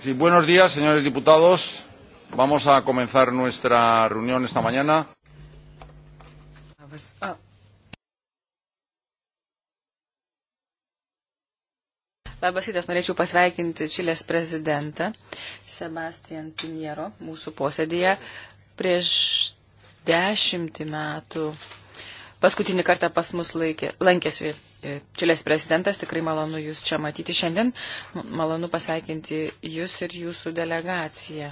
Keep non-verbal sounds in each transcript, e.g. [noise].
Sí, buenos días, señores diputados. Vamos a comenzar nuestra reunión esta mañana. Labas ah. rytas, norėčiau pasveikinti Čilės prezidentą Sebastian Piniero mūsų posėdėje. Prieš dešimtį metų paskutinį kartą pas mus laikė, lankėsi e, Čilės prezidentas, tikrai malonu Jūs čia matyti šiandien, malonu pasveikinti Jūs ir Jūsų delegaciją.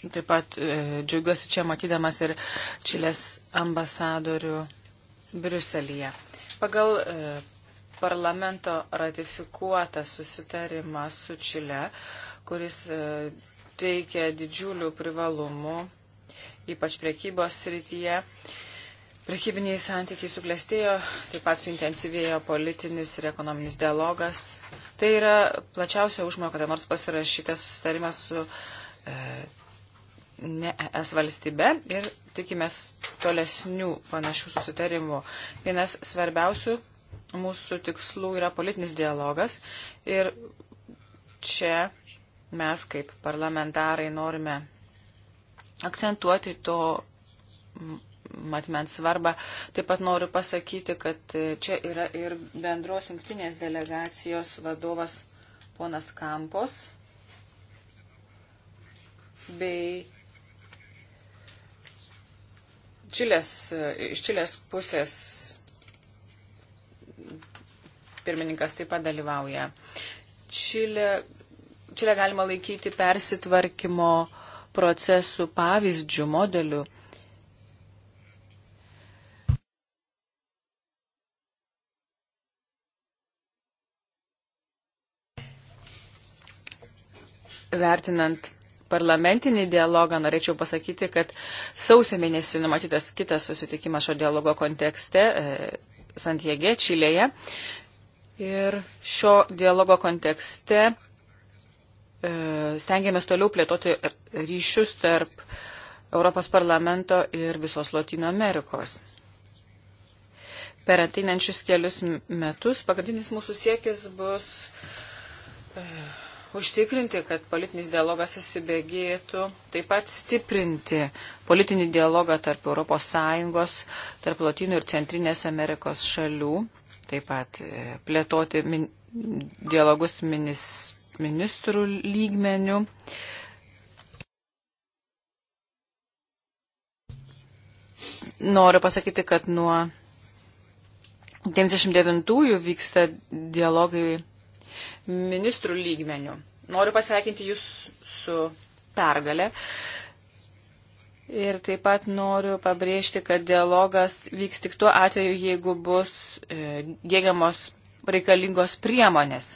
Taip pat e, džiugiuosi čia matydamas ir Čilės ambasadorių Briuselėje. Pagal e, parlamento ratifikuotą susitarimą su Čile, kuris teikia didžiulių privalumų ypač priekybos srityje. Prekybiniai santykiai suklestėjo, taip pat suintensyvėjo politinis ir ekonominis dialogas. Tai yra plačiausia užmoja, kada nors pasirašytas susitarimas su e, ne ES valstybe ir tikimės tolesnių panašių susitarimų. Vienas svarbiausių mūsų tikslų yra politinis dialogas ir čia mes kaip parlamentarai norime akcentuoti to matmens svarbą. Taip pat noriu pasakyti, kad e, čia yra ir bendros jungtinės delegacijos vadovas ponas Kampos bei Čilės, e, iš Čilės pusės pirmininkas taip pat dalyvauja. Čilė, Čilė galima laikyti persitvarkymo uh, procesų pavyzdžių, modelių. Vertinant parlamentinį dialogą, norėčiau pasakyti, kad sausio mėnesį numatytas kitas susitikimas šio dialogo kontekste e, Santiege, Čilėje. Ir šio dialogo kontekste E, stengiamės toliau plėtoti ryšius tarp Europos parlamento ir visos Latino Amerikos. Per ateinančius kelius metus pagrindinis mūsų siekis bus e, užtikrinti, kad politinis dialogas įsibėgėtų, taip pat stiprinti politinį dialogą tarp ES, tarp Latino ir Centrinės Amerikos šalių, taip pat e, plėtoti min, dialogus ministrų ministrų lygmenių. Noriu pasakyti, kad nuo 99-ųjų vyksta dialogai ministrų lygmenių. Noriu pasveikinti Jūs su pergalė. Ir taip pat noriu pabrėžti, kad dialogas vyks tik tuo atveju, jeigu bus e, dėgiamos reikalingos priemonės.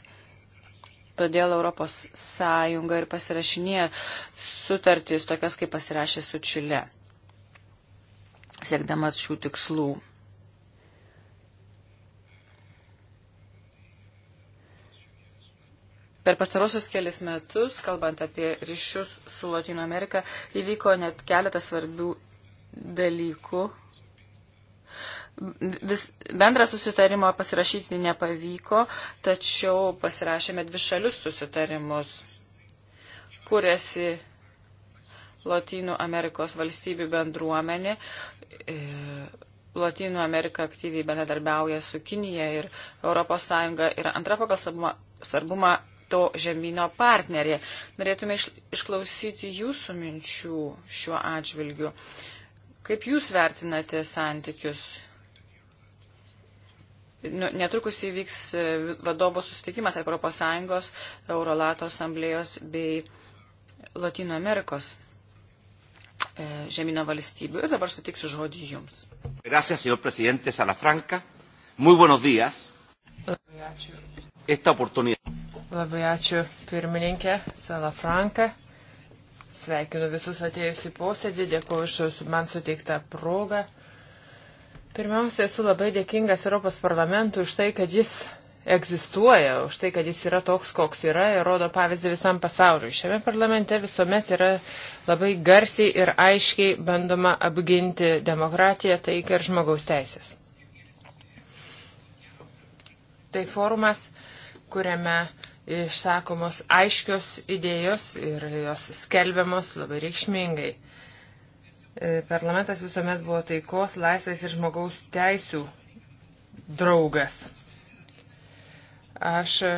Todėl Europos Sąjunga ir pasirašinėja sutartys tokias, kaip pasirašė su Čile, siekdamas šių tikslų. Per pastarosius kelis metus, kalbant apie ryšius su Latino Amerika, įvyko net keletas svarbių dalykų, Vis, bendrą susitarimą pasirašyti nepavyko, tačiau pasirašėme dvi šalius susitarimus, kuriasi Latinų Amerikos valstybių bendruomenė. E, Latinų Amerika aktyviai bendradarbiauja su Kinija ir ES yra antra pagal svarbumą to žemynio partnerė. Norėtume išklausyti jūsų minčių šiuo atžvilgiu. Kaip jūs vertinate santykius Nu, netrukus įvyks e, vadovų susitikimas ES, Eurolato asamblėjos bei Latino Amerikos e, žemyną valstybių. Ir dabar sutiksiu žodį jums. Gracias, señor presidente Salafranca. Muy buenos días. Labai ačiū. Esta oportunidad. Labai ačiū pirmininkė Salafranca. Sveikinu visus atėjus į posėdį, dėkuoju už man suteiktą progą. Pirmiausia, esu labai dėkingas Europos parlamentui už tai, kad jis egzistuoja, už tai, kad jis yra toks, koks yra ir rodo pavyzdį visam pasauliu. Šiame parlamente visuomet yra labai garsiai ir aiškiai bandoma apginti demokratiją, taiką ir žmogaus teisės. Tai forumas, kuriame išsakomos aiškios idėjos ir jos skelbiamos labai reikšmingai. E, parlamentas visuomet buvo taikos, laisvės ir žmogaus teisų draugas. Aš e,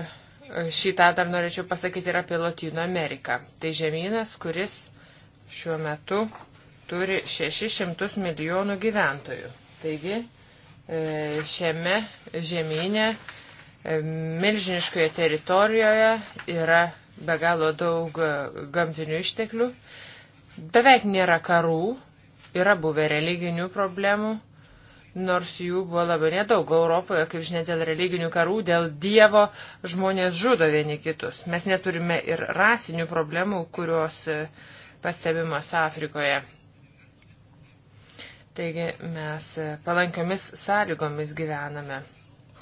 šitą dar norėčiau pasakyti ir apie Latino Ameriką. Tai žemynas, kuris šiuo metu turi 600 milijonų gyventojų. Taigi e, šiame žemynė milžiniškoje teritorijoje yra be galo daug gamtinių išteklių. Beveik nėra karų, Yra buvę religinių problemų, nors jų buvo labai nedaug. Europoje, kaip žinia, dėl religinių karų, dėl Dievo žmonės žudo vieni kitus. Mes neturime ir rasinių problemų, kurios e, pastebimas Afrikoje. Taigi mes e, palankiomis sąlygomis gyvename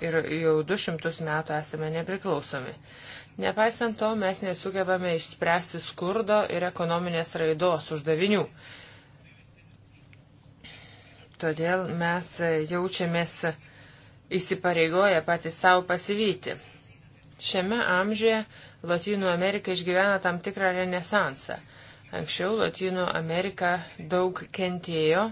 ir jau 200 metų esame nepriklausomi. Nepaisant to, mes nesugebame išspręsti skurdo ir ekonominės raidos uždavinių. Todėl mes jaučiamės įsipareigoję patys savo pasivyti. Šiame amžiuje Latinų Amerika išgyvena tam tikrą renesansą. Anksčiau Latinų Amerika daug kentėjo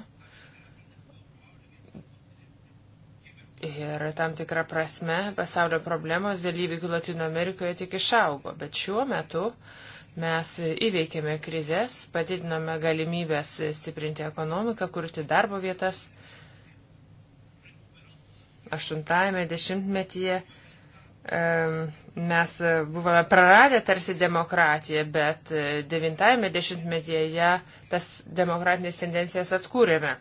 ir tam tikrą prasme pasaulio problemos dėl įvykių Latino Amerikoje tik išaugo, bet šiuo metu Mes įveikėme krizės, padidinome galimybės stiprinti ekonomiką, kurti darbo vietas. Aštuntajame dešimtmetyje mes buvome praradę tarsi demokratiją, bet e, devintajame dešimtmetyje ją tas demokratinės tendencijas atkūrėme.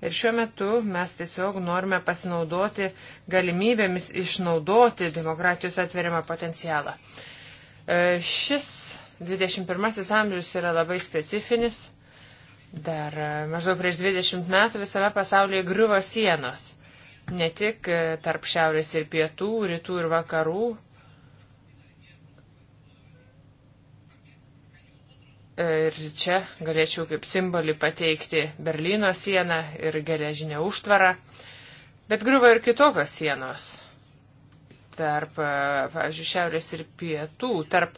Ir šiuo metu mes tiesiog norime pasinaudoti galimybėmis išnaudoti demokratijos atveriamą potencialą. E, šis 21 amžius yra labai specifinis. Dar e, maždaug prieš 20 metų visame pasaulyje griuvo sienos. Ne tik e, tarp šiaurės ir pietų, rytų ir vakarų. E, ir čia galėčiau kaip simbolį pateikti Berlyno sieną ir geležinę užtvarą. Bet griuvo ir kitokios sienos. Tarp, pavyzdžiui, šiaurės ir pietų, tarp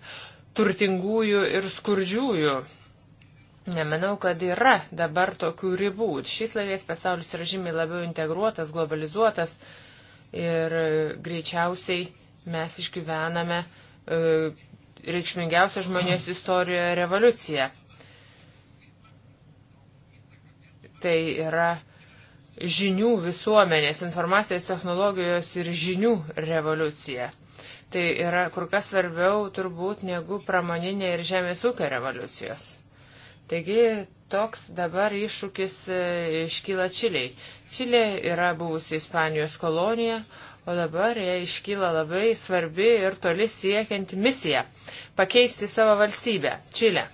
turtingųjų ir skurdžiųjų. Nemanau, kad yra dabar tokių ribų. Šis laivės pasaulis yra žymiai labiau integruotas, globalizuotas ir greičiausiai mes išgyvename e, reikšmingiausią žmonijos istorijoje revoliuciją. Tai yra žinių visuomenės, informacijos technologijos ir žinių revoliucija. Tai yra kur kas svarbiau turbūt negu pramoninė ir žemės ūkio revoliucijos. Taigi toks dabar iššūkis e, iškyla Čiliai. Čilė yra buvusi Ispanijos kolonija, o dabar jie iškyla labai svarbi ir toli siekianti misija - pakeisti savo valstybę - Čilę.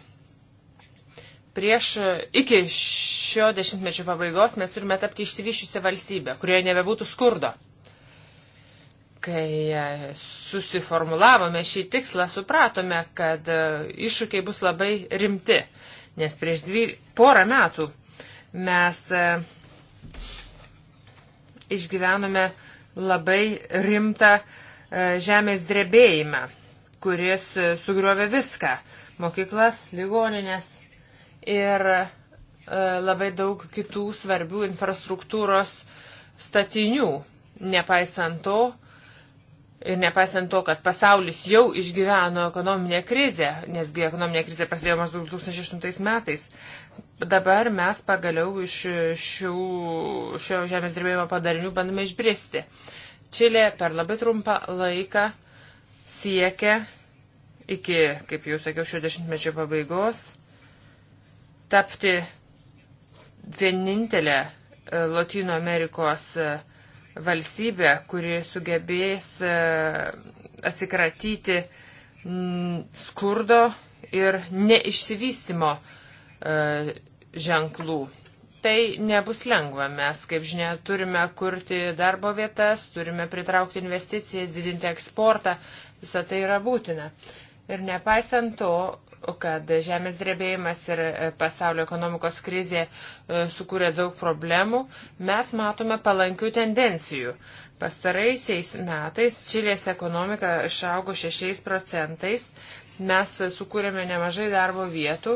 Prieš e, iki šio dešimtmečio pabaigos mes turime tapti išsivyščiusią valstybę, kurioje nebebūtų skurdo. Kai e, susiformulavome šį tikslą, supratome, kad e, iššūkiai bus labai rimti, nes prieš dvi, porą metų mes e, išgyvenome labai rimtą žemės drebėjimą, kuris sugriovė viską - mokyklas, ligoninės ir labai daug kitų svarbių infrastruktūros statinių. Nepaisant to, Ir nepaisant to, kad pasaulis jau išgyveno ekonominę krizę, nesgi ekonominė krizė prasidėjo maždaug 2008 metais, dabar mes pagaliau iš šių, šio žemės drebėjimo padarinių bandome išbristi. Čilė per labai trumpą laiką siekia iki, kaip jau sakiau, šio dešimtmečio pabaigos tapti vienintelė e, Latino Amerikos uh, valstybė, kuri sugebės e, atsikratyti skurdo ir neišsivystimo e, ženklų. Tai nebus lengva. Mes, kaip žinia, turime kurti darbo vietas, turime pritraukti investicijas, didinti eksportą. Visą tai yra būtina. Ir nepaisant to, kad žemės drebėjimas ir e, pasaulio ekonomikos krizė e, sukūrė daug problemų, mes matome palankių tendencijų. Pastaraisiais metais Čilės ekonomika išaugo 6 procentais, mes sukūrėme nemažai darbo vietų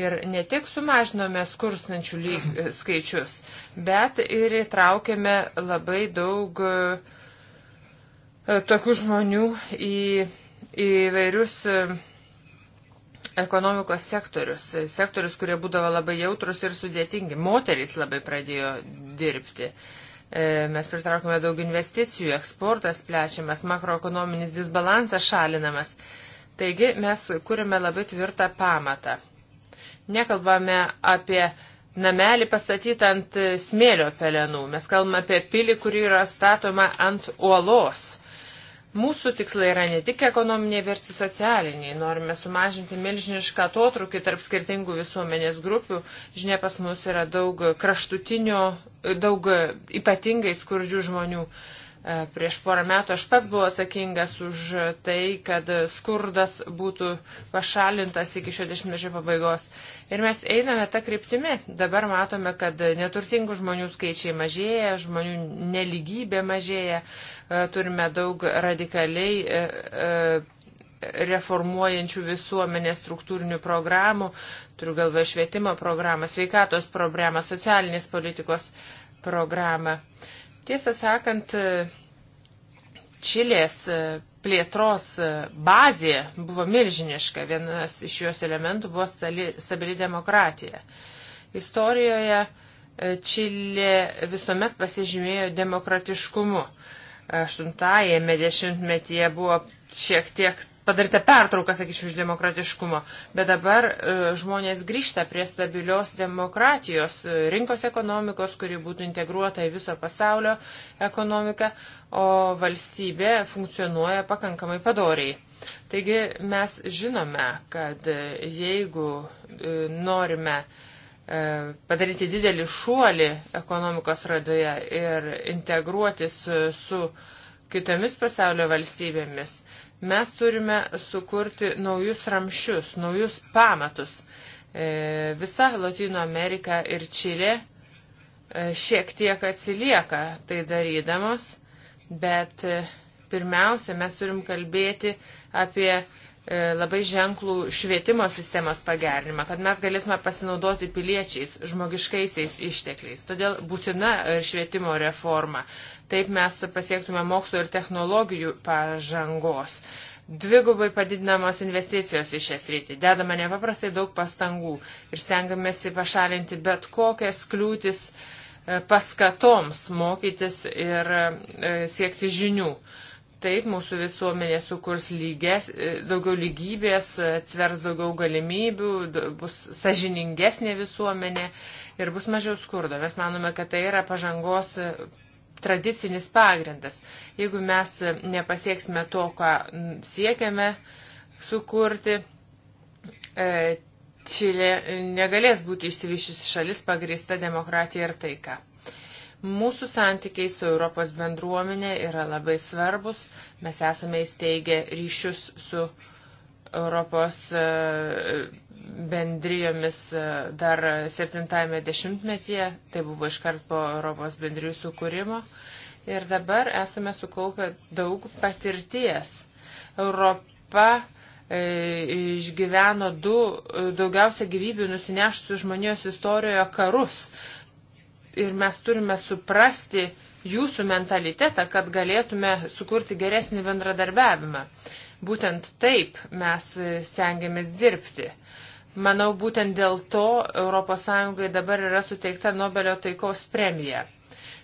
ir ne tik sumažinome skurstančių lyg, e, skaičius, bet ir įtraukėme labai daug tokių žmonių į įvairius ekonomikos sektorius, sektorius, kurie būdavo labai jautrus ir sudėtingi. Moterys labai pradėjo dirbti. E, mes pritraukime daug investicijų, eksportas plečiamas, makroekonominis disbalansas šalinamas. Taigi mes kūrėme labai tvirtą pamatą. Nekalbame apie namelį pastatytą ant smėlio pelenų, mes kalbame apie pilį, kuri yra statoma ant uolos. Mūsų tikslai yra ne tik ekonominiai, bet ir socialiniai. Norime sumažinti milžinišką atotrukį tarp skirtingų visuomenės grupių. Žinia, pas mus yra daug kraštutinių, daug ypatingai skurdžių žmonių. Uh, E, prieš porą metų aš pats buvau atsakingas už tai, kad skurdas būtų pašalintas iki šio dešimtmečio pabaigos. Ir mes einame tą kryptimį. Dabar matome, kad neturtingų žmonių skaičiai mažėja, žmonių neligybė mažėja, e, turime daug radikaliai e, reformuojančių visuomenės struktūrinių programų, turiu galvoje švietimo programą, sveikatos programą, socialinės politikos programą. Tiesą sakant, e, Čilės e, plėtros e, bazė buvo milžiniška. Vienas iš jos elementų buvo stabili demokratija. Istorijoje Čilė visuomet pasižymėjo demokratiškumu. Aštuntajame dešimtmetyje buvo šiek tiek padaryta pertrauka, sakyčiau, iš demokratiškumo. Bet dabar e, žmonės grįžta prie stabilios demokratijos, e, rinkos ekonomikos, kuri būtų integruota į viso pasaulio ekonomiką, o valstybė funkcionuoja pakankamai padoriai. Taigi mes žinome, kad e, jeigu e, norime e, padaryti didelį šuolį ekonomikos radoje ir integruotis su, e, su kitomis pasaulio valstybėmis, Mes turime sukurti naujus ramšius, naujus pamatus. E, visa Latino Amerika ir Čilė e, šiek tiek atsilieka tai darydamos, bet e, pirmiausia, mes turim kalbėti apie E, labai ženklų švietimo sistemos pagerinimą, kad mes galėtume pasinaudoti piliečiais, žmogiškaisiais ištekliais. Todėl būtina švietimo reforma. Taip mes pasiektume mokslo ir technologijų pažangos. Dvigubai padidinamos investicijos į šią sritį. Dedame nepaprastai daug pastangų ir stengiamėsi pašalinti bet kokias kliūtis e, paskatoms mokytis ir e, siekti žinių. Taip mūsų visuomenė sukurs lygės, e, daugiau lygybės, atsvers daugiau galimybių, bus sažiningesnė visuomenė ir bus mažiau skurdo. Mes manome, kad tai yra pažangos e, tradicinis pagrindas. Jeigu mes e, nepasieksime to, ką siekiame sukurti, Čilė negalės būti išsivyščiusi šalis pagrįsta demokratija ir taika. Mūsų santykiai su Europos bendruomenė yra labai svarbus. Mes esame įsteigę ryšius su Europos e, bendrijomis e, dar 70-ame dešimtmetyje. Tai buvo iškart po Europos bendrijų sukūrimo. Ir dabar esame sukaupę daug patirties. Europa e, išgyveno du daugiausia gyvybių nusinešusių žmonijos istorijoje karus ir mes turime suprasti jūsų mentalitetą, kad galėtume sukurti geresnį bendradarbiavimą. Būtent taip mes stengiamės dirbti. Manau, būtent dėl to ES dabar yra suteikta Nobelio taikos premija.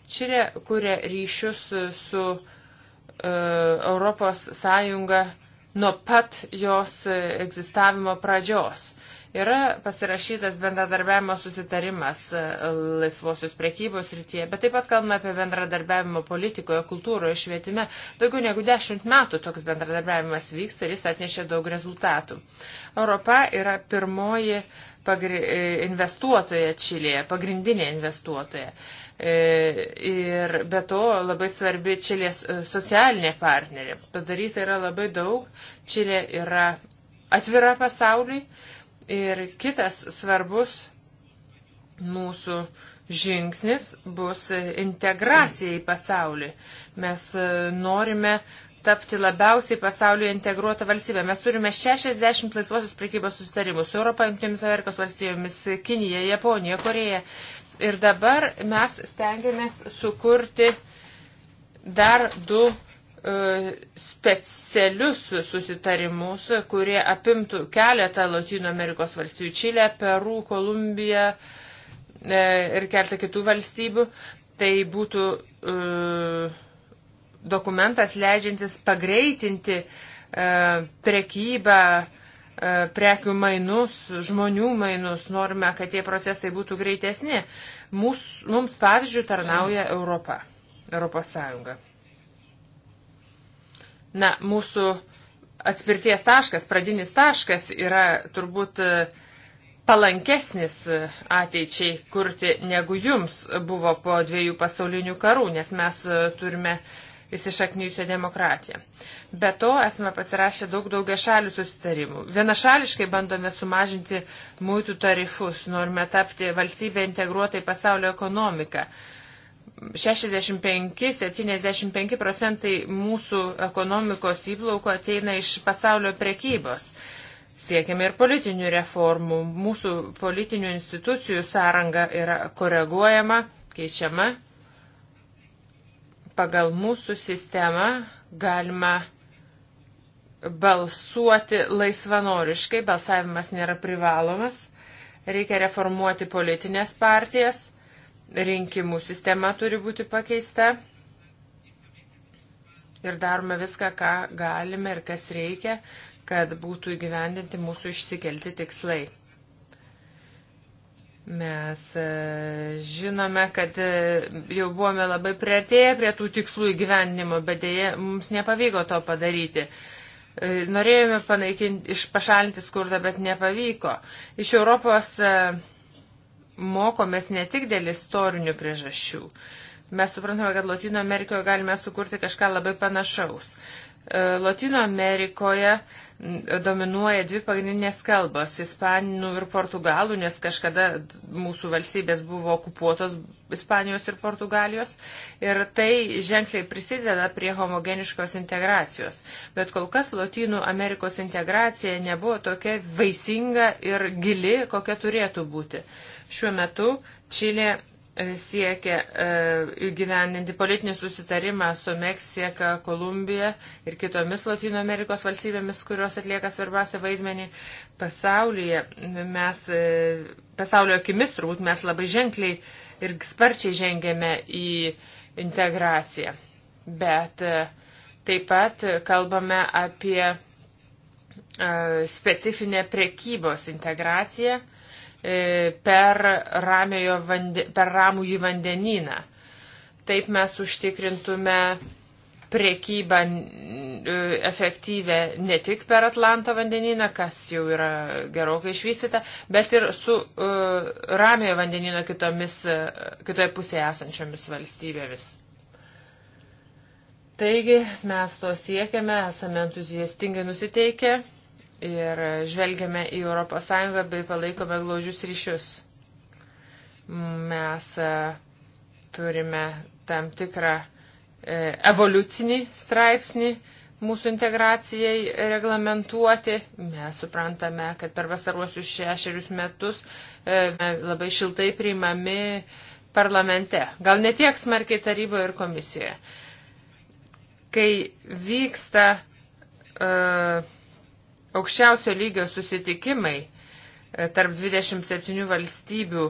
Čilė kuria ryšius su uh, e, ES nuo pat jos egzistavimo pradžios. Yra pasirašytas bendradarbiavimo susitarimas e, laisvosios priekybos rytyje, bet taip pat kalbame apie bendradarbiavimo politikoje, kultūroje, švietime. Daugiau negu dešimt metų toks bendradarbiavimas vyksta ir jis atnešė daug rezultatų. Europa yra pirmoji pagri... E, investuotoja Čilėje, pagrindinė investuotoja. E, ir be to labai svarbi Čilės socialinė partnerė. Padaryta yra labai daug. Čilė yra atvira pasauliui Ir kitas svarbus mūsų žingsnis bus integracija į pasaulį. Mes e, norime tapti labiausiai pasaulyje integruota valstybė. Mes turime 60 laisvosios prekybos susitarimus su Europą, Junktinėmis Amerikos valstybėmis, Kinija, Japonija, Koreja. Ir dabar mes stengiamės sukurti dar du E, specialius susitarimus, kurie apimtų keletą Latino Amerikos valstybių - Čilę, Peru, Kolumbiją e, ir keletą kitų valstybių. Tai būtų e, dokumentas leidžiantis pagreitinti prekybą, prekių mainus, žmonių mainus. Norime, kad tie procesai būtų greitesni. Mūs, mums pavyzdžių tarnauja Europa, Europos Sąjunga. Na, mūsų atspirties taškas, pradinis taškas yra turbūt e, palankesnis e, ateičiai kurti negu jums buvo po dviejų pasaulinių karų, nes mes e, turime įsišaknyjusią demokratiją. Be to esame pasirašę daug daugia šalių susitarimų. Vienašališkai bandome sumažinti mūtų tarifus, norime tapti valstybę integruotai pasaulio ekonomiką. 65-75 procentai mūsų ekonomikos įplaukų ateina iš pasaulio prekybos. Siekiame ir politinių reformų. Mūsų politinių institucijų sąranga yra koreguojama, keičiama. Pagal mūsų sistemą galima balsuoti laisvanoriškai, balsavimas nėra privalomas. Reikia reformuoti politinės partijas rinkimų sistema turi būti pakeista. Ir darome viską, ką galime ir kas reikia, kad būtų įgyvendinti mūsų išsikelti tikslai. Mes e, žinome, kad e, jau buvome labai priartėję prie tų tikslų įgyvendinimo, bet dėje mums nepavyko to padaryti. E, norėjome panaikinti, išpašalinti skurdą, bet nepavyko. Iš Europos mokomės ne tik dėl istorinių priežasčių. Mes suprantame, kad Latino Amerikoje galime sukurti kažką labai panašaus. E, Latino Amerikoje uh, dominuoja dvi pagrindinės kalbos - ispanų ir portugalų, nes kažkada mūsų valstybės buvo okupuotos Ispanijos ir Portugalijos. Ir tai ženkliai prisideda prie homogeniškos integracijos. Bet kol kas Lotynų Amerikos integracija nebuvo tokia vaisinga ir gili, kokia turėtų būti. Šiuo metu Čilė siekia e, įgyvendinti politinį susitarimą su Meksika, Kolumbija ir kitomis Latino Amerikos valstybėmis, kurios atlieka svarbiausią vaidmenį pasaulyje. Mes, e, pasaulio akimis turbūt mes labai ženkliai ir sparčiai žengėme į integraciją. Bet e, taip pat kalbame apie specifinę prekybos integraciją E, per, vande, per ramų į vandenyną. Taip mes užtikrintume priekybą e, efektyvę ne tik per Atlanto vandenyną, kas jau yra gerokai išvystyta, bet ir su uh, ramiojo vandenino kitomis, kitoje pusėje esančiomis valstybėmis. Taigi mes to siekiame, esame entuziastingai nusiteikę ir žvelgiame į ES bei palaikome gložius ryšius. Mes e, turime tam tikrą e, evoliucinį straipsnį mūsų integracijai reglamentuoti. Mes suprantame, kad per vasaruosius šešerius metus e, labai šiltai priimami parlamente. Gal netiek smarkiai taryboje ir komisijoje. Kai vyksta uh, aukščiausio lygio susitikimai e, tarp 27 valstybių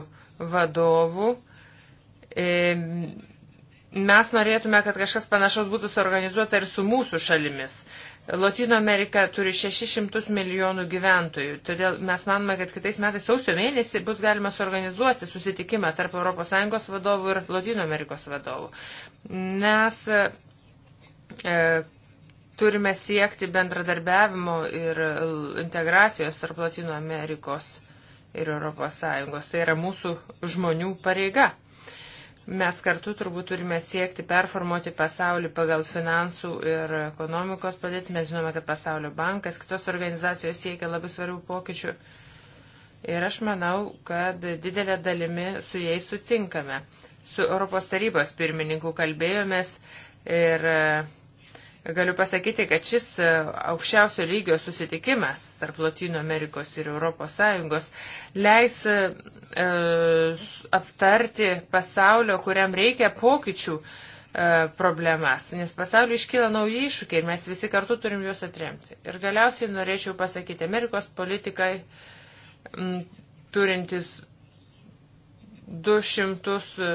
vadovų. E, mes norėtume, kad kažkas panašaus būtų suorganizuota ir su mūsų šalimis. Lotino Amerika turi 600 milijonų gyventojų, todėl mes manome, kad kitais metais sausio mėnesį bus galima suorganizuoti susitikimą tarp ES vadovų ir Lotino Amerikos vadovų. Mes e, Turime siekti bendradarbiavimo ir integracijos tarp Latino Amerikos ir Europos Sąjungos. Tai yra mūsų žmonių pareiga. Mes kartu turbūt turime siekti performuoti pasaulį pagal finansų ir ekonomikos padėtį. Mes žinome, kad Pasaulio bankas, kitos organizacijos siekia labai svarbių pokyčių. Ir aš manau, kad didelė dalimi su jais sutinkame. Su Europos tarybos pirmininku kalbėjomės ir Galiu pasakyti, kad šis e, aukščiausio lygio susitikimas tarp Latino Amerikos ir ES leis e, e aptarti pasaulio, kuriam reikia pokyčių e, problemas, nes pasauliu iškyla nauji iššūkiai ir mes visi kartu turim juos atremti. Ir galiausiai norėčiau pasakyti, Amerikos politikai m, turintis 200 e,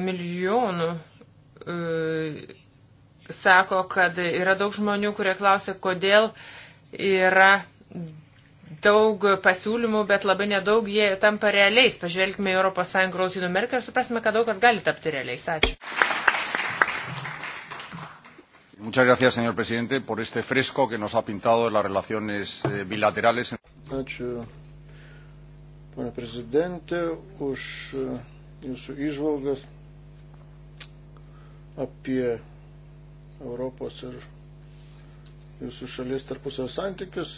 milijonų e, sako, kad yra daug žmonių, kurie klausia, kodėl yra daug pasiūlymų, bet labai nedaug jie tampa realiais. Pažvelgime į ES Rautinų Merkel ir suprasime, kad daug kas gali tapti realiais. Ačiū. Muchas gracias, señor presidente, por este fresco que nos ha pintado las relaciones eh, bilaterales. Ačiū, pane prezidente, už eh, jūsų išvalgas apie Europos ir jūsų šalies tarpusio santykius.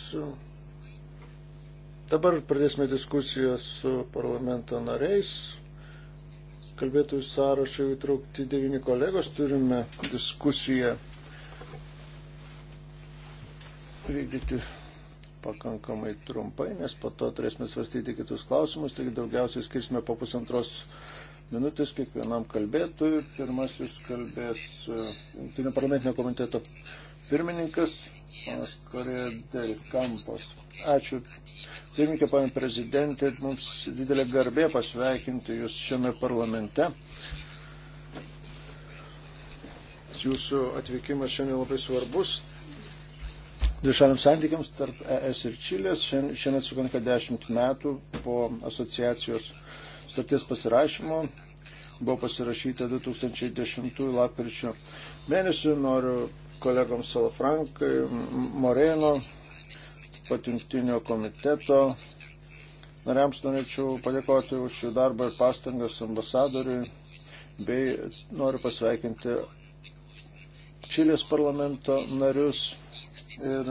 Dabar pradėsime diskusiją su parlamento nariais. Kalbėtųjų sąrašą įtraukti devyni kolegos. Turime diskusiją vykdyti pakankamai trumpai, nes po to turėsime svarstyti kitus klausimus. Taigi daugiausiai skirsime po pusantros minutės kiekvienam kalbėtojui. Pirmasis kalbės e, Junktinio parlamentinio komiteto pirmininkas, panas Korė del Campos. Ačiū. Pirmininkė, panė prezidentė, mums didelė garbė pasveikinti Jūs šiame parlamente. Jūsų atvykimas šiandien labai svarbus, dvišaliams santykiams tarp ES ir Čilės. Šiandien sukanka 10 metų po asociacijos sutarties pasirašymo. Buvo pasirašyta 2010 lapkričio mėnesį. Noriu kolegoms Salafrankai, Moreno, patinktinio komiteto. Nariams norėčiau padėkoti už jų darbą ir pastangas ambasadoriui, bei noriu pasveikinti Čilės parlamento narius ir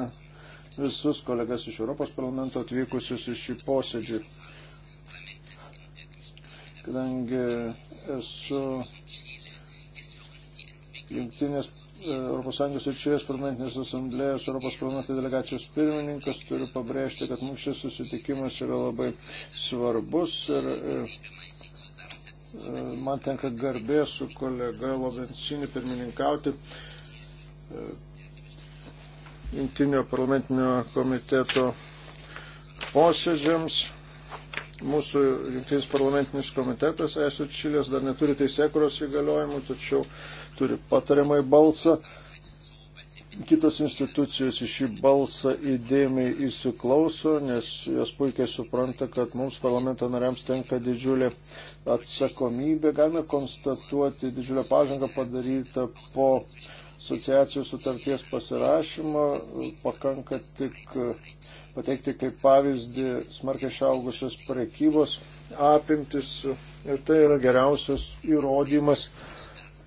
visus kolegas iš Europos parlamento atvykusius į šį posėdį kadangi esu jungtinės ES ir Čilės parlamentinės asamblėjos Europos parlamento delegacijos pirmininkas, turiu pabrėžti, kad mums šis susitikimas yra labai svarbus ir e, e, man tenka garbė su kolega Lovensinį pirmininkauti e, jungtinio parlamentinio komiteto posėdžiams. Mūsų jungtinis parlamentinis komitetas, esu Čilės, dar neturi teisėkuros įgaliojimų, tačiau turi patariamai balsą. Kitos institucijos į šį balsą įdėmiai įsiklauso, nes jos puikiai supranta, kad mums parlamento nariams tenka didžiulė atsakomybė. Galime konstatuoti didžiulę pažangą padarytą po asociacijų sutarties pasirašymo. Pakanka tik pateikti kaip pavyzdį smarkiai išaugusios prekybos apimtis ir tai yra geriausias įrodymas,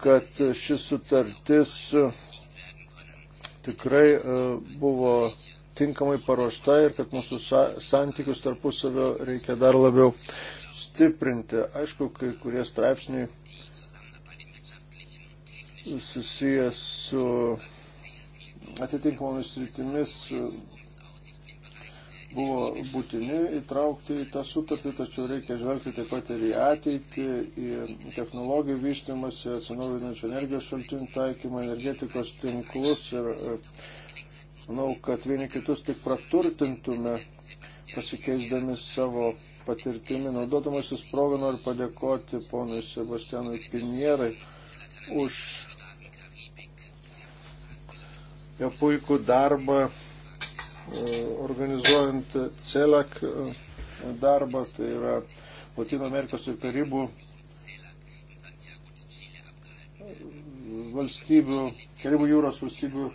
kad šis sutartis tikrai e, buvo tinkamai paruošta ir kad mūsų santykius tarpusavio reikia dar labiau stiprinti. Aišku, kai kurie straipsniai susijęs su atitinkamomis rytimis buvo būtini įtraukti į tą sutartį, tačiau reikia žvelgti taip pat ir į ateitį, į technologijų vystimąsi, atsinaujinančių energijos šaltinių taikymą, energetikos tinklus ir e, manau, kad vieni kitus tik praturtintume pasikeisdami savo patirtimi. Naudodamasis progą noriu padėkoti ponui Sebastianui Pinierai už jo puikų darbą E, organizuojant CELAC e, darbą, tai yra Latino Amerikos ir Karibų valstybių, Karibų jūros valstybių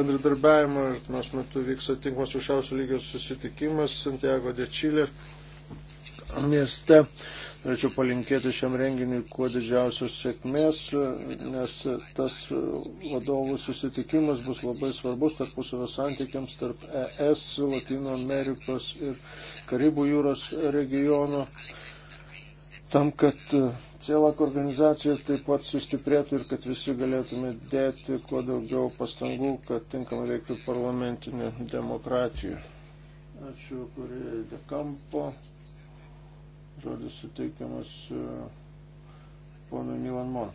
bendradarbiavimo ir mes metu vyksta tinkamas aukščiausio lygio susitikimas Santiago de Čilė mieste. Norėčiau palinkėti šiam renginiui kuo didžiausios sėkmės, nes tas vadovų susitikimas bus labai svarbus tarpusavio santykiams tarp ES, Latino Amerikos ir Karibų jūros regiono, tam, kad CELAK organizacija taip pat sustiprėtų ir kad visi galėtume dėti kuo daugiau pastangų, kad tinkamai veiktų parlamentinė demokratija. Ačiū, kurie dekampo žodis suteikiamas e, ponui Milan Mon.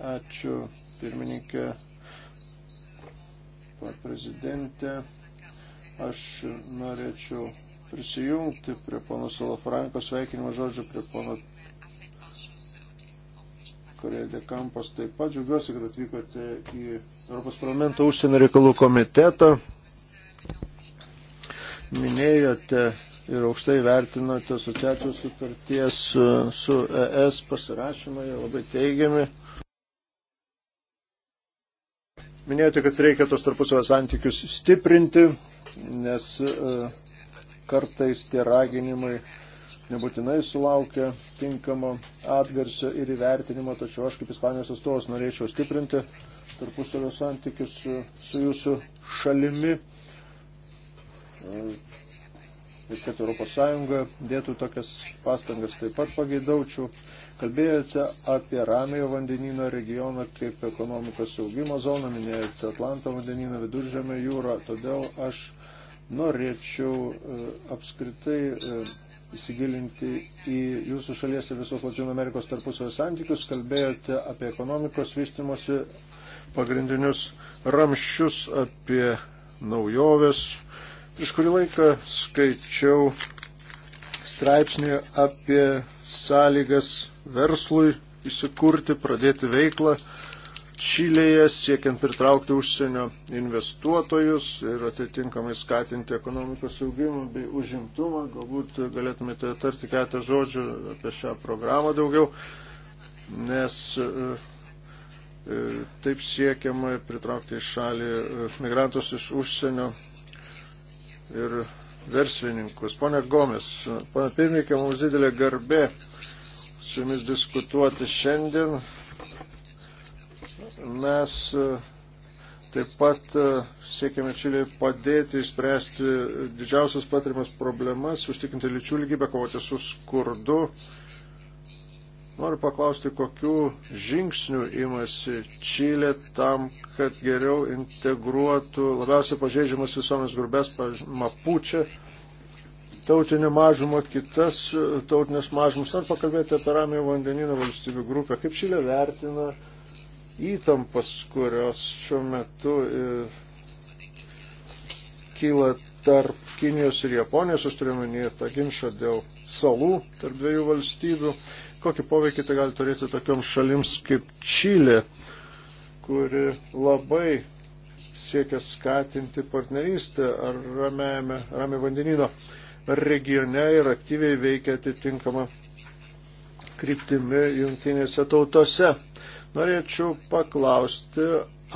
Ačiū pirmininkė, prezidentė. Aš norėčiau prisijungti prie pono Salafranko sveikinimo žodžio, prie pono Korėdė Kampas. Taip pat džiaugiuosi, kad atvykote į Europos parlamento užsienio reikalų komitetą. Minėjote ir aukštai vertinote asociacijos sutarties e, su, su e ES pasirašymą, jie labai teigiami. Minėjote, kad reikia tos tarpusavio santykius stiprinti, nes e, kartais tie raginimai nebūtinai sulaukia tinkamo atgarsio ir įvertinimo, tačiau aš kaip Ispanijos atstovas norėčiau stiprinti tarpusavio santykius su, su jūsų šalimi ir kad ES dėtų tokias pastangas. Taip pat pageidaučiau, kalbėjote apie Ramėjo vandenino regioną kaip ekonomikos saugimo zoną, minėjote Atlanto vandenino viduržėmę jūrą, todėl aš norėčiau e, apskritai e, įsigilinti į jūsų šalies ir visos Latino Amerikos tarpusavio santykius, kalbėjote apie ekonomikos vystimosi pagrindinius ramščius, apie naujoves, Prieš kurį laiką skaičiau straipsnį apie sąlygas verslui įsikurti, pradėti veiklą Čilėje, siekiant pritraukti užsienio investuotojus ir atitinkamai skatinti ekonomikos augimą bei užimtumą. Galbūt galėtumėte tarti keletą žodžių apie šią programą daugiau, nes e, e, taip siekiama pritraukti į šalį e, migrantus iš užsienio ir verslininkus. Pone Gomis, pane pirmininkė, mums didelė garbė su jumis diskutuoti šiandien. Mes e, taip pat e, siekiame Čiliai padėti išspręsti didžiausias patirimas problemas, užtikrinti lyčių lygybę, kovoti su skurdu, Noriu paklausti, kokiu žingsniu imasi Čilė tam, kad geriau integruotų labiausiai pažeidžiamas visuomenės grubės, mapučia, tautinė mažuma, kitas tautinės mažumas. Noriu pakalbėti apie Ramio vandenino valstybių grupę. Kaip Čilė vertina įtampas, kurios šiuo metu e, kyla tarp Kinijos ir Japonijos, aš turiu minėti tą ginčą dėl salų tarp dviejų valstybių kokį poveikį tai gali turėti tokioms šalims kaip Čilė, kuri labai siekia skatinti partnerystę ar ramiajame, ramiai vandenino regione ir aktyviai veikia atitinkama kryptimi jungtinėse tautose. Norėčiau paklausti,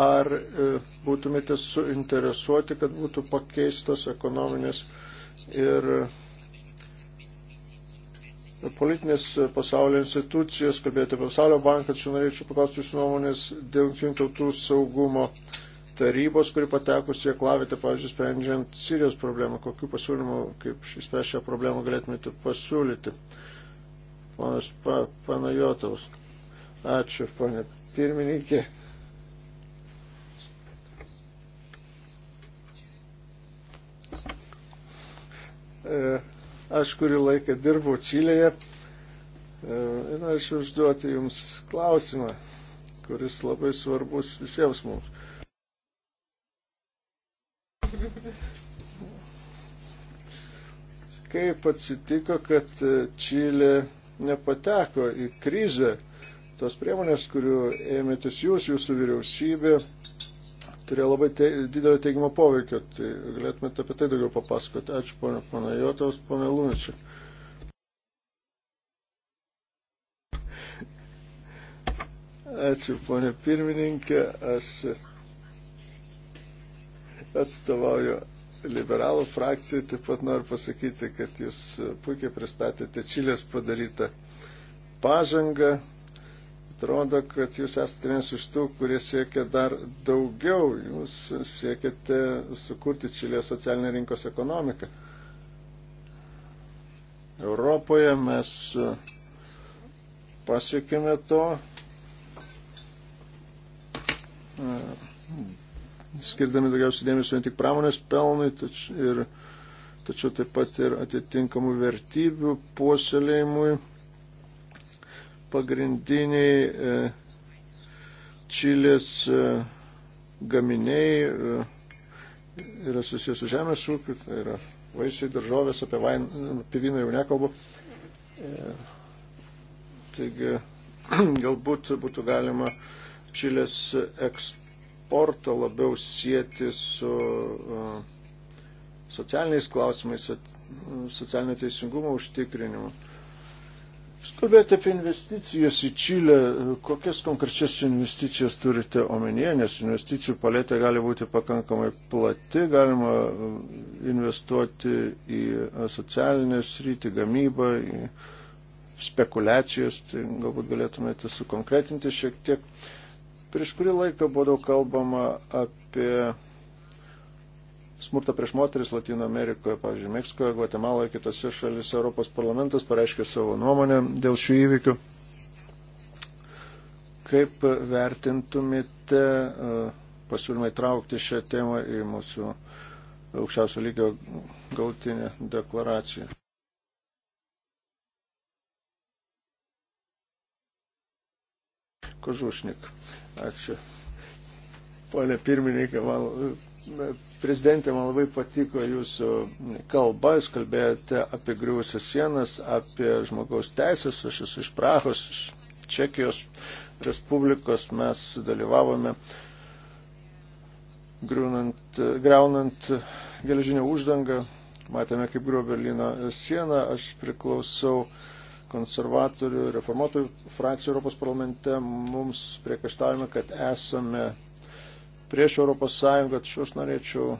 ar e, būtumėte suinteresuoti, kad būtų pakeistos ekonominės ir politinės e, pasaulio institucijos, kalbėti apie pasaulio banką, čia norėčiau paklausti jūsų nuomonės dėl jungtinių tautų saugumo tarybos, kuri patekusi į klavitę, pavyzdžiui, sprendžiant Sirijos problemą. Kokiu pasiūlymu, kaip išspręs šią problemą galėtumėte pasiūlyti? Ponas pa, Panajotovas. Ačiū, ponė pirmininkė. E, Aš kurį laiką dirbau Čilėje e, ir norėčiau užduoti Jums klausimą, kuris labai svarbus visiems mums. Kaip atsitiko, kad e, Čilė nepateko į krizę, tos priemonės, kurių ėmėtės jūs, jūsų vyriausybė, turėjo labai te, didelio teigiamo poveikio. Tai galėtumėte apie tai daugiau papasakoti. Ačiū, ponė Panajotovas, ponė Lunačiai. Ačiū, ponė pirmininkė. Aš atstovauju liberalų frakcijai. Taip pat noriu pasakyti, kad jūs puikiai pristatėte Čilės padarytą pažangą atrodo, kad jūs esate vienas iš tų, kurie siekia dar daugiau. Jūs siekiate sukurti Čilės socialinę rinkos ekonomiką. Europoje mes pasiekėme to. Skirdami daugiausiai dėmesio ne tik pramonės pelnai, tačiau, ir, tačiau taip pat ir atitinkamų vertybių puoselėjimui pagrindiniai e, Čilės e, gaminiai e, yra susijęs su žemės ūkiu, tai yra vaisiai, daržovės, apie, vain, apie vyną jau nekalbu. Taigi [clears throat] galbūt būtų galima Čilės eksportą labiau sieti su socialiniais klausimais, socialinio teisingumo užtikrinimu. Kalbėjote apie investicijas į Čilę. Kokias konkrečias investicijas turite omenyje, nes investicijų paletė gali būti pakankamai plati, galima um, investuoti į uh, socialinę sritį, gamybą, į spekulacijas, tai galbūt galėtumėte sukonkretinti šiek tiek. Prieš kurį laiką buvo daug kalbama apie smurtą prieš moteris Latino Amerikoje, pavyzdžiui, Meksikoje, Guatemaloje, kitose šalise Europos parlamentas pareiškė savo nuomonę dėl šių įvykių. Kaip vertintumėte e, pasiūlymą įtraukti šią temą į mūsų aukščiausio lygio gautinę deklaraciją? Kožušnik. Ačiū. Pone pirmininkė, man Prezidentė, man labai patiko jūsų kalba, jūs kalbėjote apie griuvusias sienas, apie žmogaus teisės, aš esu iš Prahos, iš Čekijos Respublikos, mes dalyvavome griunant, greunant geležinę uždangą, matėme, kaip griuvo Berlyno sieną, aš priklausau konservatorių, reformatorių frakcijų Europos parlamente, mums priekaštavime, kad esame prieš Europos Sąjungą, tačiau aš norėčiau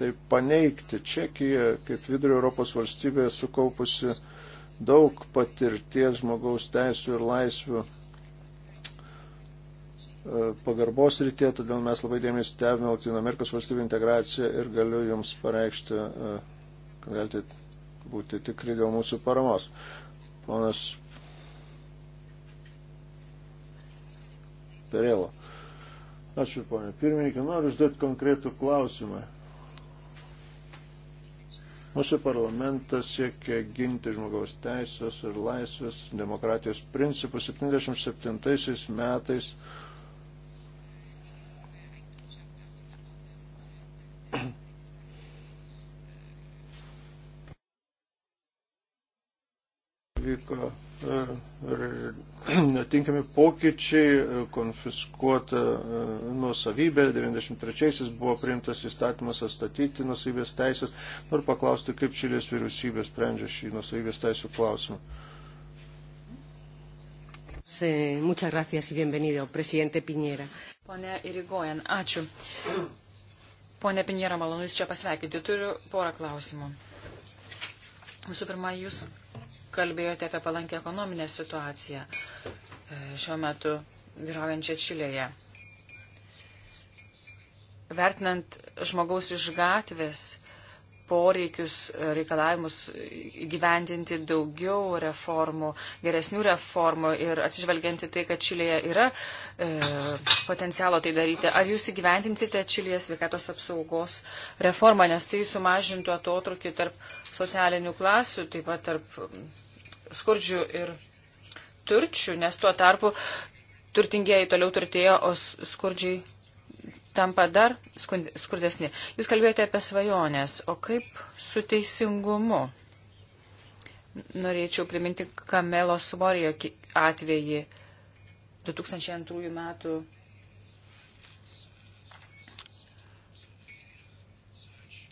tai paneigti. Čekija, kaip vidurio Europos valstybė, sukaupusi daug patirties žmogaus teisų ir laisvių e, pagarbos rytė, todėl mes labai dėmesį stebime Latino Amerikos valstybių integraciją ir galiu Jums pareikšti, e, kad galite būti tikri dėl mūsų paramos. Ponas Perėlo. Uh, Ačiū, ponė. Pirmininkė, noriu užduoti konkretų klausimą. Mūsų parlamentas siekia ginti žmogaus teisės ir laisvės demokratijos principus. 77 metais vyko [clears throat] netinkami pokyčiai, konfiskuota e, nuosavybė, 93-aisiais buvo priimtas įstatymas atstatyti nuosavybės teisės. Noriu paklausti, kaip Čilės vyriausybė sprendžia šį nuosavybės teisų klausimą. Muchas gracias y bienvenido, presidente Piñera. Pone Irigojan, ačiū. Pone Piñera, malonu Jūs čia pasveikinti. Turiu porą klausimų. Visų pirma, Jūs kalbėjote apie palankę ekonominę situaciją e, šiuo metu vyraujančią Čilėje. Vertinant žmogaus iš gatvės poreikius, reikalavimus gyvendinti daugiau reformų, geresnių reformų ir atsižvelgianti tai, kad Čilėje yra e, potencialo tai daryti. Ar jūs įgyvendinsite Čilėje sveikatos apsaugos reformą, nes tai sumažintų atotrukį tarp socialinių klasių, taip pat tarp mm, skurdžių ir turčių, nes tuo tarpu turtingieji toliau turtėjo, o skurdžiai tampa dar skurdesni. Jūs kalbėjote apie svajonės, o kaip su teisingumu? Norėčiau priminti Kamelo Svorijo atvejį 2002 metų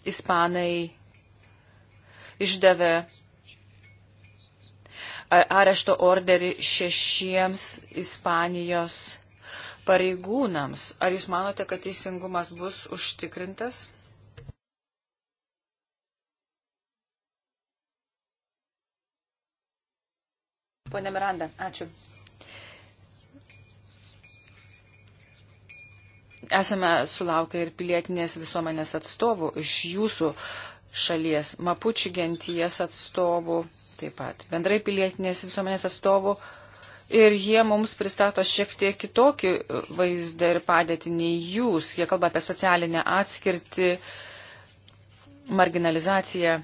Ispanai išdavė arešto orderį šešiems Ispanijos pareigūnams. Ar jūs manote, kad teisingumas bus užtikrintas? Pone Miranda, ačiū. Esame sulaukę ir pilietinės visuomenės atstovų iš jūsų šalies, mapučių genties atstovų, taip pat bendrai pilietinės visuomenės atstovų. Uh, ir jie mums pristato šiek tiek kitokį vaizdą ir padėtį nei jūs. Jie kalba apie socialinę atskirtį, marginalizaciją.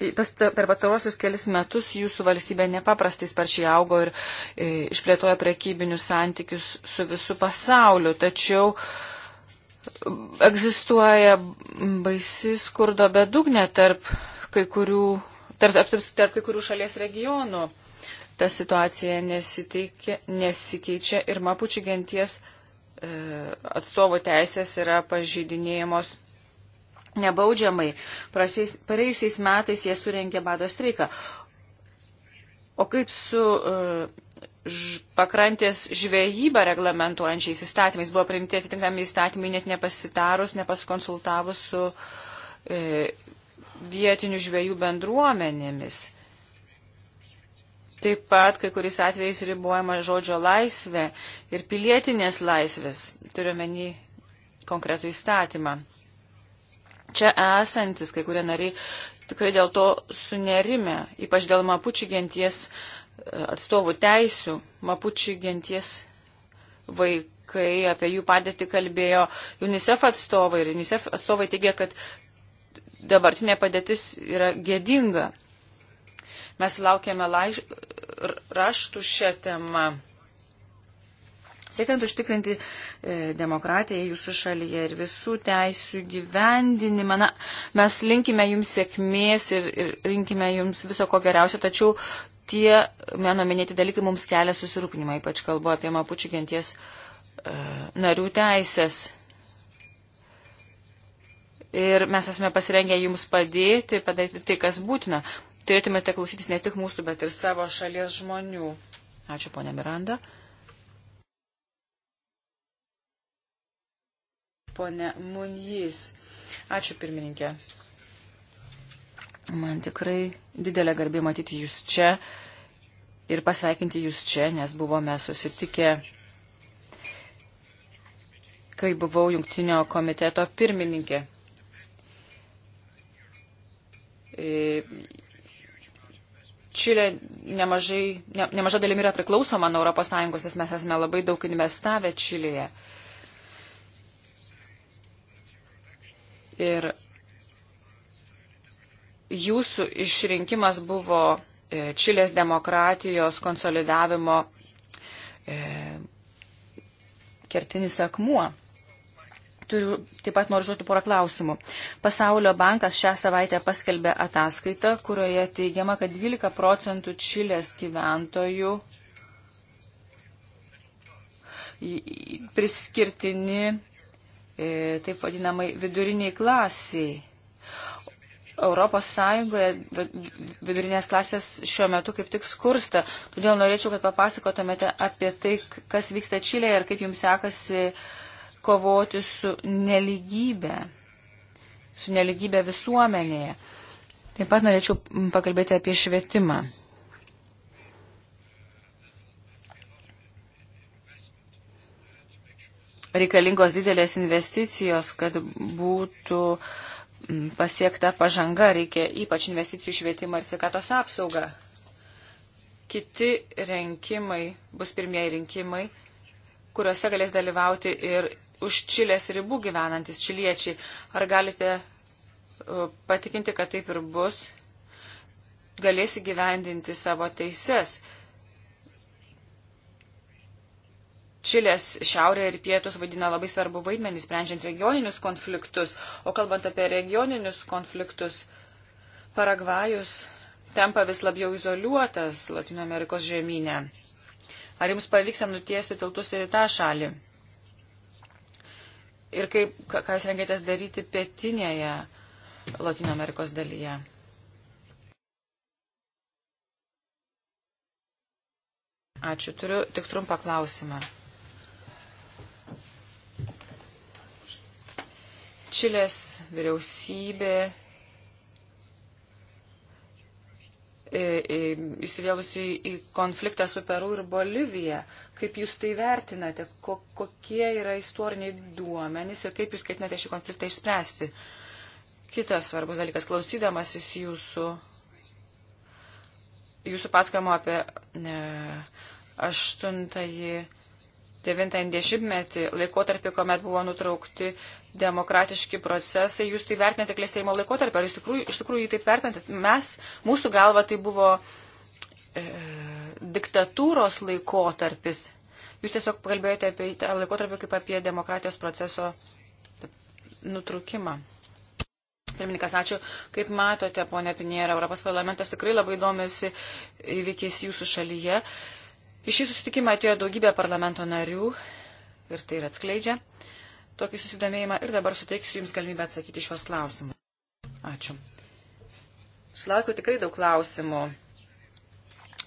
Per pastarosius kelis metus jūsų valstybė nepaprastai sparčiai augo ir e, išplėtojo prekybinius santykius su visu pasauliu, tačiau egzistuoja baisi skurdo bedugne tarp kai kurių tarp, tarp, tarp kai kurių šalies regionų ta situacija nesikeičia ir mapučių genties e, atstovų teisės yra pažydinėjamos nebaudžiamai. Pareisiais metais jie surengė bado streiką. O kaip su uh, ž, pakrantės žvejybą reglamentuojančiais įstatymais buvo priimti atitinkami įstatymai net nepasitarus, nepasikonsultavus su uh, vietinių žvejų bendruomenėmis? Taip pat kai kuris atvejais ribojama žodžio laisvė ir pilietinės laisvės, turiuomenį konkretų įstatymą. Čia esantis kai kurie nariai tikrai dėl to sunerime, ypač dėl mapučių genties e, atstovų teisių, mapučių genties vaikai, apie jų padėtį kalbėjo UNICEF atstovai ir UNICEF atstovai teigia, kad dabartinė padėtis yra gėdinga. Mes sulaukėme laiš... raštų šią temą. Siekiant užtikrinti e, demokratiją jūsų šalyje ir visų teisų gyvendinimą, na, mes linkime jums sėkmės ir, ir linkime jums viso ko geriausio, tačiau tie mano minėti dalykai mums kelia susirūpinimą, ypač kalbu apie mapučių genties e, narių teisės. Ir mes esame pasirengę jums padėti, padaryti tai, kas būtina turėtumėte klausytis ne tik mūsų, bet ir savo šalies žmonių. Ačiū, ponė Miranda. Pone Munjys. Ačiū, pirmininkė. Man tikrai didelė garbė matyti jūs čia ir pasveikinti jūs čia, nes buvome susitikę, kai buvau jungtinio komiteto pirmininkė e, Čilė nemažai, ne, nemaža dalimi yra priklausoma nuo ES, nes mes esame labai daug investavę Čilėje. Ir jūsų išrinkimas buvo e, Čilės demokratijos konsolidavimo e, kertinis akmuo turiu, taip pat noriu žodžiu porą klausimų. Pasaulio bankas šią savaitę paskelbė ataskaitą, kurioje teigiama, kad 12 procentų Čilės gyventojų priskirtini e, taip vadinamai viduriniai klasiai. Europos Sąjungoje vidurinės klasės šiuo metu kaip tik skursta. Todėl norėčiau, kad papasakotumėte apie tai, kas vyksta Čilėje ir kaip jums sekasi uh, kovoti su neligybė, su neligybė visuomenėje. Taip pat norėčiau pakalbėti apie švietimą. Reikalingos didelės investicijos, kad būtų mm, pasiekta pažanga, reikia ypač investicijų švietimą ir sveikatos apsaugą. Kiti rinkimai bus pirmieji rinkimai kuriuose galės dalyvauti ir už Čilės ribų gyvenantis čiliečiai. Ar galite e, patikinti, kad taip ir bus? Galės įgyvendinti savo teises. Čilės šiaurė ir pietus vaidina labai svarbu vaidmenį, sprendžiant regioninius konfliktus. O kalbant apie regioninius konfliktus, Paragvajus tampa vis labiau izoliuotas Latino Amerikos žemynė. Ar jums pavyks nutiesti tiltus ir į tą šalį? ir kaip, ką jūs rengėtės daryti pietinėje Latino Amerikos dalyje? Ačiū. Turiu tik trumpą klausimą. Čilės vyriausybė e, e, įsivėlusi į konfliktą su Peru ir Bolivija. Kaip jūs tai vertinate, ko, kokie yra istoriniai duomenys ir kaip jūs ketinate šį konfliktą išspręsti? Kitas svarbus dalykas, klausydamasis jūsų, jūsų paskamo apie ne, aštuntąjį 90-metį laikotarpį, kuomet buvo nutraukti demokratiški procesai, jūs tai vertinate klėstėjimo laikotarpį, ar jūs tikrųjų, iš tikrųjų jį taip vertinate? Mes, mūsų galva, tai buvo e, diktatūros laikotarpis. Jūs tiesiog kalbėjote apie tą laikotarpį kaip apie demokratijos proceso nutrūkimą. Pirmininkas, ačiū. Kaip matote, ponė Pinėra, Europos parlamentas tikrai labai domisi įvykiais jūsų šalyje. Iš šį susitikimą atėjo daugybė parlamento narių ir tai ir atskleidžia tokį susidomėjimą ir dabar suteiksiu Jums galimybę atsakyti šios klausimus. Ačiū. Sulaukiu tikrai daug klausimų.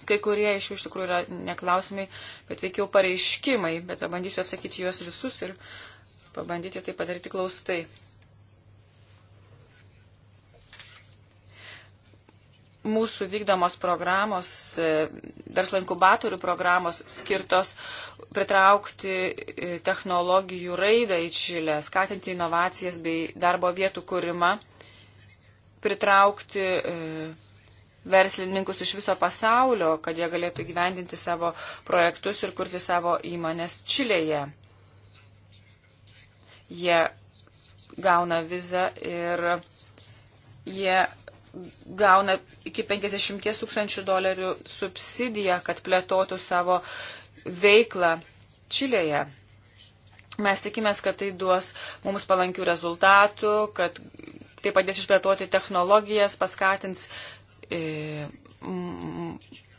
Kai kurie iš jų iš tikrųjų yra neklausimai, bet veikiau pareiškimai, bet pabandysiu atsakyti juos visus ir pabandyti tai padaryti klaustai. Mūsų vykdomos programos, e, verslo inkubatorių programos skirtos pritraukti e, technologijų raidą į Čilę, skatinti inovacijas bei darbo vietų kūrimą, pritraukti e, verslininkus iš viso pasaulio, kad jie galėtų gyvendinti savo projektus ir kurti savo įmonės Čilėje. Jie gauna vizą ir jie gauna iki 50 tūkstančių dolerių subsidiją, kad plėtotų savo veiklą Čilėje. Mes tikimės, kad tai duos mums palankių rezultatų, kad tai padės išplėtoti technologijas, paskatins uh,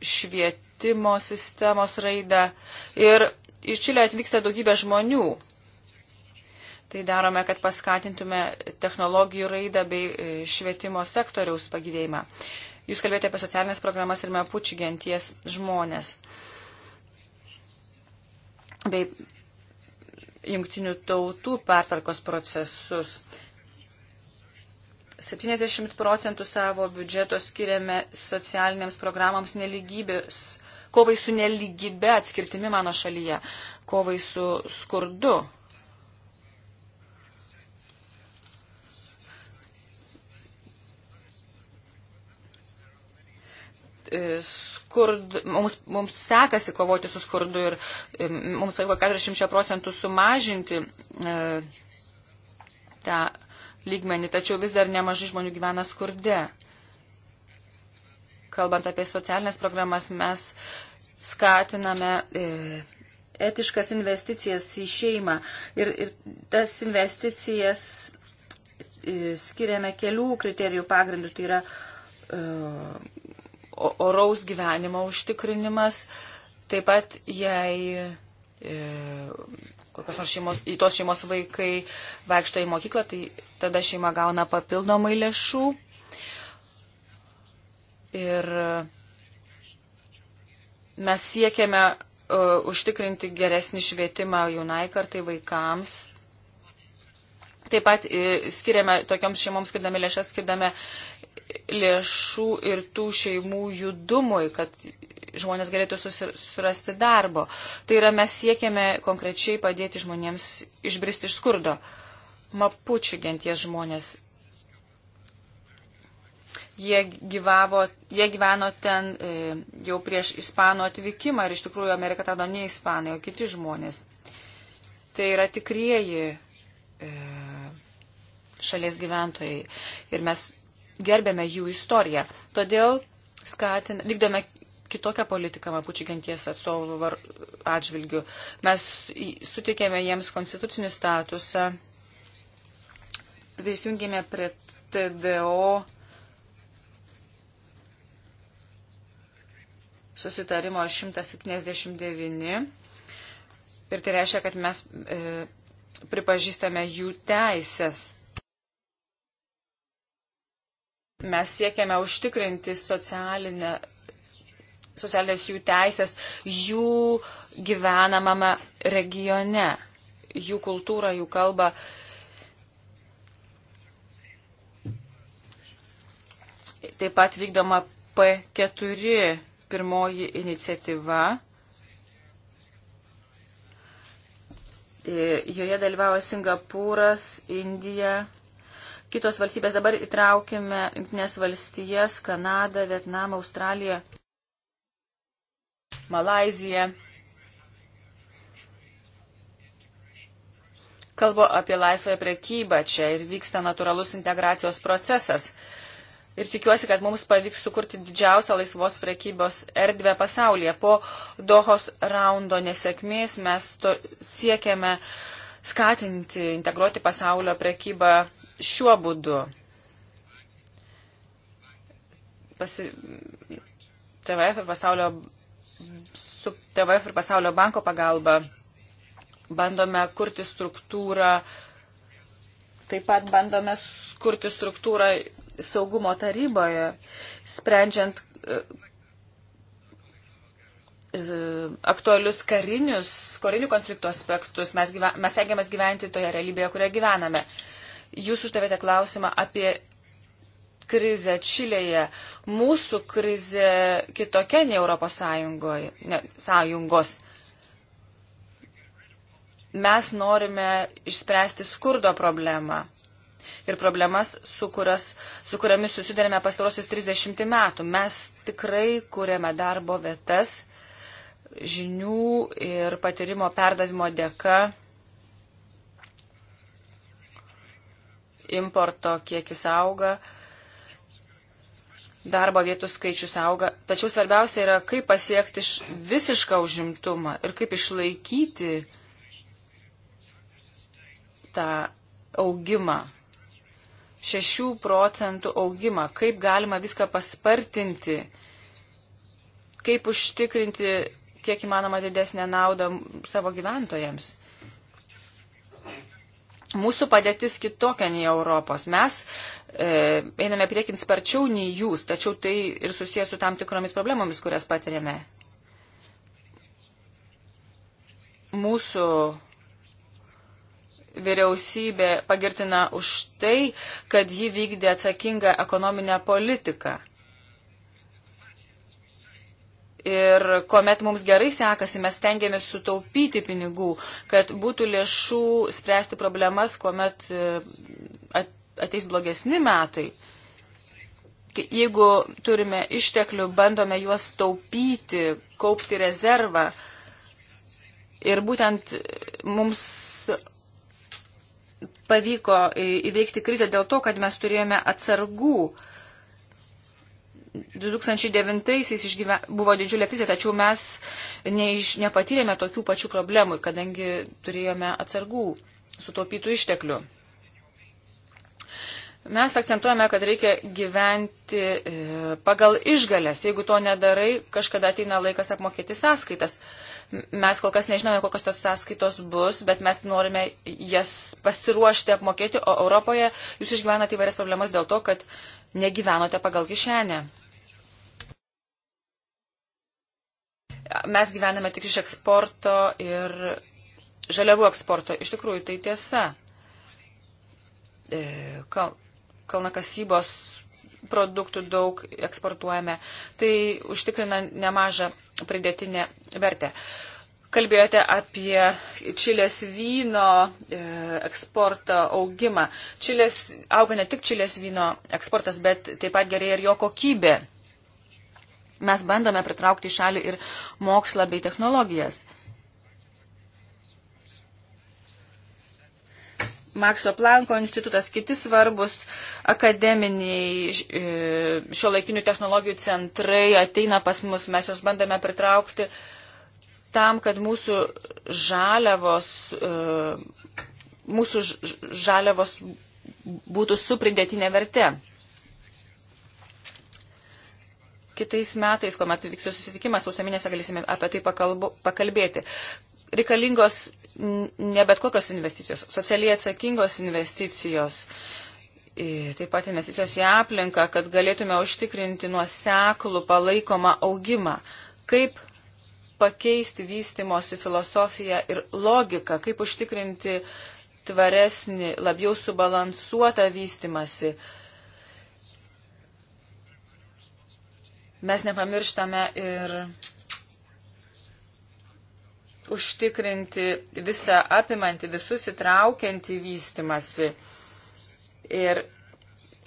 švietimo sistemos raidą. Ir iš Čilė atvyksta daugybė žmonių. Tai darome, kad paskatintume technologijų raidą bei e, švietimo sektoriaus pagyvėjimą. Jūs kalbėjote apie socialinės programas ir mepučių genties žmonės. Bei jungtinių tautų pertvarkos procesus. 70 procentų savo biudžeto skiriame socialinėms programams neligybės, kovai su neligybė atskirtimi mano šalyje, kovai su skurdu. E, skurd, mums, mums sekasi kovoti su skurdu ir e, mums pavyko 40 procentų sumažinti e, tą lygmenį, tačiau vis dar nemažai žmonių gyvena skurde. Kalbant apie socialinės programas, mes skatiname e, etiškas investicijas į šeimą ir, ir tas investicijas e, skiriame kelių kriterijų pagrindų, tai yra e, oraus gyvenimo užtikrinimas, taip pat jei E, kokios nors šeimos, į tos šeimos vaikai vaikšto į mokyklą, tai tada šeima gauna papildomai lėšų. Ir mes siekiame uh, užtikrinti geresnį švietimą jaunai kartai vaikams. Taip pat uh, skiriame, tokioms šeimoms skirdame lėšas, skirdame lėšų ir tų šeimų judumui, kad žmonės galėtų susirasti darbo. Tai yra, mes siekiame konkrečiai padėti žmonėms išbristi iš skurdo. Mapučių genties žmonės. Jie, gyvavo, jie gyveno ten e, jau prieš ispanų atvykimą ir iš tikrųjų Amerika atrado ne ispanai, o kiti žmonės. Tai yra tikrieji e, šalies gyventojai ir mes gerbėme jų istoriją. Todėl skatin, vykdome kitokią politiką mapučių genties atstovų atžvilgių. Mes suteikėme jiems konstitucinį statusą, prisijungėme prie TDO susitarimo 179 ir tai reiškia, kad mes e, pripažįstame jų teisės. Mes siekiame užtikrinti socialinę socialinės jų teisės jų gyvenamame regione, jų kultūrą, jų kalbą. Taip pat vykdoma P4 pirmoji iniciatyva. Joje dalyvavo Singapūras, Indija, kitos valstybės. Dabar įtraukime Junktinės valstijas, Kanadą, Vietnamą, Australiją, Malazija. Kalbu apie laisvąją prekybą čia ir vyksta natūralus integracijos procesas. Ir tikiuosi, kad mums pavyks sukurti didžiausią laisvos prekybos erdvę pasaulyje. Po Dohos raundo nesėkmės mes siekiame skatinti, integruoti pasaulio prekybą šiuo būdu. Pasi... TVF ir pasaulio su TVF ir Pasaulio banko pagalba bandome kurti struktūrą, taip pat bandome kurti struktūrą saugumo taryboje, sprendžiant e, e, aktualius karinius, karinių konfliktų aspektus. Mes, gyven, mes tengiamės gyventi toje realybėje, kurioje gyvename. Jūs uždavėte klausimą apie krizę Čilėje, mūsų krizė kitokia nei Europos Sąjungoje, ne, Sąjungos. Mes norime išspręsti skurdo problemą ir problemas, su, kurios, su kuriamis susidarėme pastarosius 30 metų. Mes tikrai kūrėme darbo vietas žinių ir patyrimo perdavimo dėka importo kiekis auga, darbo vietų skaičius auga, tačiau svarbiausia yra, kaip pasiekti visišką užimtumą ir kaip išlaikyti tą augimą. 6 procentų augimą, kaip galima viską paspartinti, kaip užtikrinti kiek įmanoma didesnę naudą savo gyventojams. Mūsų padėtis kitokia nei Europos. Mes e, einame priekin sparčiau nei jūs, tačiau tai ir susijęs su tam tikromis problemomis, kurias patiriame. Mūsų vyriausybė pagirtina už tai, kad ji vykdė atsakingą ekonominę politiką. Ir kuomet mums gerai sekasi, mes tengiamės sutaupyti pinigų, kad būtų lėšų spręsti problemas, kuomet e, ateis blogesni metai. Jeigu turime išteklių, bandome juos taupyti, kaupti rezervą. Ir būtent e, mums pavyko įveikti krizę dėl to, kad mes turėjome atsargų uh, 2009-aisiais išgyve... buvo didžiulė krizė, tačiau mes neiš... nepatyrėme tokių pačių problemų, kadangi turėjome atsargų sutaupytų išteklių. Mes akcentuojame, kad reikia gyventi e, pagal išgalės. Jeigu to nedarai, kažkada ateina laikas apmokėti sąskaitas. Mes kol kas nežinome, kokios tos sąskaitos bus, bet mes norime jas pasiruošti apmokėti, o Europoje jūs išgyvenate įvairias problemas dėl to, kad negyvenote pagal kišenę. mes gyvename tik iš eksporto ir žaliavų eksporto. Iš tikrųjų, tai tiesa. E, kal, kalnakasybos produktų daug eksportuojame. Tai užtikrina nemažą pridėtinę vertę. Kalbėjote apie Čilės vyno e, eksporto augimą. Čilės auga ne tik Čilės vyno eksportas, bet taip pat gerėja ir jo kokybė. Mes bandome pritraukti į šalį ir mokslą bei technologijas. Makso Planko institutas, kiti svarbus akademiniai e, šio laikinių technologijų centrai ateina pas mus, mes juos bandame pritraukti tam, kad mūsų žaliavos, e, mūsų žaliavos būtų su pridėtinė verte kitais metais, kuomet vyks susitikimas, sausio mėnesį galėsime apie tai pakalbu, pakalbėti. Reikalingos ne bet kokios investicijos, socialiai atsakingos investicijos, taip pat investicijos į aplinką, kad galėtume užtikrinti nuoseklų palaikomą augimą. Kaip pakeisti vystimosi filosofiją ir logiką, kaip užtikrinti tvaresnį, labiau subalansuotą vystimasi. Uh, mes nepamirštame ir užtikrinti visą apimantį, visus įtraukiantį vystimasi. Ir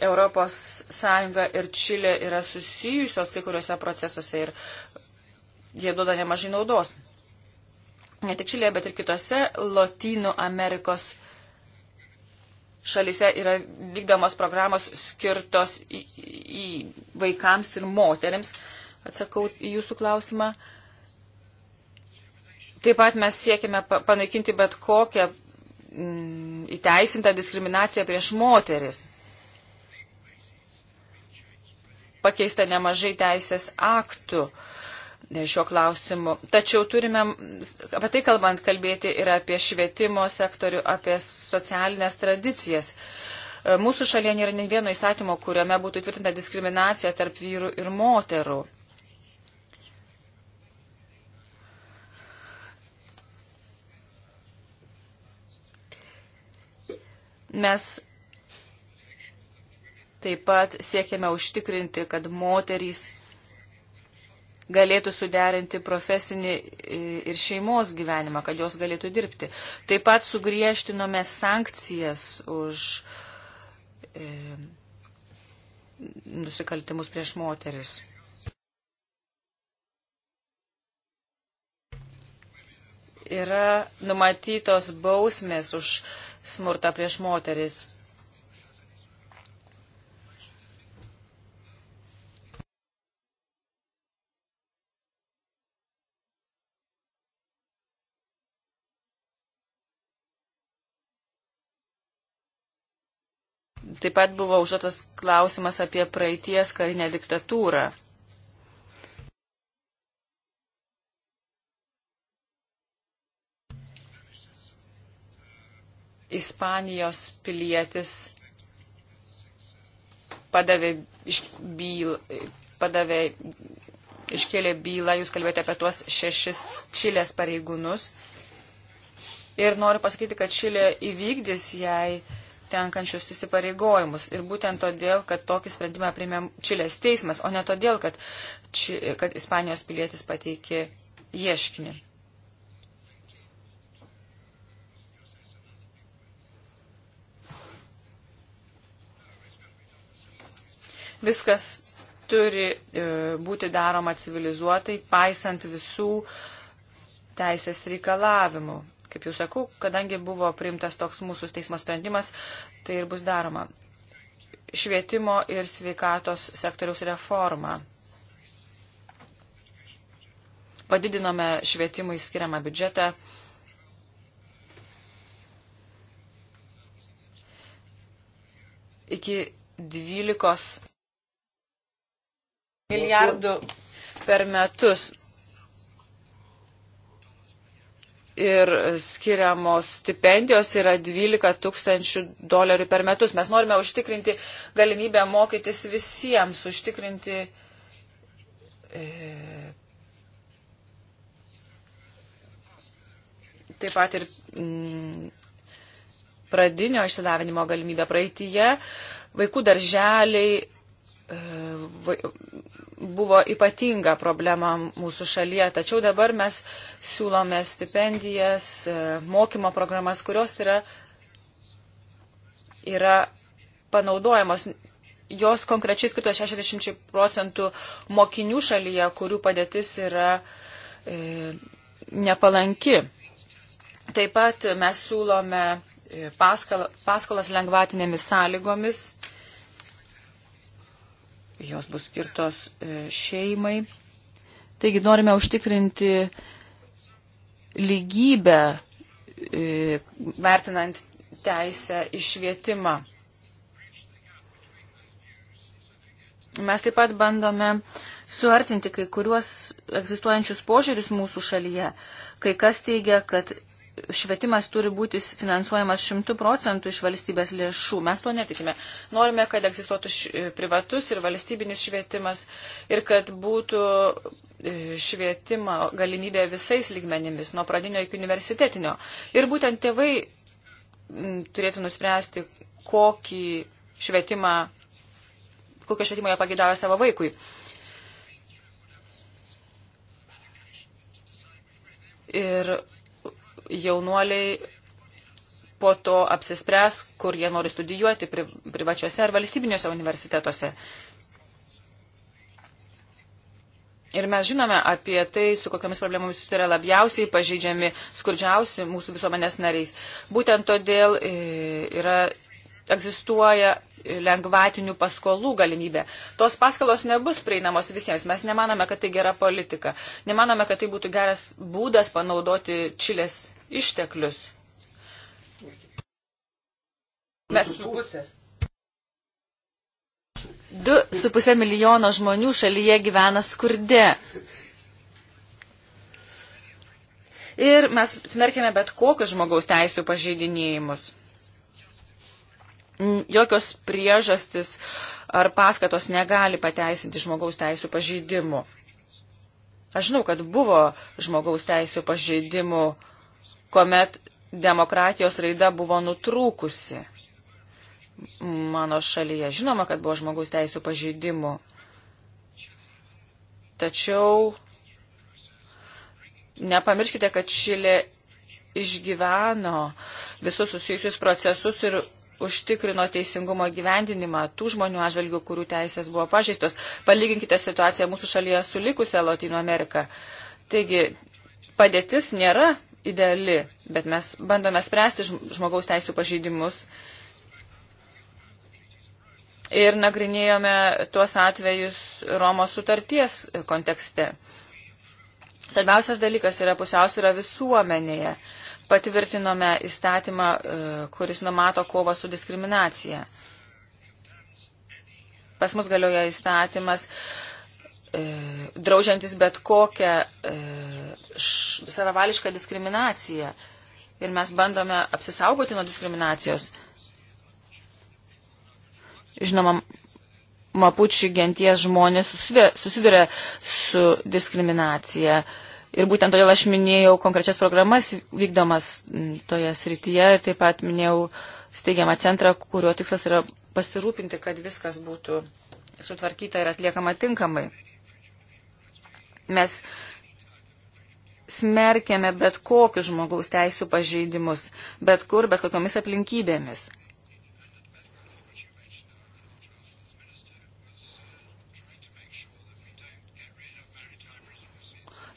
ES ir Čilė yra susijusios kai kuriuose procesuose ir jie duoda nemažai naudos. Ne tik Čilėje, bet ir kitose Latinų Amerikos šalise yra vykdomos programos skirtos į, į vaikams ir moteriams. Atsakau į jūsų klausimą. Taip pat mes siekime panaikinti bet kokią mm, įteisintą diskriminaciją prieš moteris. Pakeista nemažai teisės aktų. Uh, šiuo klausimu. Tačiau turime, apie tai kalbant, kalbėti ir apie švietimo sektorių, apie socialinės tradicijas. Mūsų šalyje nėra nei vieno įsakymo, kuriame būtų tvirtinta diskriminacija tarp vyrų ir moterų. Mes taip pat siekiame užtikrinti, kad moterys galėtų suderinti profesinį e, ir šeimos gyvenimą, kad jos galėtų dirbti. Taip pat sugriežtinome sankcijas už e, nusikaltimus prieš moteris. Yra numatytos bausmės už smurtą prieš moteris Taip pat buvo užduotas klausimas apie praeities karinę diktatūrą. Ispanijos pilietis padavė, iš, byl, padavė, iškėlė bylą, jūs kalbėjote apie tuos šešis Čilės pareigūnus. Ir noriu pasakyti, kad Čilė įvykdys jai tenkančius įsipareigojimus. Ir būtent todėl, kad tokį sprendimą priėmė Čilės teismas, o ne todėl, kad, či, kad Ispanijos pilietis pateikė ieškinį. Viskas turi e, būti daroma civilizuotai, paisant visų teisės reikalavimų. Kaip jau sakau, kadangi buvo priimtas toks mūsų teismo sprendimas, tai ir bus daroma. Švietimo ir sveikatos sektoriaus reforma. Padidinome švietimui skiriamą biudžetą. Iki 12 milijardų per metus. ir skiriamos stipendijos yra 12 tūkstančių dolerių per metus. Mes norime užtikrinti galimybę mokytis visiems, užtikrinti. E, taip pat ir m, mm, pradinio išsilavinimo galimybę praeitįje. Vaikų darželiai, e, buvo ypatinga problema mūsų šalyje, tačiau dabar mes siūlome stipendijas, e, mokymo programas, kurios yra, yra panaudojamos. Jos konkrečiai skirto 60 procentų mokinių šalyje, kurių padėtis yra e, nepalanki. Taip pat mes siūlome e, paskal, paskolas lengvatinėmis sąlygomis jos bus skirtos e, šeimai. Taigi norime užtikrinti lygybę, e, vertinant teisę išvietimą. Mes taip pat bandome suartinti kai kuriuos egzistuojančius požiūrius mūsų šalyje. Kai kas teigia, kad švietimas turi būti finansuojamas šimtų procentų iš valstybės lėšų. Mes to netikime. Norime, kad egzistuotų š, e, privatus ir valstybinis švietimas ir kad būtų e, švietimo galimybė visais lygmenimis, nuo pradinio iki universitetinio. Ir būtent tėvai turėtų nuspręsti, kokį švietimą, kokią švietimą jie pagidavo savo vaikui. Ir jaunuoliai po to apsispręs, kur jie nori studijuoti pri, privačiose ar valstybiniuose universitetuose. Ir mes žinome apie tai, su kokiamis problemomis susituria labiausiai pažeidžiami skurdžiausi mūsų visuomenės nariais. Būtent todėl e, yra, egzistuoja lengvatinių paskolų galimybė. Tos paskalos nebus prieinamos visiems. Mes nemanome, kad tai gera politika. Nemanome, kad tai būtų geras būdas panaudoti Čilės išteklius. Mes su pusė. 2,5 milijono žmonių šalyje gyvena skurde. Ir mes smerkime bet kokius žmogaus teisų pažeidinėjimus. Jokios priežastis ar paskatos negali pateisinti žmogaus teisų pažeidimų. Aš žinau, kad buvo žmogaus teisų pažeidimų uh, kuomet demokratijos raida buvo nutrūkusi mano šalyje. Žinoma, kad buvo žmogaus teisų pažeidimų. Tačiau nepamirškite, kad Šilė išgyveno visus susijusius procesus ir užtikrino teisingumo gyvendinimą tų žmonių atžvilgių, kurių teisės buvo pažeistos. Palyginkite situaciją mūsų šalyje su likusią Latino Ameriką. Taigi padėtis nėra ideali, bet mes bandome spręsti žmogaus teisų pažeidimus. Ir nagrinėjome tuos atvejus Romos sutarties kontekste. Svarbiausias dalykas yra pusiausvyrą visuomenėje. Patvirtinome įstatymą, e, kuris numato kovą su diskriminacija. Pas mus galioja įstatymas, uh, E, draužiantis bet kokią e, savavališką diskriminaciją. Ir mes bandome apsisaugoti nuo diskriminacijos. Žinoma, mapučių genties žmonės susiduria su diskriminacija. Ir būtent todėl aš minėjau konkrečias programas vykdomas toje srityje ir taip pat minėjau steigiamą centrą, kurio tikslas yra pasirūpinti, kad viskas būtų sutvarkyta ir atliekama tinkamai. Mes smerkėme bet kokius žmogaus teisų pažeidimus, bet kur, bet kokiomis aplinkybėmis.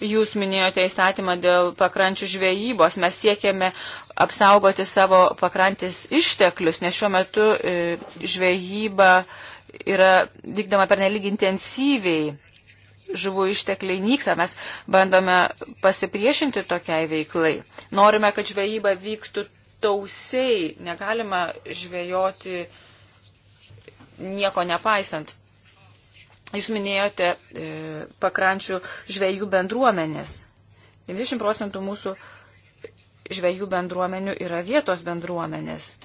Jūs minėjote įstatymą dėl pakrančių žvejybos. Mes siekėme apsaugoti savo pakrantės išteklius, nes šiuo metu e, žvejyba yra vykdoma pernelyg intensyviai žuvų ištekliai nyksta, mes bandome pasipriešinti tokiai veiklai. Norime, kad žvejyba vyktų tausiai, negalima žvejoti nieko nepaisant. Jūs minėjote e, pakrančių žvejų bendruomenės. 90 procentų mūsų žvejų bendruomenių yra vietos bendruomenės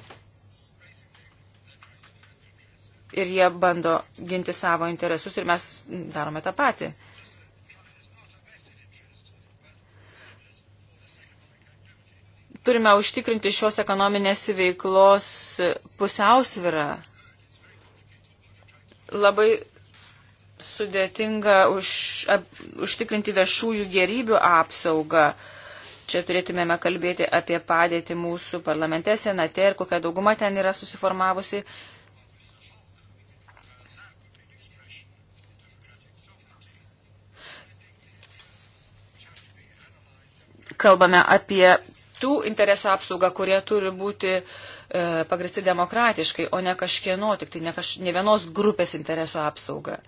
ir jie bando ginti savo interesus ir mes darome tą patį. Turime užtikrinti šios ekonominės veiklos pusiausvirą. Labai sudėtinga už, ap, užtikrinti viešųjų gerybių apsaugą. Čia turėtumėme kalbėti apie padėtį mūsų parlamente, senate ir kokia dauguma ten yra susiformavusi. Uh, kalbame apie tų interesų apsaugą, kurie turi būti e, pagristi demokratiškai, o ne kažkieno, tik tai ne, kaž, ne vienos grupės interesų apsaugą.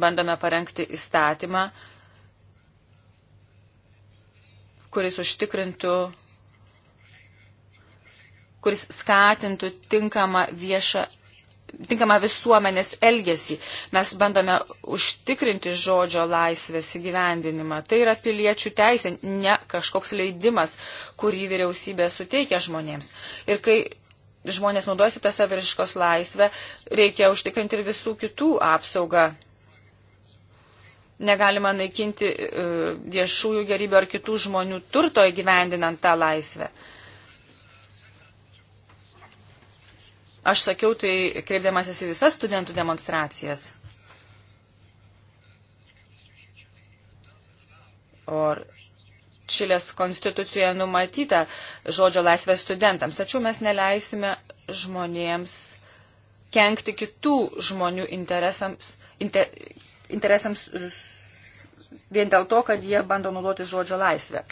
Bandome parengti įstatymą, kuris užtikrintų, kuris skatintų tinkamą viešą tinkamą visuomenės elgesį. Mes bandome užtikrinti žodžio laisvės įgyvendinimą. Tai yra piliečių teisė, ne kažkoks leidimas, kurį vyriausybė suteikia žmonėms. Ir kai žmonės naudojasi tą saviriškos laisvę, reikia užtikrinti ir visų kitų apsaugą. Negalima naikinti e, viešųjų gerybių ar kitų žmonių turto įgyvendinant tą laisvę. Uh, Aš sakiau tai kreipdamasis į visas studentų demonstracijas. O Čilės konstitucijoje numatyta žodžio laisvė studentams, tačiau mes neleisime žmonėms kenkti kitų žmonių interesams, inter, interesams vien dėl to, kad jie bando naudoti žodžio laisvę.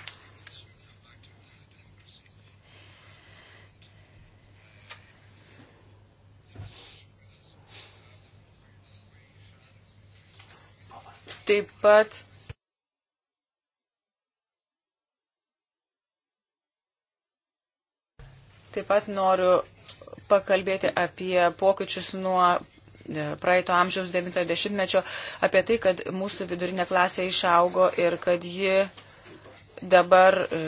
taip pat Taip pat noriu pakalbėti apie pokyčius nuo e, praeito amžiaus 90-mečio, apie tai, kad mūsų vidurinė klasė išaugo ir kad ji dabar e,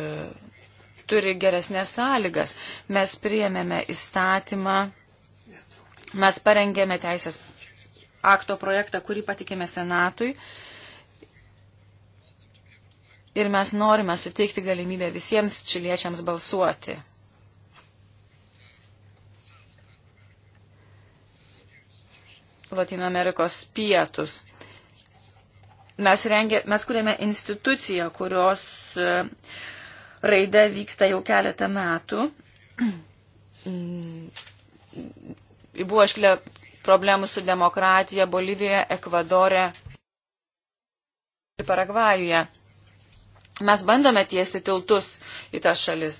turi geresnės sąlygas. Mes priėmėme įstatymą, mes parengėme teisės akto projektą, kurį patikėme Senatui. E, Ir mes norime suteikti galimybę visiems čiliečiams balsuoti. Latino Amerikos pietus. Mes, rengė, mes kūrėme instituciją, kurios e, raida vyksta jau keletą metų. Mm. Buvo iškilę problemų su demokratija Bolivijoje, Ekvadore ir Paragvajuje. Mes bandome tiesti tiltus į tas šalis.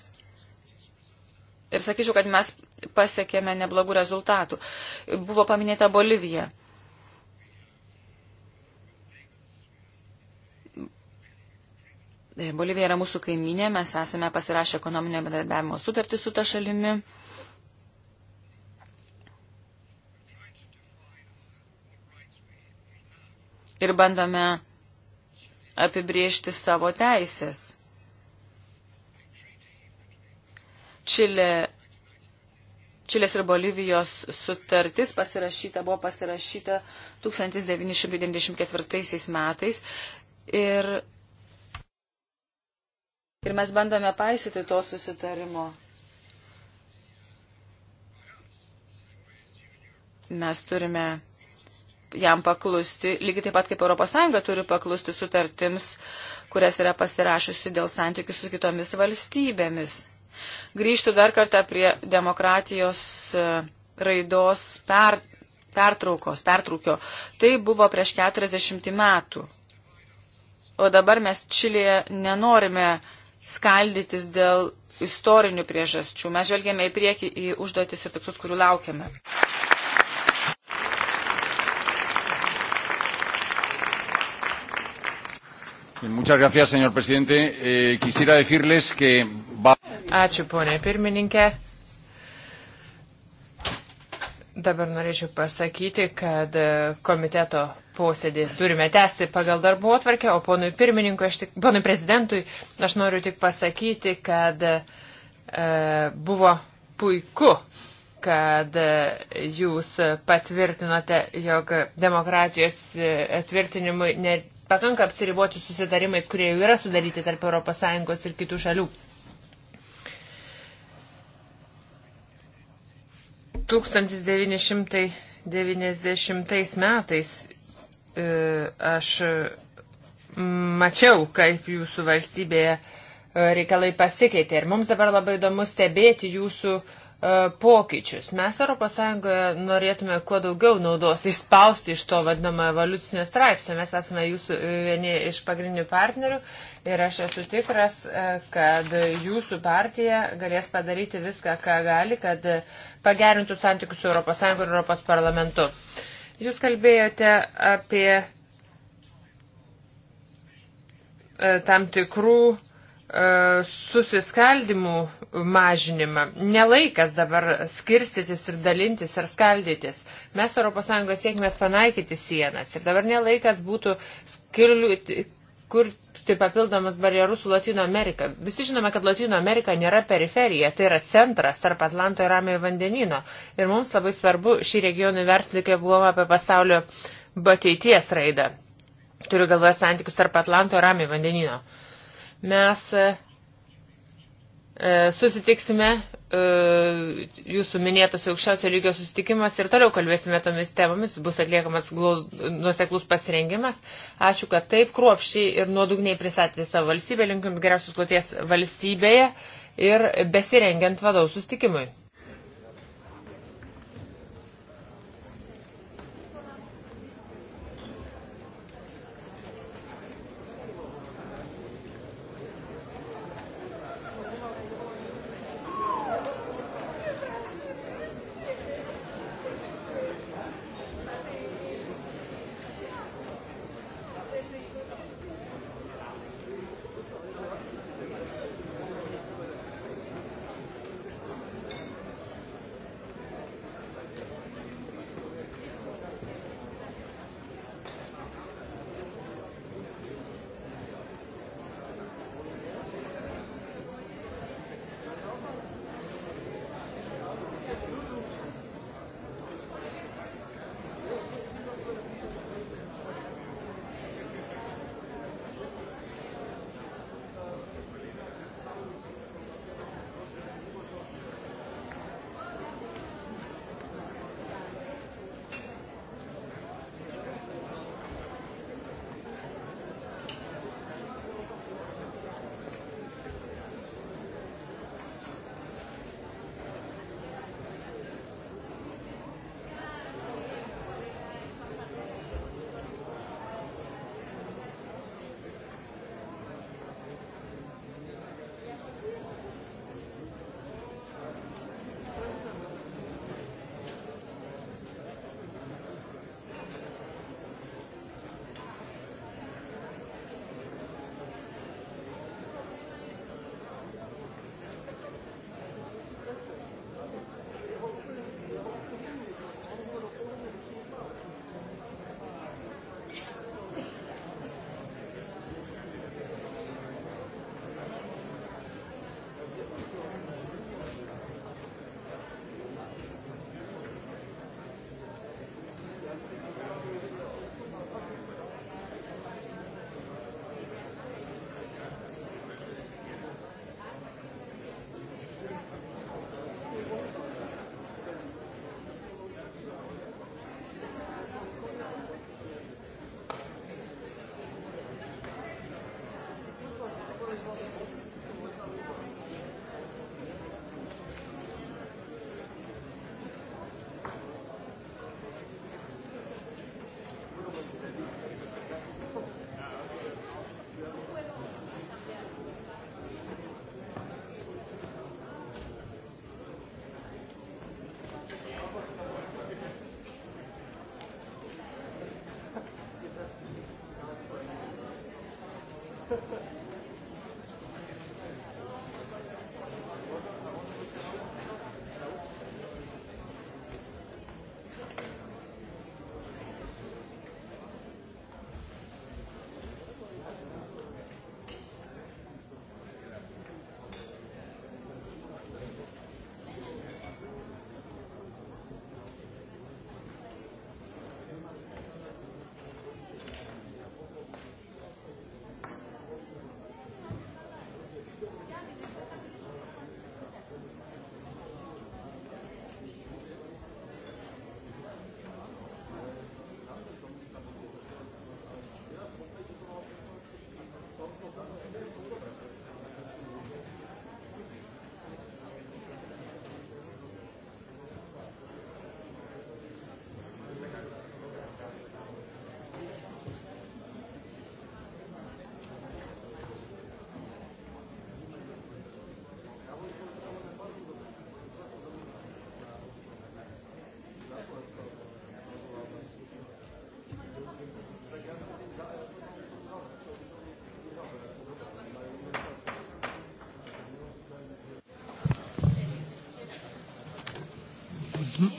Ir sakyčiau, kad mes pasiekėme neblogų rezultatų. Buvo paminėta Bolivija. Bolivija yra mūsų kaiminė, mes esame pasirašę ekonominio bendradarbiavimo sutartį su ta šalimi. Ir bandome apibriežti savo teisės. Čilė, Čilės ir Bolivijos sutartis pasirašyta, buvo pasirašyta 1994 metais ir, ir mes bandome paisyti to susitarimo. Mes turime jam paklusti, lygiai taip pat kaip ES turi paklusti sutartims, kurias yra pasirašusi dėl santykių su kitomis valstybėmis. Grįžtų dar kartą prie demokratijos e, raidos per, pertraukos, pertraukio. Tai buvo prieš 40 metų. O dabar mes Čilėje nenorime skaldytis dėl istorinių priežasčių. Mes žvelgėme į priekį į užduotis ir tikslus, kurių laukiame. Muchas gracias, señor presidente. Eh, quisiera decirles que va. Ačiū, ponė pirmininkė. Dabar norėčiau pasakyti, kad e, komiteto posėdį turime tęsti pagal darbo atvarkę, o ponui pirmininkui, aš tik, ponui prezidentui, aš noriu tik pasakyti, kad e, buvo puiku, kad e, jūs patvirtinote, jog demokratijos atvirtinimui e, net pakanka apsiriboti susitarimais, kurie jau yra sudaryti tarp ES ir kitų šalių. 1990 metais e, aš mačiau, kaip jūsų valstybėje e, reikalai pasikeitė. Ir mums dabar labai įdomu stebėti jūsų uh, E, pokyčius. Mes ES norėtume kuo daugiau naudos išspausti iš to vadinamo evoliucinio straipsnio. Mes esame jūsų vieni iš pagrindinių partnerių ir aš esu tikras, e, kad jūsų partija galės padaryti viską, ką gali, kad pagerintų santykius su ES ir ES parlamentu. Jūs kalbėjote apie e, tam tikrų E, susiskaldimų mažinimą. Nelaikas dabar skirstytis ir dalintis ar skaldytis. Mes ES siekime panaikyti sienas ir dabar nelaikas būtų skirliuti kurti papildomus barjerus su Latino Amerika. Visi žinome, kad Latino Amerika nėra periferija, tai yra centras tarp Atlanto ir Ramiojo vandenino. Ir mums labai svarbu šį regioną vertinti, kaip buvom apie pasaulio ateities raidą. Turiu galvoje santykius tarp Atlanto ir Ramiojo vandenino. Uh, Mes e, e, susitiksime e, jūsų minėtos aukščiausio lygio susitikimas ir toliau kalbėsime tomis temomis, bus atliekamas nuoseklus pasirengimas. Ačiū, kad taip kruopščiai ir nuodugniai pristatėte savo valstybę, linkim geriausios kloties valstybėje ir besirengiant vadovų sustikimui.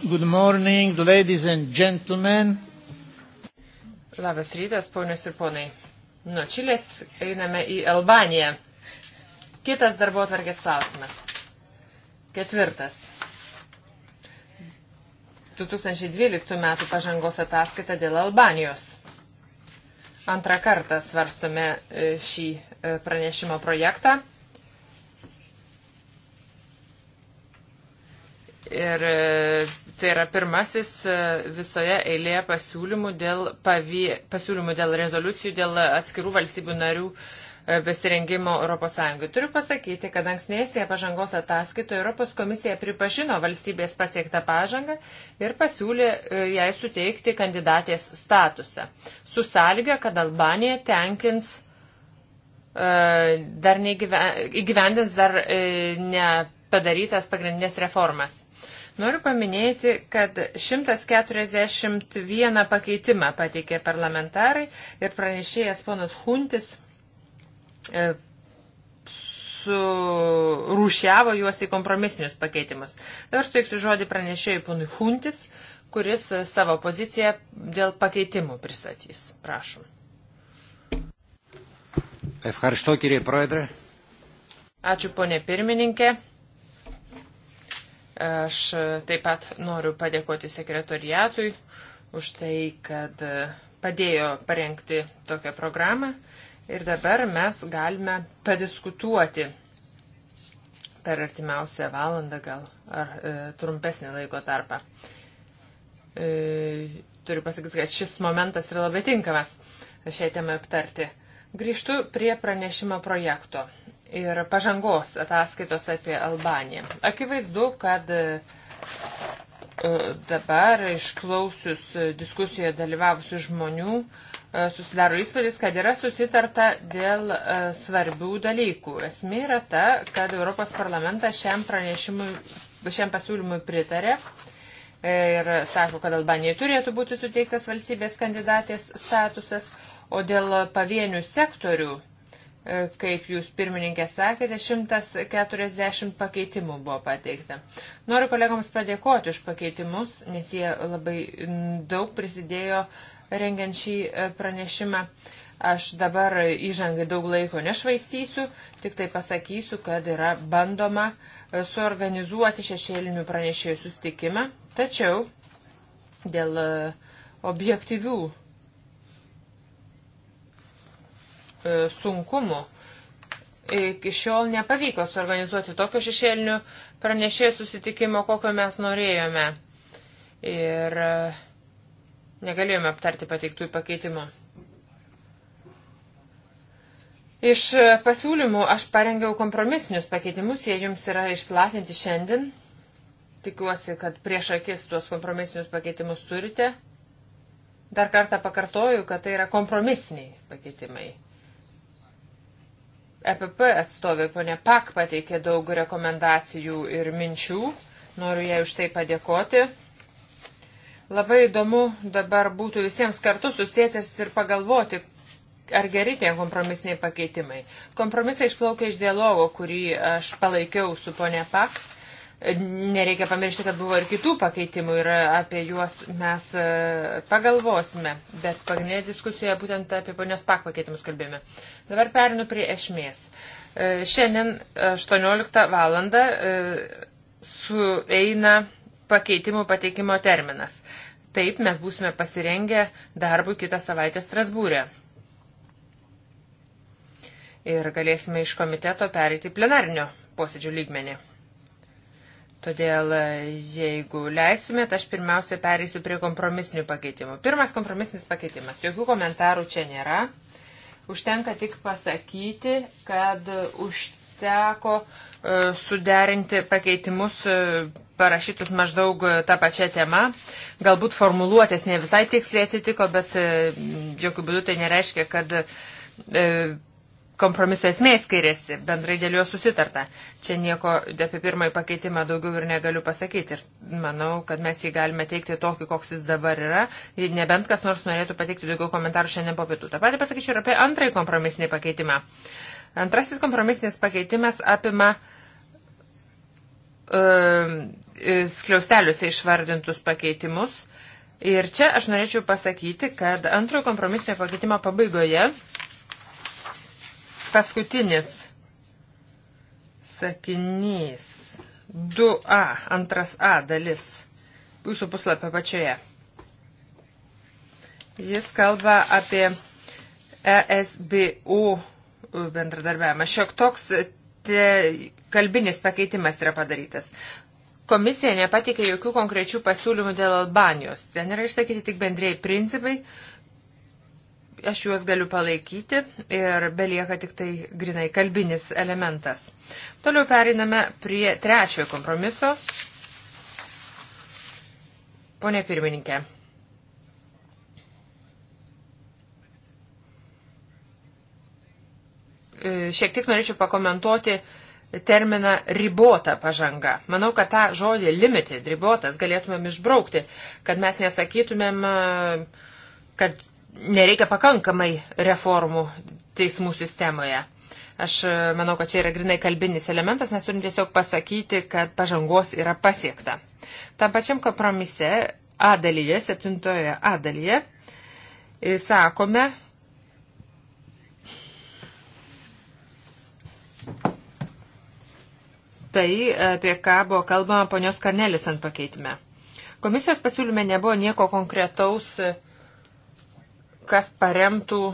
Good morning, ladies and gentlemen. Labas rytas, ponius ir ponai. Nuo Čilės einame į Albaniją. Kitas darbo atvarkės klausimas. Ketvirtas. 2012 m. pažangos ataskaita dėl Albanijos. Antrą kartą svarstome e, šį e, pranešimo projektą. Tai yra pirmasis e, visoje eilėje pasiūlymų dėl, pavy, pasiūlymų dėl rezoliucijų, dėl atskirų valstybių narių e, besirengimo ES. Turiu pasakyti, kad anksnėsėje pažangos ataskaitoje Europos komisija pripažino valstybės pasiektą pažangą ir pasiūlė e, jai suteikti kandidatės statusą, su sąlyga, kad Albanija tenkins dar neįgyvendins dar nepadarytas pagrindinės reformas. Noriu paminėti, kad 141 pakeitimą pateikė parlamentarai ir pranešėjas ponas Huntis e, surūšiavo juos į kompromisinius pakeitimus. Dabar suteiksiu žodį pranešėjai ponui Huntis, kuris e, savo poziciją dėl pakeitimų pristatys. Prašom. Ačiū, ponė pirmininkė. Aš taip pat noriu padėkoti sekretoriatui už tai, kad e, padėjo parengti tokią programą. Ir dabar mes galime padiskutuoti per artimiausią valandą gal ar e, trumpesnį laiko tarpą. E, turiu pasakyti, kad šis momentas yra labai tinkamas šiai temai aptarti. Grįžtu prie pranešimo projekto ir pažangos ataskaitos apie Albaniją. Akivaizdu, kad e, e, dabar išklausius diskusijoje dalyvavusių žmonių e, susidaro įspūdis, kad yra susitarta dėl svarbių dalykų. Esmė yra ta, kad Europos parlamentas šiam pranešimui, šiam pasiūlymui pritarė ir sako, kad Albanijai turėtų būti suteiktas valstybės kandidatės statusas, o dėl pavienių sektorių E, kaip jūs pirmininkė sakėte, 140 pakeitimų buvo pateikta. Noriu kolegoms padėkoti už pakeitimus, nes jie labai daug prisidėjo rengiant šį e, pranešimą. Aš dabar įžangai daug laiko nešvaistysiu, tik tai pasakysiu, kad yra bandoma e, suorganizuoti šešėlinių pranešėjų sustikimą, tačiau dėl objektyvių E, sunkumų. Iki šiol nepavyko suorganizuoti tokio šešėlinių pranešėjų susitikimo, kokio mes norėjome. Ir e, negalėjome aptarti pateiktų pakeitimų. Iš pasiūlymų aš parengiau kompromisinius pakeitimus, jie jums yra išplatinti šiandien. Tikiuosi, kad prieš akis tuos kompromisinius pakeitimus turite. Dar kartą pakartoju, kad tai yra kompromisiniai pakeitimai. EPP atstovė ponė Pak pateikė daug rekomendacijų ir minčių. Noriu jai už tai padėkoti. Labai įdomu dabar būtų visiems kartu susėtis ir pagalvoti, ar geri tie kompromisiniai pakeitimai. Kompromisai išplaukia iš dialogo, kurį aš palaikiau su ponė Pak Nereikia pamiršti, kad buvo ir kitų pakeitimų ir apie juos mes e, pagalvosime, bet pagrindinė diskusijoje būtent apie ponios pak pakeitimus kalbėjome. Dabar perinu prie esmės. E, šiandien 18 val. E, sueina pakeitimų pateikimo terminas. Taip mes būsime pasirengę darbui kitą savaitę Strasbūrė. Ir galėsime iš komiteto pereiti plenarinio posėdžių lygmenį. Todėl, jeigu leisumėt, aš pirmiausia pereisiu prie kompromisinių pakeitimų. Pirmas kompromisinis pakeitimas. Jokių komentarų čia nėra. Užtenka tik pasakyti, kad užteko e, suderinti pakeitimus e, parašytus maždaug e, tą pačią temą. Galbūt formuluotės ne visai tiksliai atitiko, bet jokių būdų tai nereiškia, kad kompromiso esmė skiriasi, bendrai dėl jo susitarta. Čia nieko apie pirmąjį pakeitimą daugiau ir negaliu pasakyti. Ir manau, kad mes jį galime teikti tokį, koks jis dabar yra, nebent kas nors norėtų pateikti daugiau komentarų šiandien po pietų. Ta pati pasakyčiau ir apie antrąjį kompromisinį pakeitimą. Antrasis kompromisinis pakeitimas apima uh, skliausteliuose išvardintus pakeitimus. Ir čia aš norėčiau pasakyti, kad antrojo kompromisinio pakeitimo pabaigoje Paskutinis sakinys. 2a, antras A dalis. Jūsų puslapio pačioje. Jis kalba apie ESBU bendradarbiavimą. Šiek toks te, kalbinis pakeitimas yra padarytas. Komisija nepatikė jokių konkrečių pasiūlymų dėl Albanijos. Ten yra išsakyti tik bendrėjai principai, aš juos galiu palaikyti ir belieka tik tai grinai kalbinis elementas. Toliau periname prie trečiojo kompromiso. Pone pirmininkė. E, šiek tiek norėčiau pakomentuoti terminą ribota pažanga. Manau, kad tą žodį limited, ribotas galėtumėm išbraukti, kad mes nesakytumėm, e, kad nereikia pakankamai reformų teismų sistemoje. Aš e, manau, kad čia yra grinai kalbinis elementas, nes turim tiesiog pasakyti, kad pažangos yra pasiekta. Tam pačiam kompromise A dalyje, septintoje A dalyje, e, sakome, tai, e, apie ką buvo kalbama ponios Karnelis ant pakeitime. Komisijos pasiūlyme nebuvo nieko konkretaus kas paremtų e,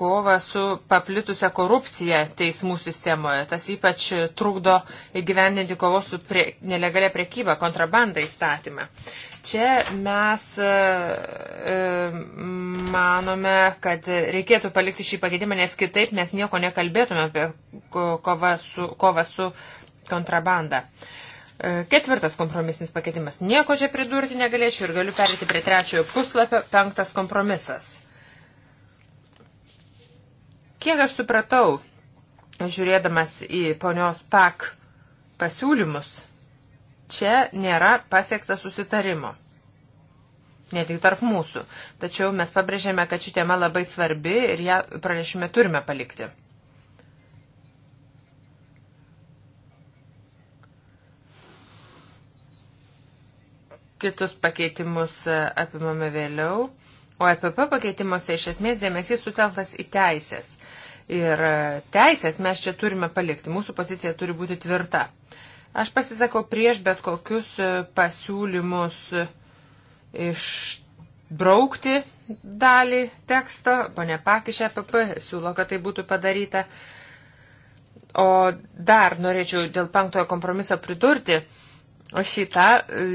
kovą su paplitusią korupciją teismų sistemoje. Tas ypač trukdo įgyvendinti kovos su prie, nelegalia priekyba, kontrabanda įstatymą. Čia mes e, e, manome, kad reikėtų palikti šį pagėdimą, nes kitaip mes nieko nekalbėtume apie kovą su, kovą su kontrabanda. Uh, E, ketvirtas kompromisinis pakeitimas. Nieko čia pridurti negalėčiau ir galiu perėti prie trečiojo puslapio. Penktas kompromisas. Kiek aš supratau, žiūrėdamas į ponios PAK pasiūlymus, čia nėra pasiekta susitarimo. Ne tik tarp mūsų. Tačiau mes pabrėžėme, kad ši tema labai svarbi ir ją pranešime turime palikti. Kitus pakeitimus e, apimame vėliau. O EPP pakeitimuose iš esmės dėmesys sutelktas į teisės. Ir e, teisės mes čia turime palikti. Mūsų pozicija turi būti tvirta. Aš pasisakau prieš bet kokius e, pasiūlymus išbraukti dalį teksto. Pone Pakišė PP siūlo, kad tai būtų padaryta. O dar norėčiau dėl penktojo kompromiso pridurti, O šitą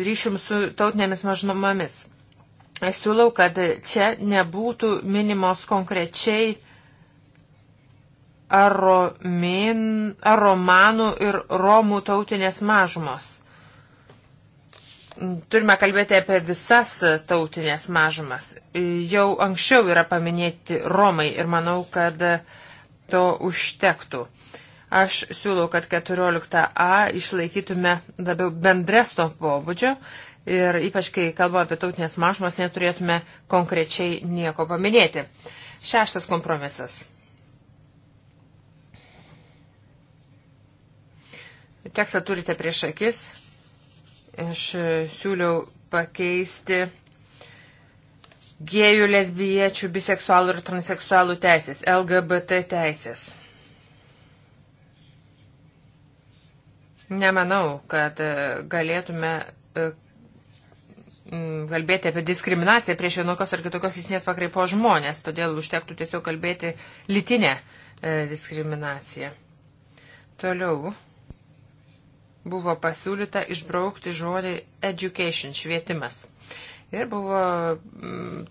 ryšium su tautinėmis mažnumomis. Aš siūlau, kad čia nebūtų minimos konkrečiai aromin, aromanų ir romų tautinės mažumos. Turime kalbėti apie visas tautinės mažumas. Jau anksčiau yra paminėti romai ir manau, kad to užtektų. Aš siūlau, kad 14a išlaikytume labiau bendresno pobūdžio ir ypač, kai kalbame apie tautinės mažumas, neturėtume konkrečiai nieko paminėti. Šeštas kompromisas. Tekstą turite prieš akis. Aš siūliau pakeisti gėjų, lesbiečių, biseksualų ir transeksualų teisės, LGBT teisės. Nemanau, kad e, galėtume e, kalbėti apie diskriminaciją prieš vienokios ar kitokios lytinės pakraipo žmonės, todėl užtektų tiesiog kalbėti lytinę e, diskriminaciją. Toliau buvo pasiūlyta išbraukti žodį education, švietimas. Ir buvo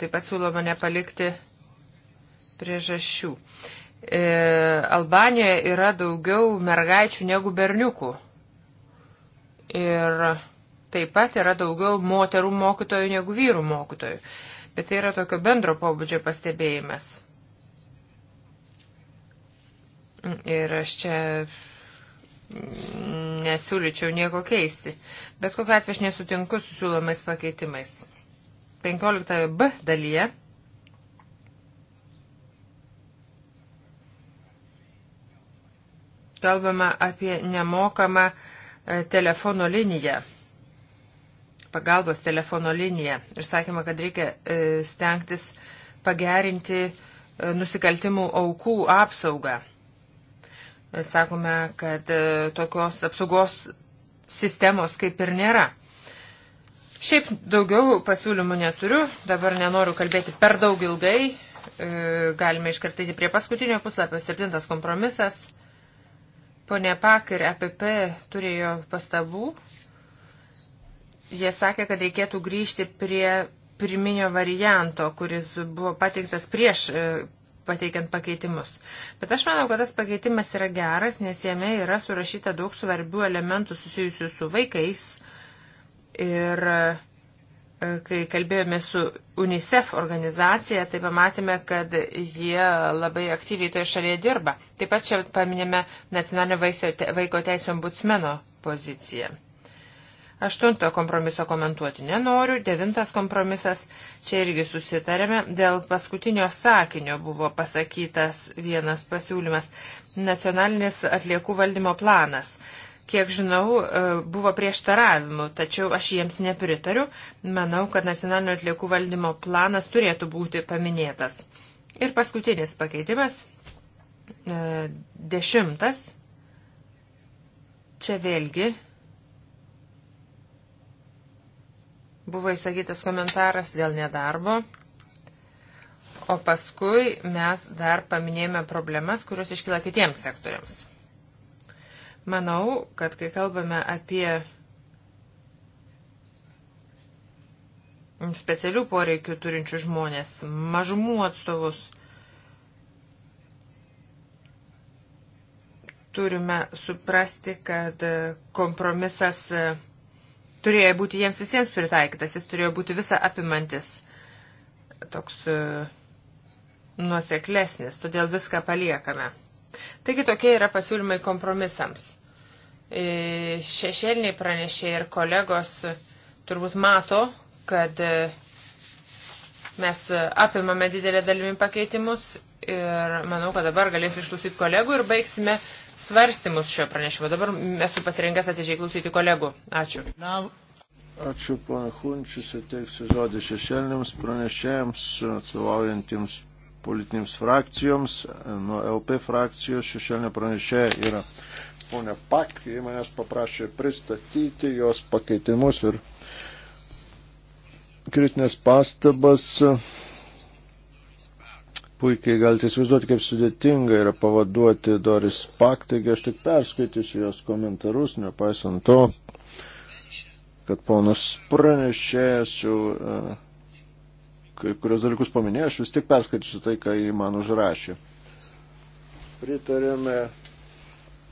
taip pat siūloma nepalikti priežasčių. E, Albanijoje yra daugiau mergaičių negu berniukų. Ir taip pat yra daugiau moterų mokytojų negu vyrų mokytojų. Bet tai yra tokio bendro pobūdžio pastebėjimas. Ir aš čia nesiūlyčiau nieko keisti. Bet kokiu atveju aš nesutinku su siūlomais pakeitimais. 15b dalyje kalbama apie nemokamą uh, E, telefono liniją, pagalbos telefono liniją ir sakėme, kad reikia e, stengtis pagerinti e, nusikaltimų aukų apsaugą. Sakome, kad tokios apsaugos sistemos kaip ir nėra. Šiaip daugiau pasiūlymų neturiu, dabar nenoriu kalbėti per daug ilgai, galime iškartyti prie paskutinio puslapio, septintas kompromisas. Pone Pak ir EPP turėjo pastabų. Jie sakė, kad reikėtų grįžti prie pirminio varianto, kuris buvo pateiktas prieš e, pateikiant pakeitimus. Bet aš manau, kad tas pakeitimas yra geras, nes jame yra surašyta daug svarbių elementų susijusių su vaikais ir uh, kai kalbėjome su UNICEF organizacija, tai pamatėme, kad jie labai aktyviai toje šalyje dirba. Taip pat čia paminėme nacionalinio vaiko teisų ombudsmeno poziciją. Aštunto kompromiso komentuoti nenoriu. Devintas kompromisas, čia irgi susitarėme, dėl paskutinio sakinio buvo pasakytas vienas pasiūlymas - nacionalinis atliekų valdymo planas. Kiek žinau, e, buvo prieštaravimų, tačiau aš jiems nepritariu. Manau, kad nacionalinio atliekų valdymo planas turėtų būti paminėtas. Ir paskutinis pakeitimas, e, dešimtas. Čia vėlgi buvo įsakytas komentaras dėl nedarbo. O paskui mes dar paminėjome problemas, kurios iškyla kitiems sektoriams. Manau, kad kai kalbame apie specialių poreikių turinčių žmonės, mažumų atstovus, turime suprasti, kad kompromisas turėjo būti jiems visiems pritaikytas, jis turėjo būti visą apimantis toks e, nuoseklesnis, todėl viską paliekame. Taigi tokie yra pasiūlymai kompromisams. E, šešėliniai pranešėjai ir kolegos turbūt mato, kad e, mes apimame didelę dalimi pakeitimus ir manau, kad dabar galėsiu išklausyti kolegų ir baigsime svarstymus šio pranešimo. Dabar esu pasirinkęs atidžiai klausyti kolegų. Ačiū. Ačiū, pana Hunčius, ateiksiu žodį šešėliniams pranešėjams, atstovaujantiems politinėms frakcijoms. Nuo LP frakcijos šešėlinė pranešėja yra ponia Pak, jie manęs paprašė pristatyti jos pakeitimus ir kritinės pastabas. Puikiai galite įsivaizduoti, kaip sudėtinga yra pavaduoti Doris Pak, taigi aš tik perskaitysiu jos komentarus, nepaisant to, kad ponas pranešėjas jau uh, kai kurios dalykus paminėjo, aš vis tik perskaičiu tai, ką jį man užrašė. Pritarėme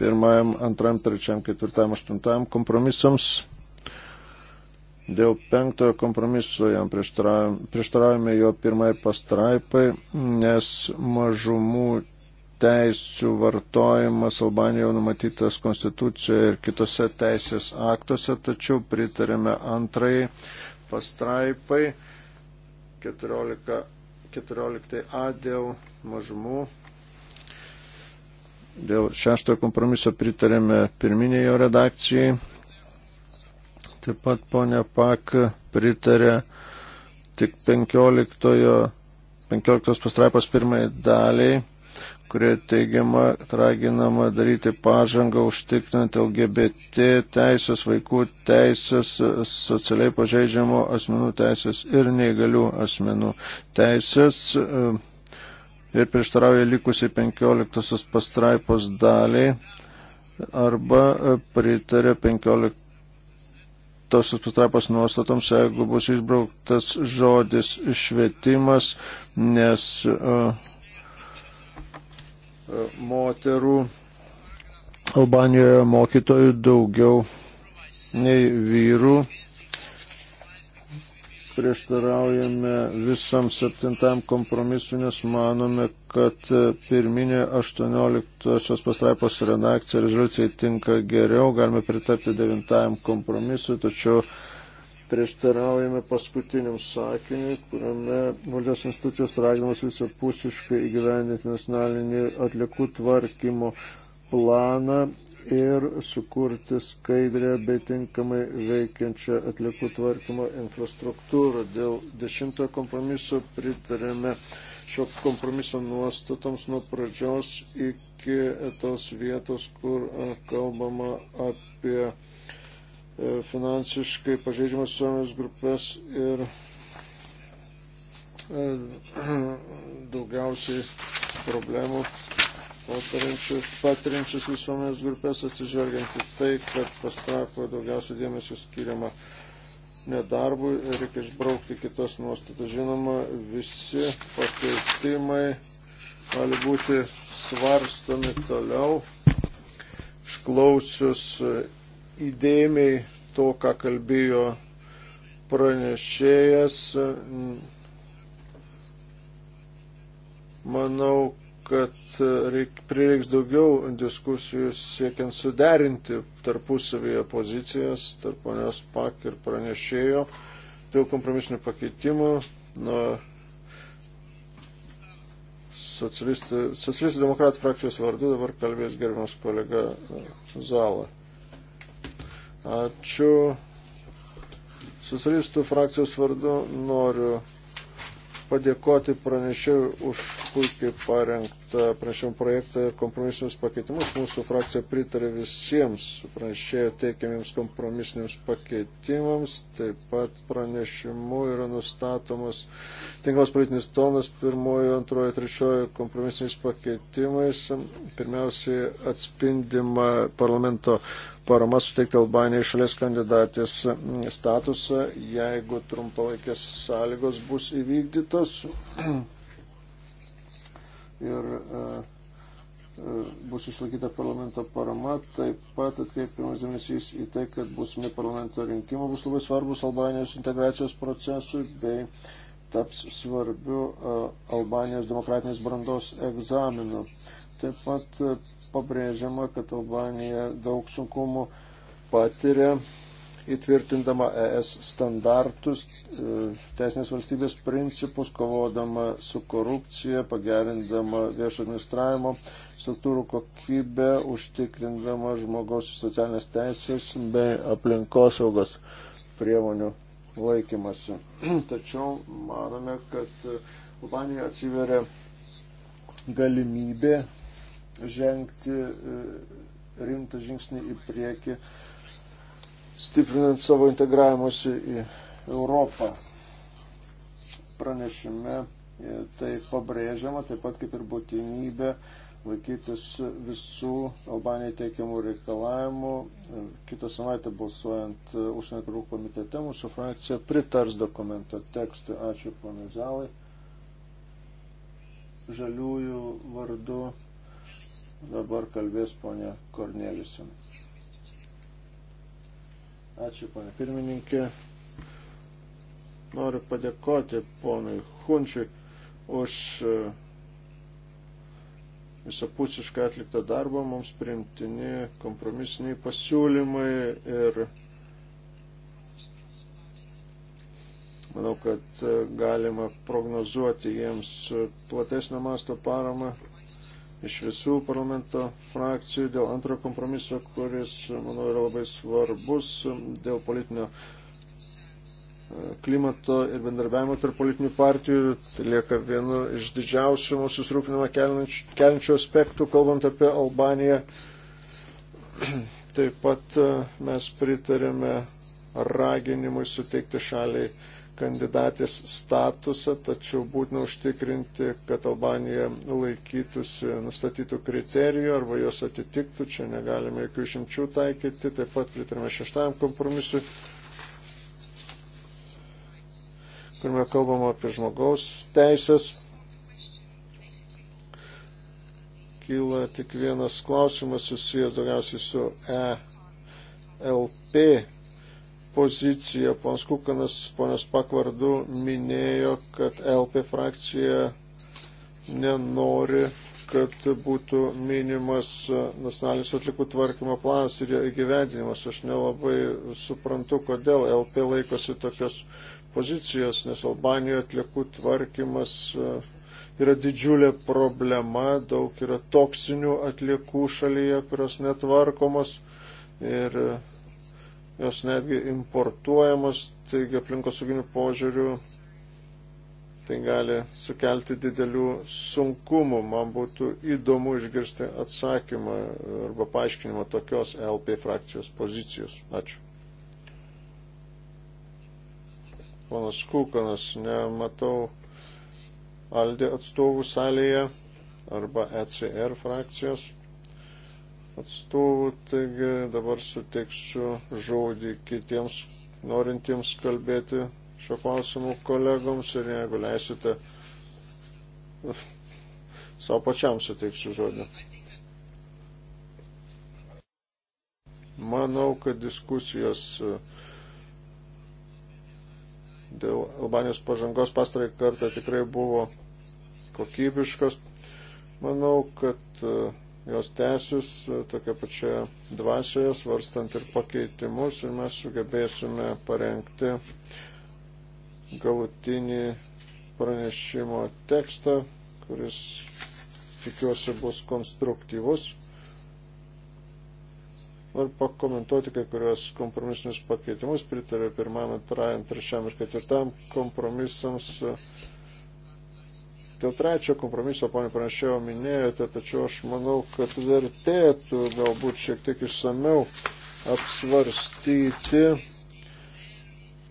pirmajam, antram, trečiam, ketvirtam, aštuntam kompromisams. Dėl penktojo kompromiso jam prieštaravome jo pirmai pastraipai, nes mažumų teisų vartojimas Albanijoje numatytas konstitucijoje ir kitose teisės aktuose, tačiau pritarėme antrai pastraipai 14, 14a dėl mažumų. Dėl šeštojo kompromiso pritarėme pirminėje jo redakcijai. Taip pat ponia Pak pritarė tik 15, 15 pastraipos pirmai daliai kurie teigiama, raginama daryti pažangą užtikrinant LGBT teisės, vaikų teisės, socialiai pažeidžiamų asmenų teisės ir neįgalių asmenų teisės e, ir prieštarauja likusiai 15 pastraipos daliai arba e, pritarė 15 tosios pastraipos nuostatoms, jeigu bus išbrauktas žodis švietimas, nes uh, moterų Albanijoje mokytojų daugiau nei vyrų. Prieštaraujame visam septintam kompromisu, nes manome, kad pirminė 18 pastraipos redakcija rezoliucijai tinka geriau. Galime pritarti devintajam kompromisu, tačiau prieštaraujame paskutiniam sakiniui, kuriame valdžios institucijos raginamas visapusiškai įgyvendinti nacionalinį atliekų tvarkymo planą ir sukurti skaidrę bei tinkamai veikiančią atliekų tvarkymo infrastruktūrą. Dėl dešimtojo kompromiso pritarėme šio kompromiso nuostatoms nuo pradžios iki tos vietos, kur kalbama apie E, finansiškai pažeidžiamas visuomenės grupės ir e, [clears throat] daugiausiai problemų patirinčius visuomenės grupės atsižvelgiant į tai, kad pastrapoje daugiausiai dėmesio skiriama nedarbui ir reikia išbraukti kitas nuostatas. Žinoma, visi pakeitimai gali būti svarstomi toliau, išklausius įdėmiai to, ką kalbėjo pranešėjas. Manau, kad reik, prireiks daugiau diskusijų siekiant suderinti tarpusavėje pozicijas tarp ponios pak ir pranešėjo dėl kompromisinių pakeitimų. Nuo socialistų, socialistų demokratų frakcijos vardu dabar kalbės gerbiamas kolega Zala. Ačiū. Socialistų frakcijos vardu noriu padėkoti pranešiau už puikiai parengtą tą pranešimų projektą ir kompromisinius pakeitimus. Mūsų frakcija pritarė visiems pranešėjo teikiamiems kompromisiniams pakeitimams. Taip pat pranešimu yra nustatomas tinkamas politinis tonas pirmojo, antrojo, trečiojo kompromisiniais pakeitimais. Pirmiausiai atspindima parlamento parama suteikti Albanijai šalies kandidatės statusą, jeigu trumpalaikės sąlygos bus įvykdytos. [clears throat] ir e, e, bus išlaikyta parlamento parama. Taip pat atkreipiamas dėmesys į tai, kad būsimi parlamento rinkimai bus labai svarbus Albanijos integracijos procesui bei taps svarbiu e, Albanijos demokratinės brandos egzaminu. Taip pat pabrėžiama, kad Albanija daug sunkumų patiria įtvirtindama ES standartus, e, teisinės valstybės principus, kovodama su korupcija, pagerindama viešo administravimo struktūrų kokybę, užtikrindama žmogaus socialinės teisės bei aplinkosaugos priemonių laikymasi. [clears throat] Tačiau manome, kad Albanija e, atsiveria galimybė žengti e, rimtą žingsnį į priekį stiprinant savo integravimuose į Europą. Pranešime tai pabrėžiama, taip pat kaip ir būtinybė laikytis visų Albanijai teikiamų reikalavimų. Kitą savaitę balsuojant užsienio karų komitete mūsų frakcija pritars dokumento tekstui. Ačiū, ponai Zalai. Žaliųjų vardu dabar kalbės ponė Kornelisinė. Ačiū, pane pirmininkė. Noriu padėkoti ponui Hunčiui už e, visapusiškai atliktą darbą. Mums primtini kompromisiniai pasiūlymai ir manau, kad e, galima prognozuoti jiems e, platesnio masto paramą iš visų parlamento frakcijų dėl antro kompromiso, kuris, manau, yra labai svarbus dėl politinio e, klimato ir bendarbiavimo tarp politinių partijų. Tai lieka vienu iš didžiausių mūsų susirūpinimą keliančių aspektų, kalbant apie Albaniją. Taip pat e, mes pritarėme raginimui suteikti šaliai kandidatės statusą, tačiau būtina užtikrinti, kad Albanija laikytųsi nustatytų kriterijų arba jos atitiktų, čia negalime jokių šimčių taikyti, taip pat pritarėme šeštajam kompromisui, kuriame kalbama apie žmogaus teisės. Kyla tik vienas klausimas susijęs daugiausiai su ELP poziciją. Pons Kukanas, ponios pakvardu, minėjo, kad LP frakcija nenori, kad būtų minimas nacionalinis atlikų tvarkymo planas ir jo įgyvendinimas. Aš nelabai suprantu, kodėl LP laikosi tokios pozicijos, nes Albanijoje atlikų tvarkymas e, yra didžiulė problema, daug yra toksinių atliekų šalyje, kurios netvarkomos. Ir e, jos netgi importuojamos, taigi aplinkosauginių požiūrių tai gali sukelti didelių sunkumų. Man būtų įdomu išgirsti atsakymą arba paaiškinimą tokios LP frakcijos pozicijos. Ačiū. Ponas Kūkanas, nematau Aldė atstovų salėje arba ECR frakcijos atstovų, taigi dabar suteiksiu žodį kitiems norintiems kalbėti šio klausimu kolegoms ir jeigu leisite, savo pačiam suteiksiu žodį. Manau, kad diskusijos e, dėl Albanijos pažangos pastarai kartą tikrai buvo kokybiškos. Manau, kad e, jos tęsis tokia pačia dvasioje, svarstant ir pakeitimus, ir mes sugebėsime parengti galutinį pranešimo tekstą, kuris tikiuosi bus konstruktyvus. Noriu pakomentuoti kai kurios kompromisinius pakeitimus, pritarė pirmam, antrajam, trečiam ir ketvirtam kompromisams Dėl trečio kompromiso, ponė pranešėjo, minėjote, tačiau aš manau, kad vertėtų galbūt šiek tiek išsameu apsvarstyti,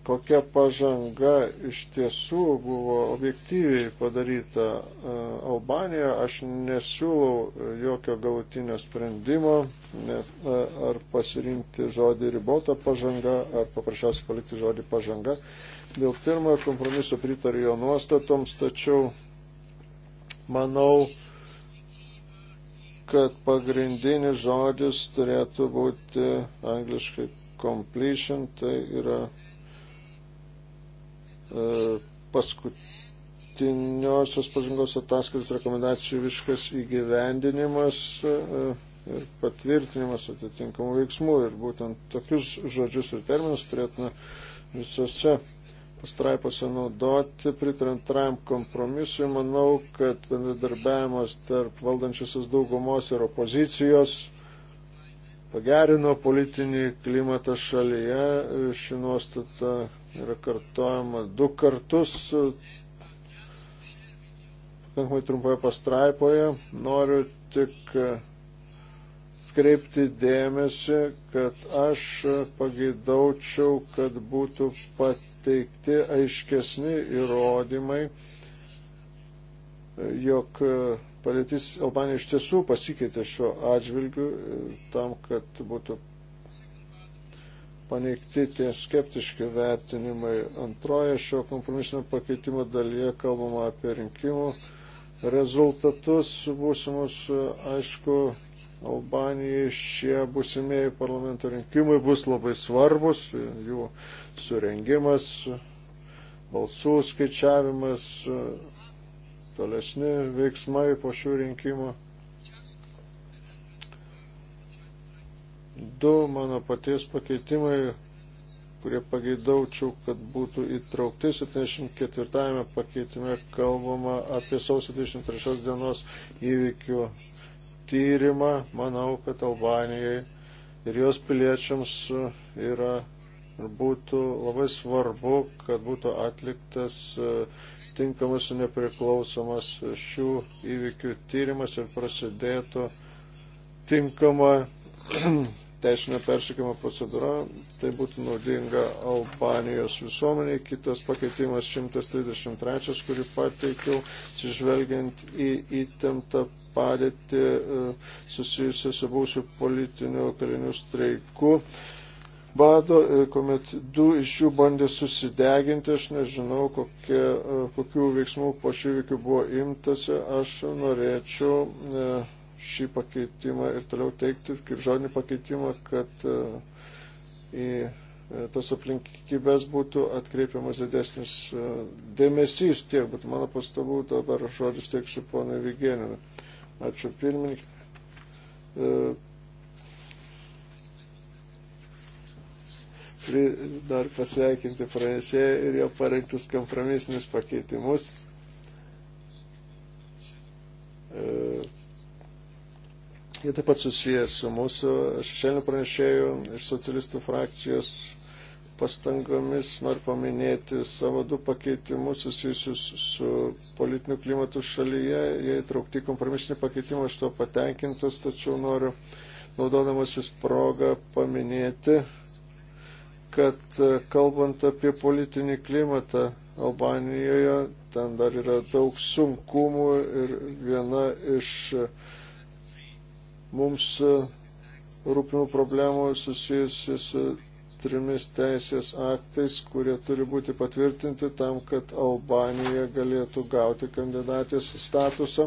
kokia pažanga iš tiesų buvo objektyviai padaryta e, Albanijoje. Aš nesiūlau jokio galutinio sprendimo, nes e, ar pasirinkti žodį ribota pažanga, ar paprasčiausiai palikti žodį pažanga. Dėl pirmojo kompromiso pritariu jo nuostatoms, tačiau Manau, kad pagrindinis žodis turėtų būti angliškai completion, tai yra e, paskutiniosios pažangos ataskaitos rekomendacijų viškas įgyvendinimas e, ir patvirtinimas atitinkamų veiksmų. Ir būtent tokius žodžius ir terminus turėtume visose pastraipose naudoti, pritarant trajam kompromisui, manau, kad bendradarbiavimas tarp valdančiosios daugumos ir opozicijos pagerino politinį klimatą šalyje. Ši nuostata yra kartojama du kartus pakankamai trumpoje pastraipoje. Noriu tik atkreipti dėmesį, kad aš pagaidaučiau, kad būtų pateikti aiškesni įrodymai, jog padėtis Albanija iš tiesų pasikeitė šiuo atžvilgiu tam, kad būtų paneigti tie skeptiški vertinimai. Antroje šio kompromisinio pakeitimo dalyje kalbama apie rinkimų rezultatus būsimus, aišku, Albanijai šie busimieji parlamento rinkimai bus labai svarbus, jų surengimas, balsų skaičiavimas, tolesni veiksmai po šių rinkimų. Du mano paties pakeitimai, kurie pageidaučiau, kad būtų įtraukti 74 pakeitime, kalbama apie sausio 23 dienos įvykių tyrimą, manau, kad Albanijai ir jos piliečiams e, yra ir būtų labai svarbu, kad būtų atliktas e, tinkamas ir nepriklausomas šių įvykių tyrimas ir prasidėtų tinkama teisinio persikimo procedūra, tai būtų naudinga Albanijos visuomeniai. Kitas pakeitimas 133, kurį pateikiau, atsižvelgiant į įtemptą padėtį e, susijusią su būsiu politiniu kalinių streiku. Bado, e, kuomet du iš jų bandė susideginti, aš nežinau, kokie, e, kokių veiksmų po šių įvykių buvo imtasi, aš norėčiau šį pakeitimą ir toliau teikti kaip žodinį pakeitimą, kad e, į e, tas aplinkybės būtų atkreipiamas didesnis e, dėmesys tiek, bet mano pastabų dabar žodis teiksiu ponui Vigėninui. Ačiū pirmininkai. Dar pasveikinti pranešėją ir jo parengtus kompromisinius pakeitimus. E, Jie taip pat susiję su mūsų šešėlinių pranešėjų iš socialistų frakcijos pastangomis. Noriu paminėti savo du pakeitimus susijusius su politiniu klimatu šalyje. Jie įtraukti kompromisinį pakeitimą, aš to patenkintas, tačiau noriu naudodamasis progą paminėti, kad e, kalbant apie politinį klimatą Albanijoje, ten dar yra daug sunkumų ir viena iš uh, mums e, rūpimų problemų susijusi su trimis teisės aktais, kurie turi būti patvirtinti tam, kad Albanija galėtų gauti kandidatės statusą.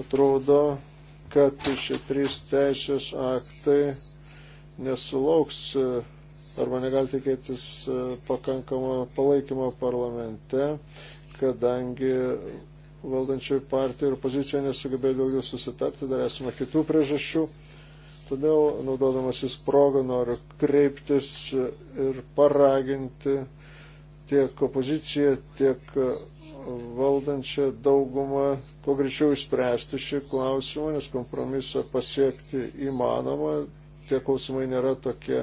Atrodo, kad šie trys teisės aktai nesulauks e, arba negali tikėtis e, pakankamo palaikymo parlamente, kadangi valdančiųjų partijų ir pozicija nesugebėjo dėl jų susitarti, dar esame kitų priežasčių. Todėl, naudodamasis progą, noriu kreiptis ir paraginti tiek opoziciją, tiek valdančią daugumą, kuo greičiau išspręsti šį klausimą, nes kompromisą pasiekti įmanoma. Tie klausimai nėra tokie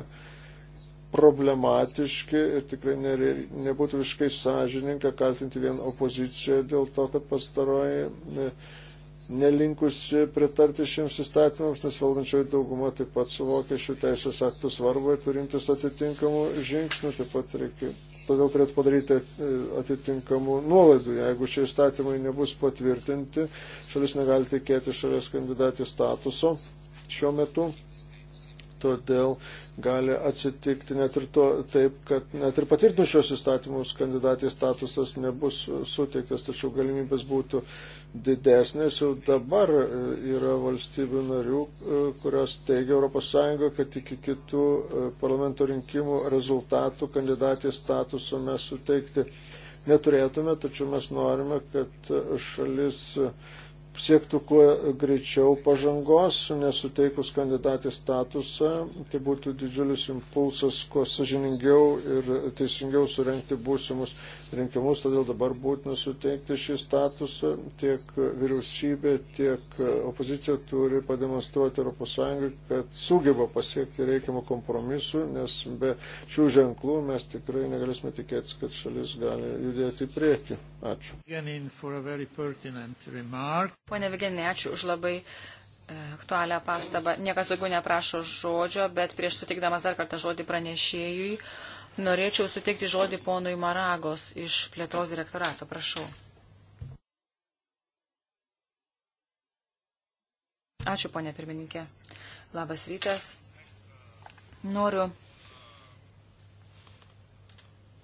problematiški ir tikrai nere, nebūtų visiškai sąžininka kaltinti vien opoziciją dėl to, kad pastaroji ne, nelinkusi pritarti šiems įstatymams, nes valdančioji dauguma taip pat suvokia šių teisės aktų svarbą ir turintis atitinkamų žingsnių, taip pat reikia, todėl turėtų padaryti e, atitinkamų nuolaidų. Jeigu šie įstatymai nebus patvirtinti, šalis negali tikėti šalies kandidatės statuso šiuo metu todėl gali atsitikti net ir to, taip, kad net ir patvirtinus šios įstatymus kandidatės statusas nebus suteiktas, tačiau galimybės būtų didesnės. Jau dabar e, yra valstybių narių, e, kurios teigia ES, kad iki kitų e, parlamento rinkimų rezultatų kandidatės statuso mes suteikti neturėtume, tačiau mes norime, kad šalis siektų kuo greičiau pažangos, nesuteikus kandidatės statusą, tai būtų didžiulis impulsas kuo sažiningiau ir teisingiau surenkti būsimus rinkimus, todėl dabar būtina suteikti šį statusą. Tiek vyriausybė, tiek opozicija turi pademonstruoti ES, kad sugeba pasiekti reikiamų kompromisų, nes be šių ženklų mes tikrai negalėsime tikėtis, kad šalis gali judėti į priekį. Ačiū. Pone Vigenė, ačiū už labai e, aktualią pastabą. Niekas daugiau neprašo žodžio, bet prieš sutikdamas dar kartą žodį pranešėjui, Norėčiau suteikti žodį ponui Maragos iš plėtros direktorato. Prašau. Ačiū, ponė pirmininkė. Labas rytas. Noriu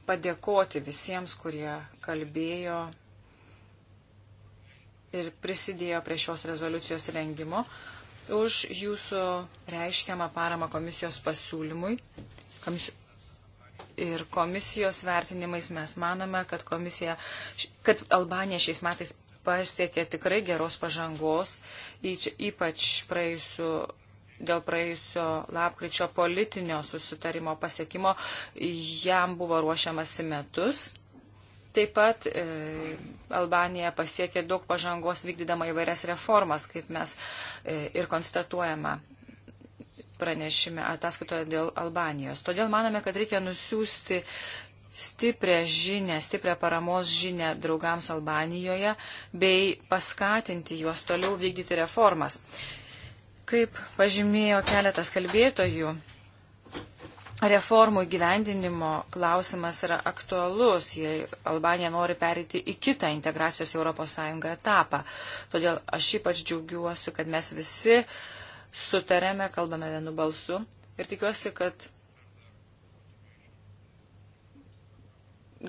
padėkoti visiems, kurie kalbėjo ir prisidėjo prie šios rezoliucijos rengimo už jūsų reiškiamą paramą komisijos pasiūlymui, ir komisijos vertinimais mes manome, kad, komisija, kad Albanija šiais metais pasiekė tikrai geros pažangos, ypač praėjusiu, dėl praėjusio lapkričio politinio susitarimo pasiekimo jam buvo ruošiamasi metus. Taip pat e, Albanija pasiekė daug pažangos vykdydama įvairias reformas, kaip mes e, ir konstatuojama pranešime ataskaitoje dėl Albanijos. Todėl manome, kad reikia nusiųsti stiprią žinę, stiprią paramos žinę draugams Albanijoje bei paskatinti juos toliau vykdyti reformas. Kaip pažymėjo keletas kalbėtojų, reformų gyvendinimo klausimas yra aktualus, jei Albanija nori perėti į kitą integracijos ES etapą. Todėl aš ypač džiaugiuosi, kad mes visi uh, sutarėme, kalbame vienu balsu ir tikiuosi, kad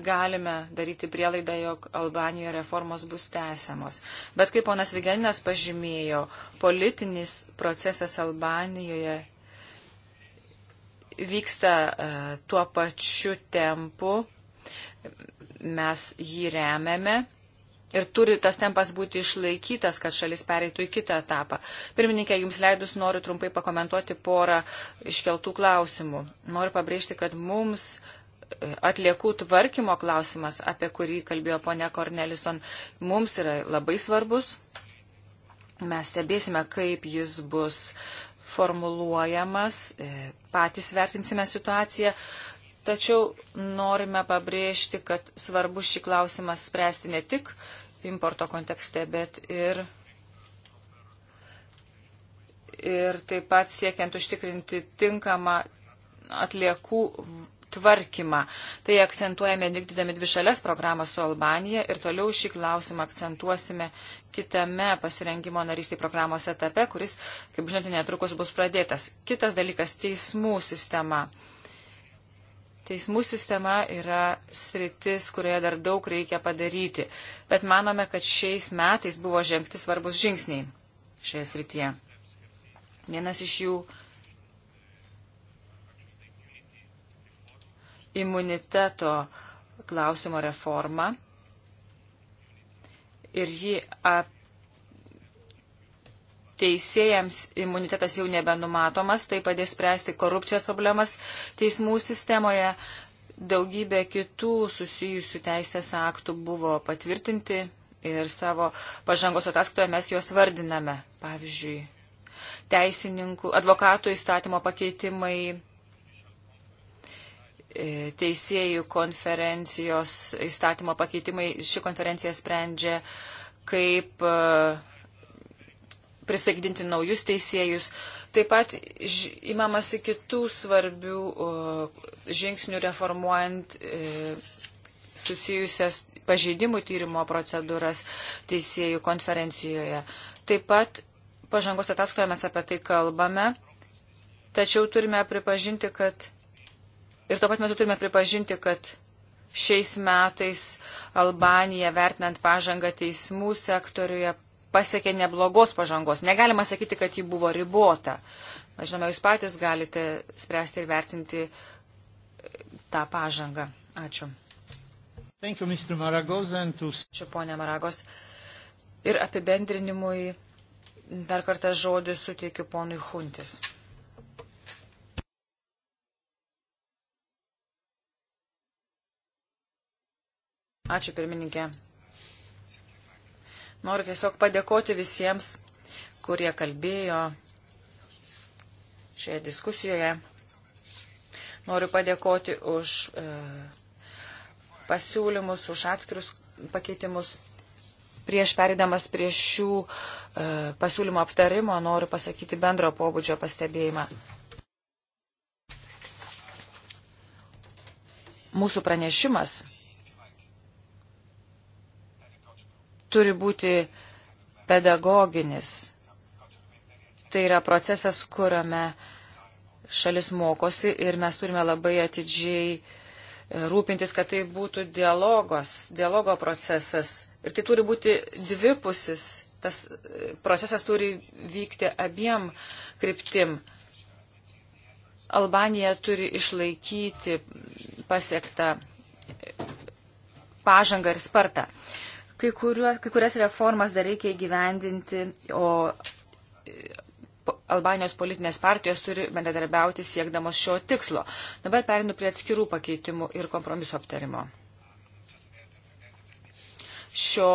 galime daryti prielaidą, jog Albanijoje reformos bus tęsiamos. Bet kaip ponas Vigeninas pažymėjo, politinis procesas Albanijoje vyksta uh, tuo pačiu tempu, mes jį remiame ir turi tas tempas būti išlaikytas, kad šalis pereitų į kitą etapą. Pirmininkė, jums leidus noriu trumpai pakomentuoti porą iškeltų klausimų. Noriu pabrėžti, kad mums e, atliekų tvarkymo klausimas, apie kurį kalbėjo ponia Kornelison, mums yra labai svarbus. Mes stebėsime, kaip jis bus formuluojamas, e, patys vertinsime situaciją. Tačiau norime pabrėžti, kad svarbu šį klausimą spręsti ne tik importo kontekste, bet ir, ir taip pat siekiant užtikrinti tinkamą atliekų tvarkymą. Tai akcentuojame vykdydami dvi šalias programą su Albanija ir toliau šį klausimą akcentuosime kitame pasirengimo narystiai programos etape, kuris, kaip žinote, netrukus bus pradėtas. Kitas dalykas - teismų sistema. Teismų sistema yra sritis, kurioje dar daug reikia padaryti, bet manome, kad šiais metais buvo žengti svarbus žingsniai šioje srityje. Vienas iš jų imuniteto klausimo reforma ir ji ap teisėjams imunitetas jau nebenumatomas, tai padės spręsti korupcijos problemas teismų sistemoje. Daugybė kitų susijusių teisės aktų buvo patvirtinti ir savo pažangos ataskaitoje mes juos vardiname. Pavyzdžiui, teisininkų, advokatų įstatymo pakeitimai, e, teisėjų konferencijos įstatymo pakeitimai. Ši konferencija sprendžia, kaip uh, prisaikdinti naujus teisėjus. Taip pat įmamasi kitų svarbių žingsnių reformuojant e, susijusias pažeidimų tyrimo procedūras teisėjų konferencijoje. Taip pat pažangos ataskoje mes apie tai kalbame, tačiau turime pripažinti, kad ir tuo pat metu turime pripažinti, kad šiais metais Albanija, vertinant pažangą teismų sektoriuje, pasiekė neblogos pažangos. Negalima sakyti, kad ji buvo ribota. Aš žinoma, jūs patys galite spręsti ir vertinti e, tą pažangą. Ačiū. Thank you, Mr. Maragos, and to... Ačiū, ponė Maragos. Ir apibendrinimui dar kartą žodį suteikiu ponui Huntis. Ačiū pirmininkė. Noriu tiesiog padėkoti visiems, kurie kalbėjo šioje diskusijoje. Noriu padėkoti už e, pasiūlymus, už atskirius pakeitimus. Prieš perėdamas prie šių e, pasiūlymų aptarimo noriu pasakyti bendro pobūdžio pastebėjimą. Mūsų pranešimas turi būti pedagoginis. Tai yra procesas, kuriame šalis mokosi ir mes turime labai atidžiai e, rūpintis, kad tai būtų dialogos, dialogo procesas. Ir tai turi būti dvipusis, tas e, procesas turi vykti abiem kryptim. Albanija turi išlaikyti pasiektą pažangą ir spartą. Kai, kuriuo, kai kurias reformas dar reikia įgyvendinti, o e, Albanijos politinės partijos turi bendradarbiauti siekdamos šio tikslo. Dabar perinu prie atskirų pakeitimų ir kompromiso aptarimo. Šio,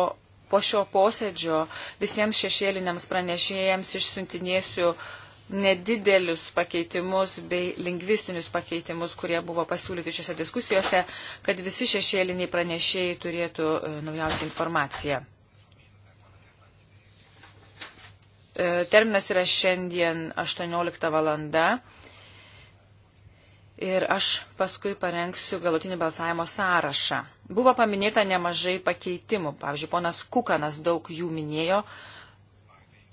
po šio posėdžio visiems šešėliniams pranešėjams išsiuntinėsiu uh, nedidelius pakeitimus bei lingvistinius pakeitimus, kurie buvo pasiūlyti šiose diskusijose, kad visi šešėliniai pranešėjai turėtų e, naujausią informaciją. E, terminas yra šiandien 18 valanda. Ir aš paskui parengsiu galutinį balsavimo sąrašą. Buvo paminėta nemažai pakeitimų. Pavyzdžiui, ponas Kukanas daug jų minėjo. Uh,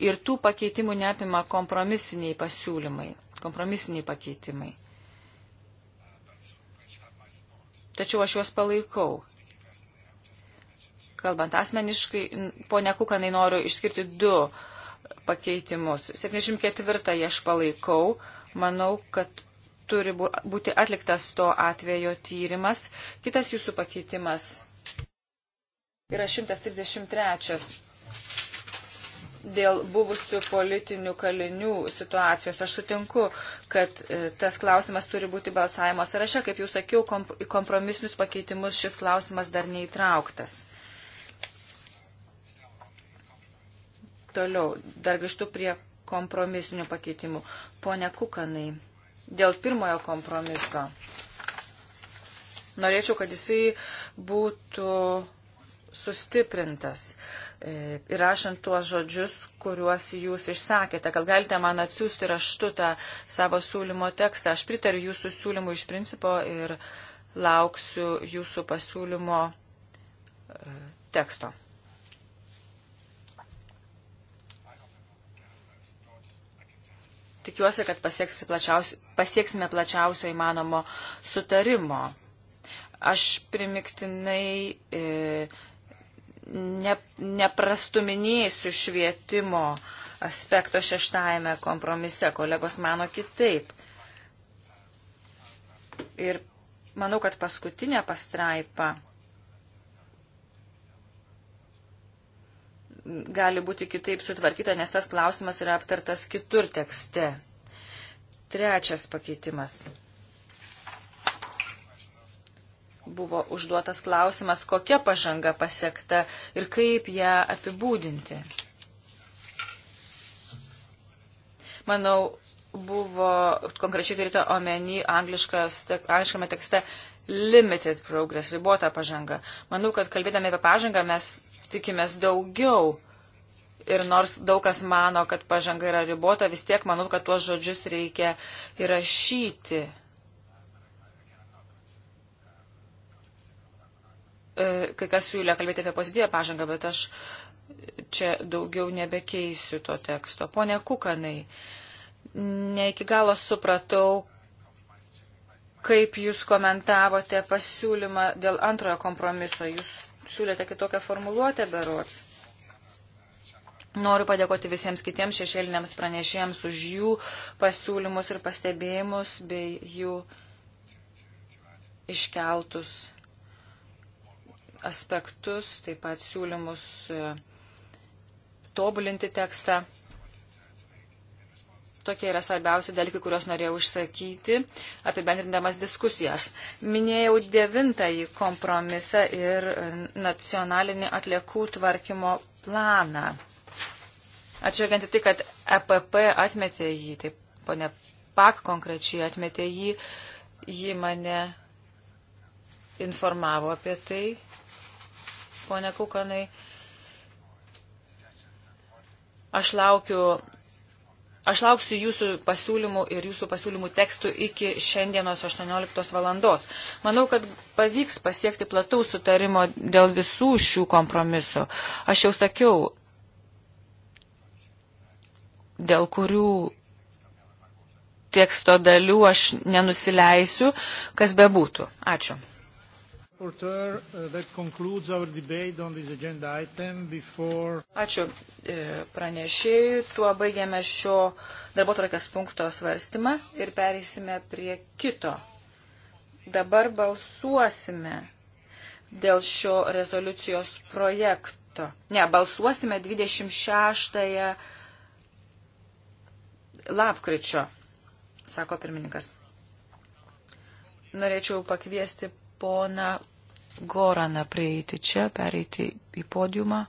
ir tų pakeitimų neapima kompromisiniai pasiūlymai, kompromisiniai pakeitimai. Tačiau aš juos palaikau. Kalbant asmeniškai, ponia Kukanai noriu išskirti du pakeitimus. 74-ąjį aš palaikau. Manau, kad turi būti atliktas to atvejo tyrimas. Kitas jūsų pakeitimas yra 133 dėl buvusių politinių kalinių situacijos. Aš sutinku, kad e, tas klausimas turi būti balsavimo sąraše. Kaip jau sakiau, į kompromisinius pakeitimus šis klausimas dar neįtrauktas. Toliau, dar grįžtu prie kompromisinių pakeitimų. Pone Kukanai, dėl pirmojo kompromiso. Norėčiau, kad jisai būtų sustiprintas. Uh, E, įrašant tuos žodžius, kuriuos jūs išsakėte, kad galite man atsiųsti raštu tą savo siūlymo tekstą. Aš pritariu jūsų siūlymų iš principo ir lauksiu jūsų pasiūlymo e, teksto. Tikiuosi, kad pasieksime plačiausio įmanomo sutarimo. Aš primiktinai e, ne, neprastuminėsiu švietimo aspekto šeštajame kompromise. Kolegos mano kitaip. Ir manau, kad paskutinė pastraipa gali būti kitaip sutvarkyta, nes tas klausimas yra aptartas kitur tekste. Trečias pakeitimas buvo užduotas klausimas, kokia pažanga pasiekta ir kaip ją apibūdinti. Manau, buvo konkrečiai turėta omeny angliškame tekste limited progress, ribota pažanga. Manau, kad kalbėdami apie pažangą mes tikimės daugiau. Ir nors daug kas mano, kad pažanga yra ribota, vis tiek manau, kad tuos žodžius reikia įrašyti E, kai kas siūlė kalbėti apie pozityvę pažangą, bet aš čia daugiau nebekeisiu to teksto. Pone Kukanai, ne iki galo supratau, kaip jūs komentavote pasiūlymą dėl antrojo kompromiso. Jūs siūlėte kitokią formuluotę berots. Noriu padėkoti visiems kitiems šešėliniams pranešėjams už jų pasiūlymus ir pastebėjimus bei jų iškeltus aspektus, taip pat siūlymus e, tobulinti tekstą. Tokie yra svarbiausi dalykai, kuriuos norėjau išsakyti, apibendrindamas diskusijas. Minėjau devintąjį kompromisą ir nacionalinį atliekų tvarkymo planą. Atžvelgiant į tai, kad EPP atmetė jį, taip ponė Pak konkrečiai atmetė jį, ji mane informavo apie tai Pone Kukanai, aš laukiu. Aš lauksiu jūsų pasiūlymų ir jūsų pasiūlymų tekstų iki šiandienos 18 valandos. Manau, kad pavyks pasiekti plataus sutarimo dėl visų šių kompromisų. Aš jau sakiau, dėl kurių teksto dalių aš nenusileisiu, kas bebūtų. Ačiū. Uh, Ačiū e, pranešėjui. Tuo baigėme šio darbo tvarkės punkto svarstymą ir pereisime prie kito. Dabar balsuosime dėl šio rezoliucijos projekto. Ne, balsuosime 26 lapkričio, sako pirmininkas. Norėčiau pakviesti poną Goraną prieiti čia, pereiti į podiumą.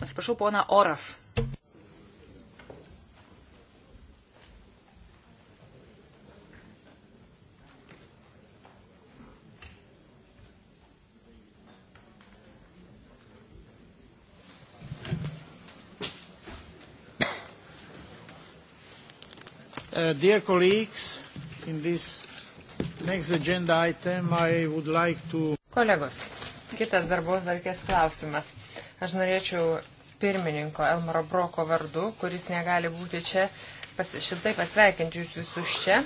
Atsiprašau, pona Oraf. Uh, dear colleagues, in this next agenda item, I would like to... Kolegos, kitas darbos varkės klausimas. Aš norėčiau pirmininko Elmaro Broko vardu, kuris negali būti čia, pas, šiltai pasveikinti jūs visus čia.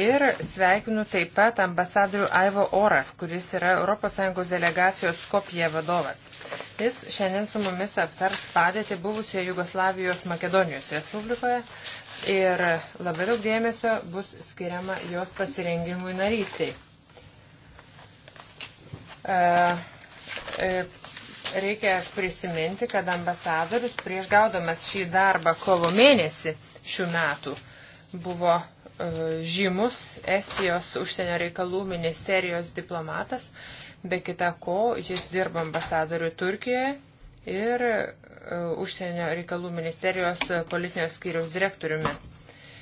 Ir sveikinu taip pat ambasadorių Aivo Oraf, kuris yra ES delegacijos Skopje vadovas. Jis šiandien su mumis aptars padėtį buvusioje Jugoslavijos Makedonijos Respublikoje, ir labai daug dėmesio bus skiriama jos pasirengimui narystiai. E, e, reikia prisiminti, kad ambasadorius prieš gaudamas šį darbą kovo mėnesį šių metų buvo e, žymus Estijos užsienio reikalų ministerijos diplomatas, be kita ko jis dirba ambasadoriu Turkijoje ir užsienio reikalų ministerijos politinio skyriaus direktoriumi.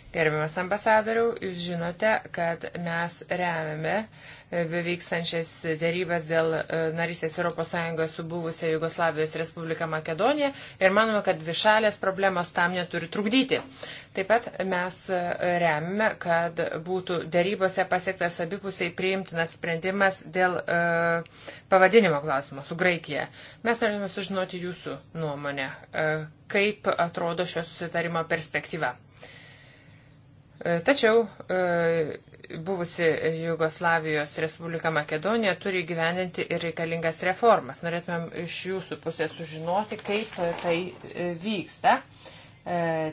Gerbiamas ambasadoriau, jūs žinote, kad mes remiame e, bevykstančias dėrybas dėl e, narystės ES su buvusia Jugoslavijos Respublika Makedonija ir manome, kad višalės problemos tam neturi trukdyti. Taip pat mes e, remiame, kad būtų dėrybose pasiektas abipusiai priimtinas sprendimas dėl e, pavadinimo klausimo su Graikija. Mes norime sužinoti jūsų nuomonę, e, kaip atrodo šio susitarimo perspektyva. E, tačiau e, buvusi Jugoslavijos Respublika Makedonija turi gyveninti ir reikalingas reformas. Norėtumėm iš jūsų pusės sužinoti, kaip tai e, vyksta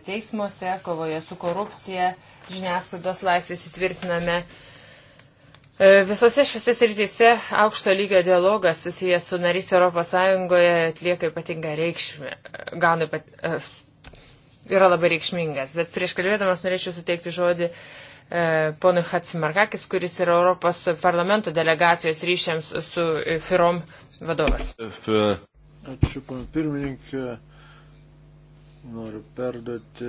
teismuose, kovoje su korupcija, žiniasklaidos laisvės įtvirtiname. Visose šiose srityse aukšto lygio dialogas susijęs su narys ES atlieka ypatingą reikšmę, gauna yra labai reikšmingas. Bet prieš kalbėdamas norėčiau suteikti žodį e, ponui Hatsimarkakis, kuris yra Europos parlamento delegacijos ryšiams su e, Firom vadovas. Ačiū, pana pirmininkė. Noriu perduoti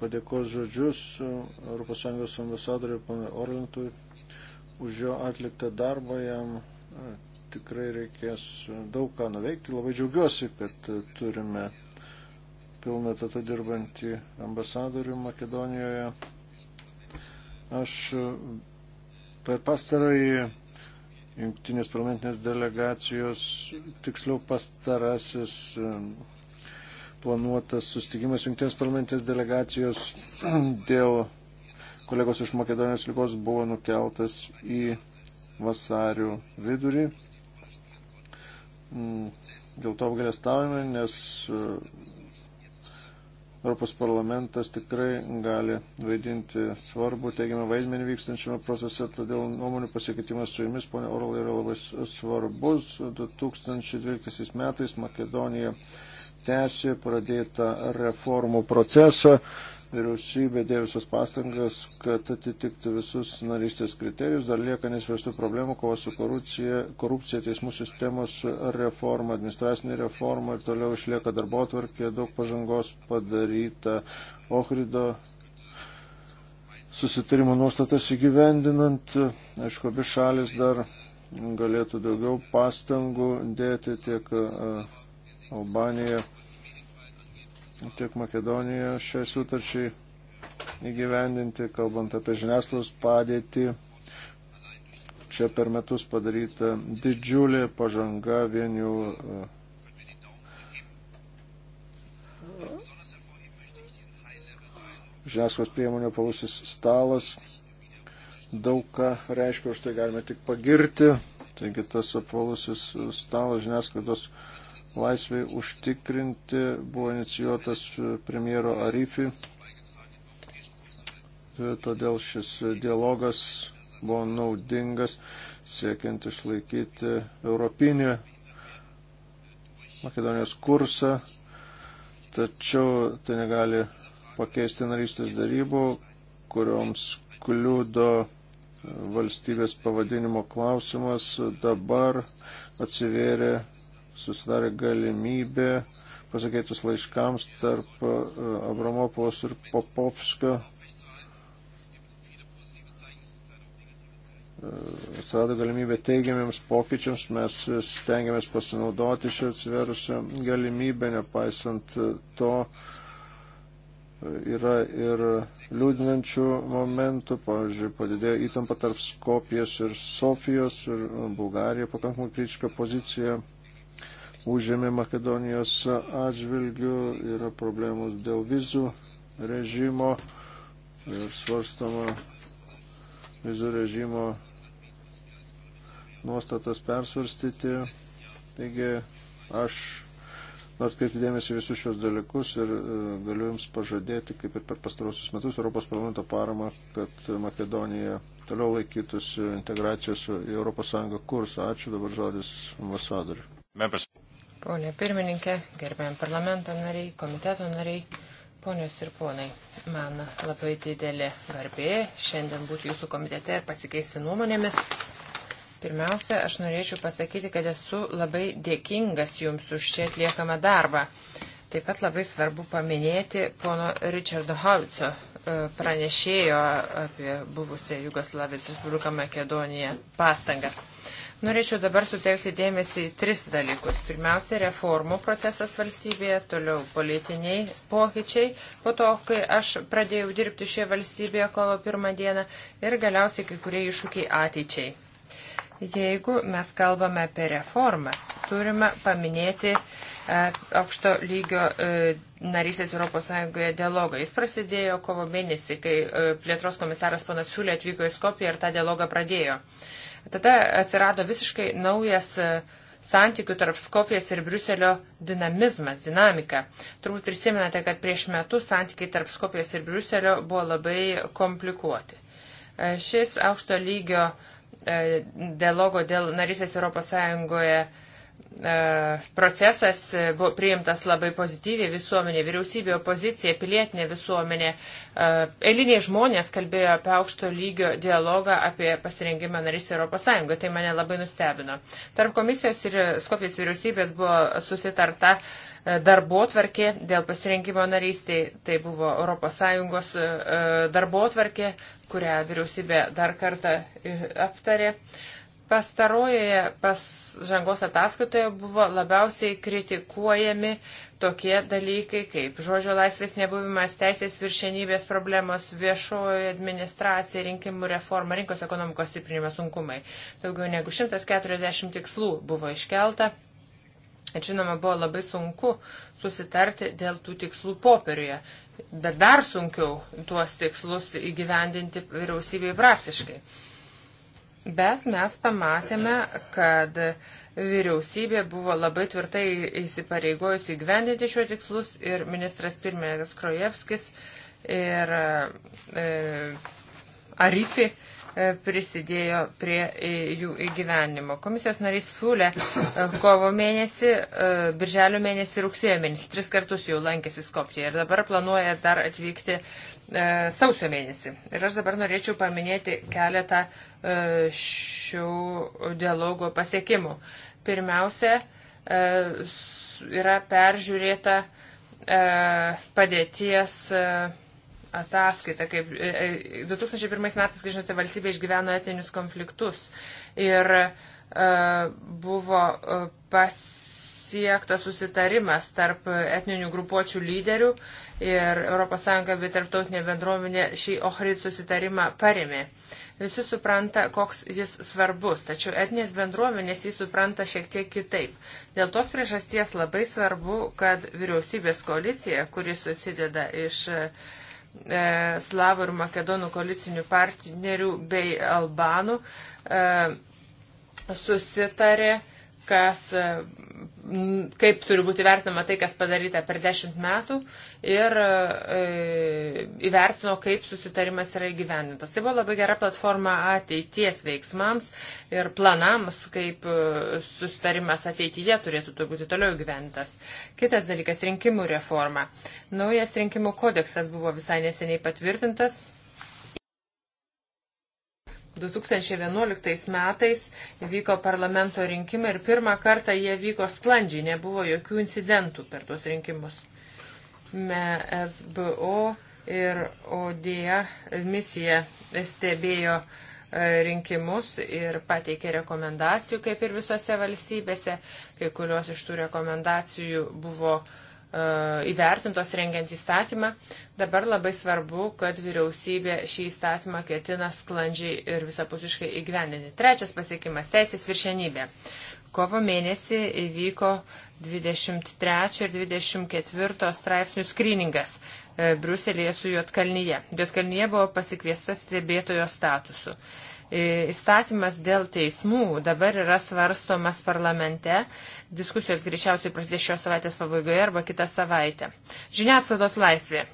padėkos žodžius ES ambasadoriui pana Orlintui už jo atliktą darbą. Jam e, tikrai reikės daug ką nuveikti. Labai džiaugiuosi, kad turime pilną tatą dirbantį ambasadorių Makedonijoje. Aš per pastarąjį jungtinės parlamentinės delegacijos, tiksliau pastarasis planuotas sustikimas jungtinės parlamentinės delegacijos [clears throat] dėl kolegos iš Makedonijos lygos buvo nukeltas į vasario vidurį. Mm, dėl to apgalėstavome, nes Europos parlamentas tikrai gali vaidinti svarbu teigiamą vaidmenį vykstančiame procese, todėl nuomonių pasikeitimas su jumis, ponė Orla, yra labai svarbus. 2012 metais Makedonija tęsi pradėtą reformų procesą. Vyriausybė dėjo visas pastangas, kad atitiktų visus narystės kriterijus. Dar lieka nesvestų problemų, kova su korupcija, korupcija teismų sistemos reforma, administracinė reforma ir toliau išlieka darbo atvarkė, daug pažangos padaryta Ohrido susitarimo nuostatas įgyvendinant. Aišku, abi šalis dar galėtų daugiau pastangų dėti tiek Albanija, tiek Makedonija šiai sutarčiai įgyvendinti, kalbant apie žiniasklaidos padėtį. Čia per metus padaryta didžiulė pažanga vien jau e, žiniasklaidos priemonių pavusis stalas. Daug ką reiškia, už tai galime tik pagirti. Taigi tas apvalusis stalas žiniasklaidos uh, laisvai užtikrinti buvo inicijuotas e, premjero Arifi. E, todėl šis dialogas buvo naudingas siekiant išlaikyti europinį Makedonijos kursą, tačiau tai negali pakeisti narystės darybų, kurioms kliudo e, valstybės pavadinimo klausimas. Dabar atsivėrė susidarė galimybė pasakėtus laiškams tarp e, Abramopovos ir Popovskio. E, atsirado galimybė teigiamiems pokyčiams, mes stengiamės pasinaudoti šią atsiverusią galimybę, nepaisant to e, yra ir liūdinančių momentų, pavyzdžiui, padidėjo įtampa tarp Skopijos ir Sofijos ir Bulgarija pakankamai kritiška pozicija užėmė Makedonijos atžvilgių, yra problemų dėl vizų režimo ir svarstama vizų režimo nuostatas persvarstyti. Taigi aš nors kaip įdėmėsi visus šios dalykus ir e, galiu Jums pažadėti, kaip ir per pastarosius metus, Europos parlamento paramą, kad Makedonija toliau laikytųsi integracijos į ES kursą. Ačiū dabar žodis ambasadoriui. Pone pirmininkė, gerbėjom parlamento nariai, komiteto nariai, ponios ir ponai, man labai didelė garbė šiandien būti jūsų komitete ir pasikeisti nuomonėmis. Pirmiausia, aš norėčiau pasakyti, kad esu labai dėkingas jums už čia atliekamą darbą. Taip pat labai svarbu paminėti pono Richardo Hauco e, pranešėjo apie buvusią Jugoslavijos Respubliką Makedoniją pastangas. Norėčiau dabar sutelkti dėmesį į tris dalykus. Pirmiausia, reformų procesas valstybėje, toliau politiniai pokyčiai, po to, kai aš pradėjau dirbti šioje valstybėje kovo pirmą dieną ir galiausiai kai kurie iššūkiai ateičiai. Jeigu mes kalbame apie reformas, turime paminėti e, aukšto lygio e, narysės ES dialogą. Jis prasidėjo kovo mėnesį, kai e, plėtros komisaras panas Siūlė atvyko į Skopiją ir tą dialogą pradėjo. Tada atsirado visiškai naujas e, santykių tarp Skopijas ir Briuselio dinamizmas, dinamika. Turbūt prisimenate, kad prieš metus santykiai tarp Skopijas ir Briuselio buvo labai komplikuoti. E, šis aukšto lygio e, dialogo dėl narysės Europos Sąjungoje procesas buvo priimtas labai pozityviai visuomenė, vyriausybė, opozicija, pilietinė visuomenė E, eiliniai žmonės kalbėjo apie aukšto lygio dialogą, apie pasirengimą narys Europos Sąjungoje. Tai mane labai nustebino. Tarp komisijos ir Skopijos vyriausybės buvo susitarta e, darbo tvarkė dėl pasirengimo narystiai. Tai buvo ES e, darbo tvarkė, kurią vyriausybė dar kartą aptarė. Pastarojoje pažangos ataskaitoje buvo labiausiai kritikuojami tokie dalykai kaip žodžio laisvės nebuvimas, teisės viršenybės problemos, viešojo administracija, rinkimų reforma, rinkos ekonomikos stiprinimo sunkumai. Daugiau negu 140 tikslų buvo iškelta. Ir žinoma, buvo labai sunku susitarti dėl tų tikslų popieriuje, bet dar sunkiau tuos tikslus įgyvendinti vyriausybei praktiškai. Bet mes pamatėme, kad Vyriausybė buvo labai tvirtai įsipareigojusi įgyvendinti šio tikslus ir ministras pirmininkas Krojevskis ir e, Arifi e, prisidėjo prie e, jų įgyvenimo. Komisijos narys Fiulė e, kovo mėnesį, birželio mėnesį, rugsėjo mėnesį, tris kartus jau lankėsi Skopje ir dabar planuoja dar atvykti sausio mėnesį. Ir aš dabar norėčiau paminėti keletą šių dialogo pasiekimų. Pirmiausia, e, yra peržiūrėta e, padėties e, ataskaita, kaip 2001 metais, kai žinote, valstybė išgyveno etinius konfliktus ir buvo pas pasiektas susitarimas tarp etninių grupuočių lyderių ir ES bei tarptautinė bendruomenė šį Ohrid susitarimą paremė. Visi supranta, koks jis svarbus, tačiau etinės bendruomenės jį supranta šiek tiek kitaip. Dėl tos priežasties labai svarbu, kad vyriausybės koalicija, kuris susideda iš e, slavų ir makedonų koalicinių partnerių bei albanų, e, susitarė kas, e, kaip turi būti vertinama tai, kas padaryta per dešimt metų ir e, įvertino, kaip susitarimas yra įgyvendintas. Tai buvo labai gera platforma ateities veiksmams ir planams, kaip e, susitarimas ateityje turėtų turbūt toliau įgyvendintas. Kitas dalykas - rinkimų reforma. Naujas rinkimų kodeksas buvo visai neseniai patvirtintas 2011 metais vyko parlamento rinkimai ir pirmą kartą jie vyko sklandžiai, nebuvo jokių incidentų per tuos rinkimus. MSBO ir ODA misija stebėjo e, rinkimus ir pateikė rekomendacijų, kaip ir visose valstybėse. Kai kurios iš tų rekomendacijų buvo uh, E, įvertintos rengiant įstatymą. Dabar labai svarbu, kad vyriausybė šį įstatymą ketina sklandžiai ir visapusiškai įgyvendinti. Trečias pasiekimas - teisės viršenybė. Kovo mėnesį įvyko 23 ir 24 straipsnių skryningas e, Briuselėje su Jotkalnyje. Jotkalnyje buvo pasikviesta stebėtojo statusu. E, įstatymas dėl teismų dabar yra svarstomas parlamente. Diskusijos greičiausiai prasidės šios savaitės pabaigoje arba kitą savaitę. Žiniasklaidos laisvė.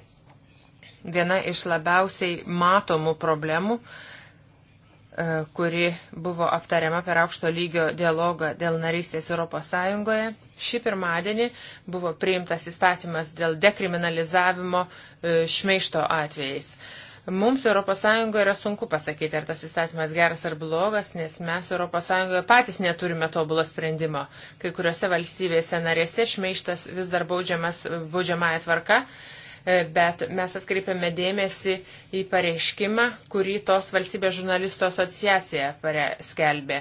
Viena iš labiausiai matomų problemų, e, kuri buvo aptariama per aukšto lygio dialogą dėl narystės ES. Šį pirmadienį buvo priimtas įstatymas dėl dekriminalizavimo e, šmeišto atvejais. Mums ES yra sunku pasakyti, ar tas įstatymas geras ar blogas, nes mes ES patys neturime tobulo sprendimo. Kai kuriuose valstybėse narėse šmeištas vis dar baudžiamas baudžiamąją tvarką, e, bet mes atkreipiame dėmesį į pareiškimą, kurį tos valstybės žurnalistų asociacija skelbė.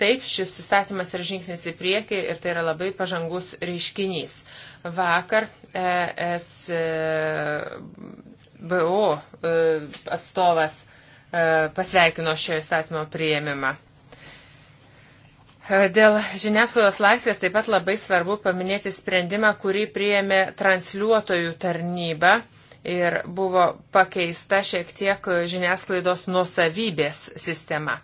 Taip, šis įstatymas yra žingsnis į priekį ir tai yra labai pažangus reiškinys. Vakar es e, BO e, atstovas e, pasveikino šio įstatymo prieimimą. E, dėl žiniasklaidos laisvės taip pat labai svarbu paminėti sprendimą, kurį priėmė transliuotojų tarnyba ir buvo pakeista šiek tiek žiniasklaidos nusavybės sistema.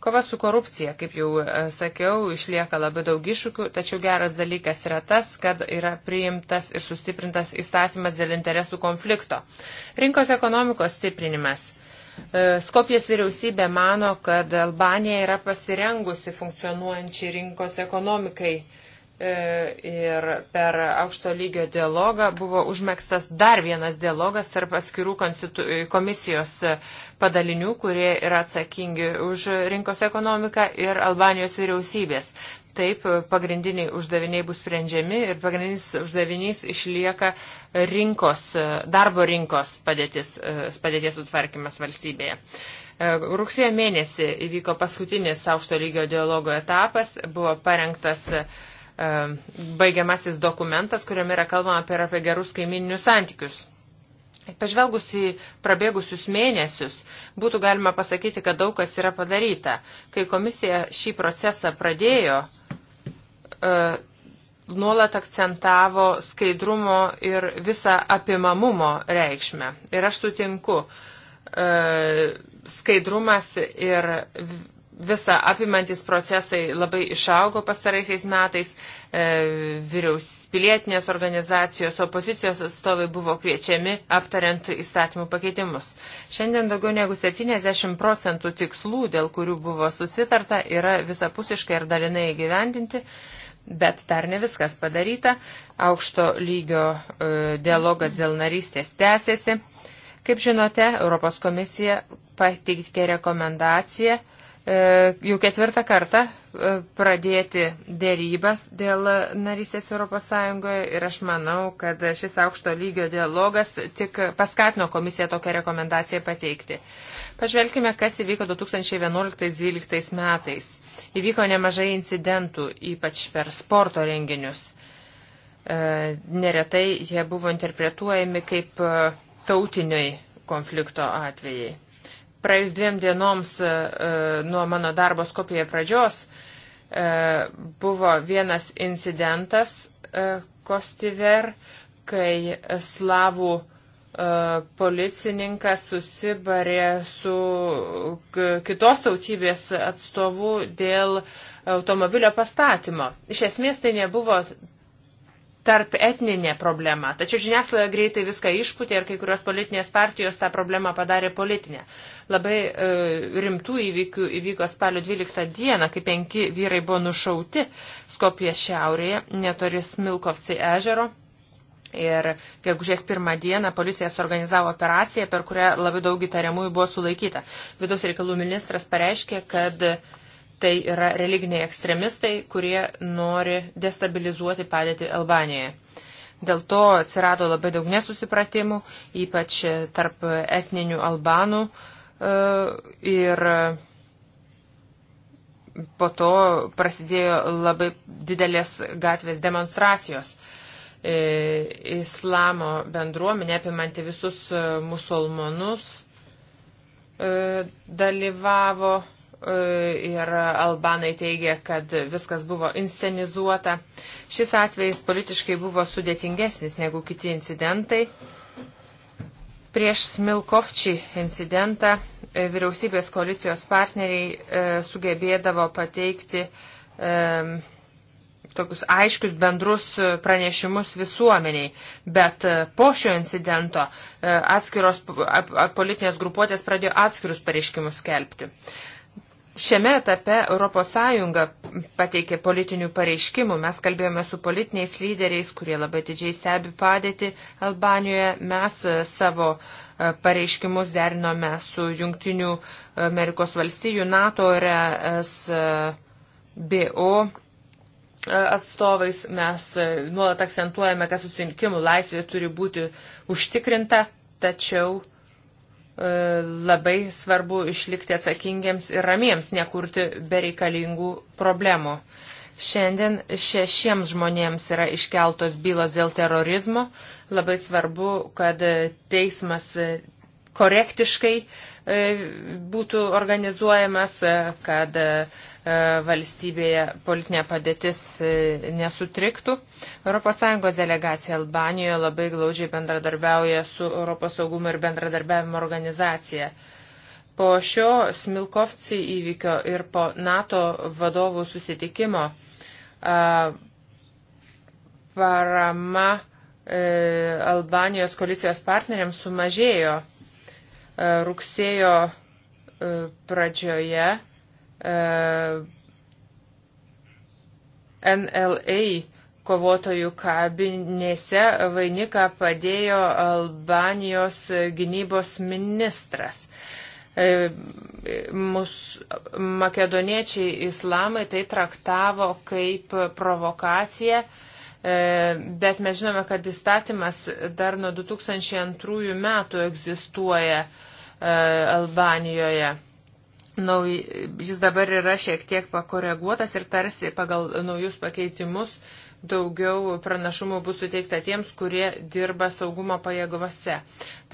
Kova su korupcija, kaip jau e, sakiau, išlieka labai daug iššūkių, tačiau geras dalykas yra tas, kad yra priimtas ir sustiprintas įstatymas dėl interesų konflikto. Rinkos ekonomikos stiprinimas. E, Skopijos vyriausybė mano, kad Albanija yra pasirengusi funkcionuojančiai rinkos ekonomikai E, ir per aukšto lygio dialogą buvo užmėgstas dar vienas dialogas tarp atskirų konstitu... komisijos padalinių, kurie yra atsakingi už rinkos ekonomiką ir Albanijos vyriausybės. Taip, pagrindiniai uždaviniai bus sprendžiami ir pagrindinis uždavinys išlieka rinkos, darbo rinkos padėtis, e, padėties sutvarkymas valstybėje. E, rugsėjo mėnesį įvyko paskutinis aukšto lygio dialogo etapas, buvo parengtas uh, E, baigiamasis dokumentas, kuriame yra kalbama apie, apie gerus kaimininius santykius. Pažvelgus į prabėgusius mėnesius, būtų galima pasakyti, kad daug kas yra padaryta. Kai komisija šį procesą pradėjo, e, nuolat akcentavo skaidrumo ir visą apimamumo reikšmę. Ir aš sutinku, e, skaidrumas ir visą apimantis procesai labai išaugo pastaraisiais metais, e, vyriaus pilietinės organizacijos, opozicijos atstovai buvo kviečiami aptariant įstatymų pakeitimus. Šiandien daugiau negu 70 procentų tikslų, dėl kurių buvo susitarta, yra visapusiškai ir dalinai įgyvendinti. Bet dar ne viskas padaryta. Aukšto lygio e, dialogas dėl narystės tęsiasi. Kaip žinote, Europos komisija pateikė rekomendaciją E, jau ketvirtą kartą e, pradėti dėrybas dėl narystės ES ir aš manau, kad šis aukšto lygio dialogas tik paskatino komisiją tokią rekomendaciją pateikti. Pažvelkime, kas įvyko 2011-2012 metais. Įvyko nemažai incidentų, ypač per sporto renginius. E, neretai jie buvo interpretuojami kaip tautiniai konflikto atvejai. Praėjus dviem dienoms e, e, nuo mano darbo Skopijoje pradžios e, buvo vienas incidentas Kostiver, kai slavų policininkas susibarė su kitos tautybės atstovu dėl automobilio pastatymo. Iš esmės tai nebuvo tarp etninė problema. Tačiau žiniasklaida greitai viską išputė ir kai kurios politinės partijos tą problemą padarė politinę. Labai e, rimtų įvykių įvyko spalio 12 dieną, kai penki vyrai buvo nušauti Skopija šiaurėje, netori Smilkovci ežero. Ir gegužės pirmą dieną policija suorganizavo operaciją, per kurią labai daug įtariamųjų buvo sulaikyta. Vidaus reikalų ministras pareiškė, kad Tai yra religiniai ekstremistai, kurie nori destabilizuoti padėtį Albanijoje. Dėl to atsirado labai daug nesusipratimų, ypač tarp etninių albanų e, ir po to prasidėjo labai didelės gatvės demonstracijos. E, islamo bendruomenė apimanti visus e, musulmonus dalyvavo E, ir Albanai teigia, kad viskas buvo inscenizuota. Šis atvejis politiškai buvo sudėtingesnis negu kiti incidentai. Prieš Smilkovčį incidentą e, vyriausybės koalicijos partneriai e, sugebėdavo pateikti tokius aiškius bendrus pranešimus visuomeniai. Bet po šio incidento atskiros politinės grupuotės pradėjo atskirus pareiškimus skelbti. Šiame etape ES pateikė politinių pareiškimų. Mes kalbėjome su politiniais lyderiais, kurie labai didžiai stebi padėti Albanijoje. Mes e, savo e, pareiškimus derinome su Junktinių Amerikos valstijų, NATO ir SBO e, atstovais. Mes nuolat akcentuojame, kad susirinkimų laisvė turi būti užtikrinta, tačiau uh, E, labai svarbu išlikti atsakingiems ir ramiems, nekurti bereikalingų problemų. Šiandien šešiems žmonėms yra iškeltos bylos dėl terorizmo. Labai svarbu, kad teismas korektiškai e, būtų organizuojamas, kad E, valstybėje politinė padėtis e, nesutriktų. ES delegacija Albanijoje labai glaudžiai bendradarbiauja su Europos saugumo ir bendradarbiavimo organizacija. Po šio Smilkovci įvykio ir po NATO vadovų susitikimo e, parama Albanijos koalicijos partneriams sumažėjo rugsėjo pradžioje E, NLA kovotojų kabinėse vainiką padėjo Albanijos gynybos ministras. E, mus makedoniečiai islamai tai traktavo kaip provokaciją, e, bet mes žinome, kad įstatymas dar nuo 2002 metų egzistuoja Albanijoje nauj, jis dabar yra šiek tiek pakoreguotas ir tarsi pagal naujus pakeitimus daugiau pranašumų bus suteikta tiems, kurie dirba saugumo pajėgose.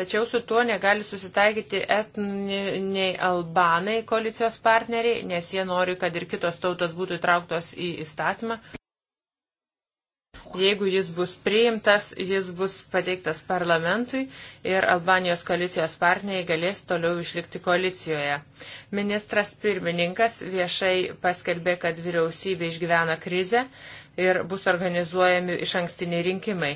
Tačiau su tuo negali susitaikyti etniniai albanai koalicijos partneriai, nes jie nori, kad ir kitos tautos būtų įtrauktos į įstatymą. Jeigu jis bus priimtas, jis bus pateiktas parlamentui ir Albanijos koalicijos partneriai galės toliau išlikti koalicijoje. Ministras pirmininkas viešai paskelbė, kad vyriausybė išgyvena krizę ir bus organizuojami iš ankstiniai rinkimai.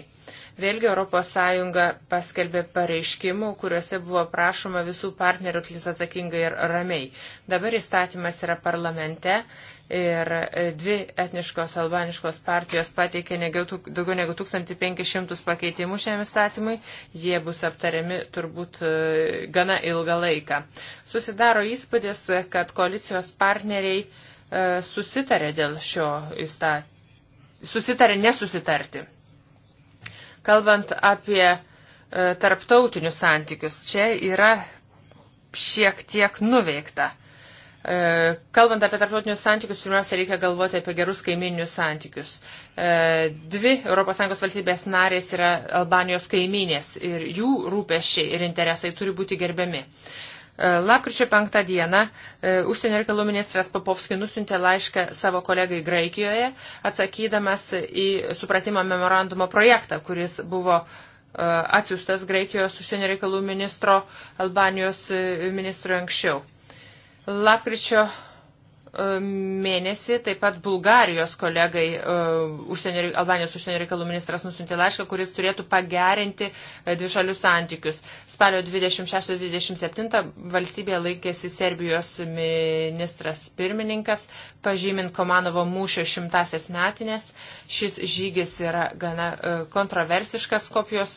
Vėlgi ES paskelbė pareiškimų, kuriuose buvo prašoma visų partnerių atlis atsakingai ir ramiai. Dabar įstatymas yra parlamente ir e, dvi etniškos albaniškos partijos pateikė negiau, daugiau negu 1500 pakeitimų šiam įstatymui. Jie bus aptariami turbūt e, gana ilgą laiką. Susidaro įspūdis, kad koalicijos partneriai e, susitarė dėl šio įstatymo susitarė nesusitarti. Kalbant apie e, tarptautinius santykius, čia yra šiek tiek nuveikta. E, kalbant apie tarptautinius santykius, pirmiausia, reikia galvoti apie gerus kaiminius santykius. E, dvi ES valstybės narės yra Albanijos kaiminės ir jų rūpeščiai ir interesai turi būti gerbiami. E, E, Lakryčio penktą dieną e, užsienio reikalų ministras Papovski nusintė laišką savo kolegai Graikijoje, atsakydamas į supratimo memorandumo projektą, kuris buvo e, atsiųstas Graikijos užsienio reikalų ministro, Albanijos ministro anksčiau. Lapkričio E, mėnesį taip pat Bulgarijos kolegai e, užsienio, Albanijos užsienio reikalų ministras nusintė laišką, kuris turėtų pagerinti e, dvišalius santykius. Spalio 26-27 valstybėje laikėsi Serbijos ministras pirmininkas, pažymint Komanovo mūšio šimtasias metinės. Šis žygis yra gana kontroversiškas Skopijos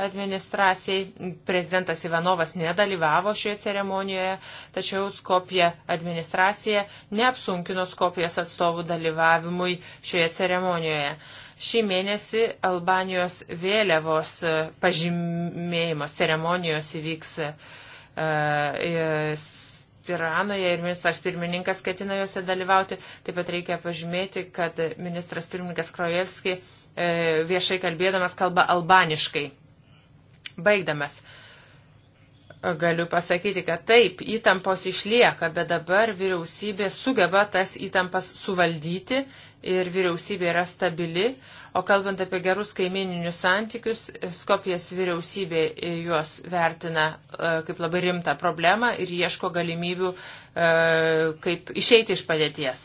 administracijai. Prezidentas Ivanovas nedalyvavo šioje ceremonijoje, tačiau Skopija administracija neapsunkino Skopijos atstovų dalyvavimui šioje ceremonijoje. Šį mėnesį Albanijos vėliavos e, pažymėjimo ceremonijos įvyks uh, Tiranoje ir ministras pirmininkas ketina juose dalyvauti. Taip pat reikia pažymėti, kad ministras pirmininkas Krojevski viešai kalbėdamas kalba albaniškai. Baigdamas. Uh, Galiu pasakyti, kad taip, įtampos išlieka, bet dabar vyriausybė sugeba tas įtampas suvaldyti ir vyriausybė yra stabili. O kalbant apie gerus kaimininius santykius, Skopijas vyriausybė juos vertina e, kaip labai rimtą problemą ir ieško galimybių, e, kaip išeiti iš padėties.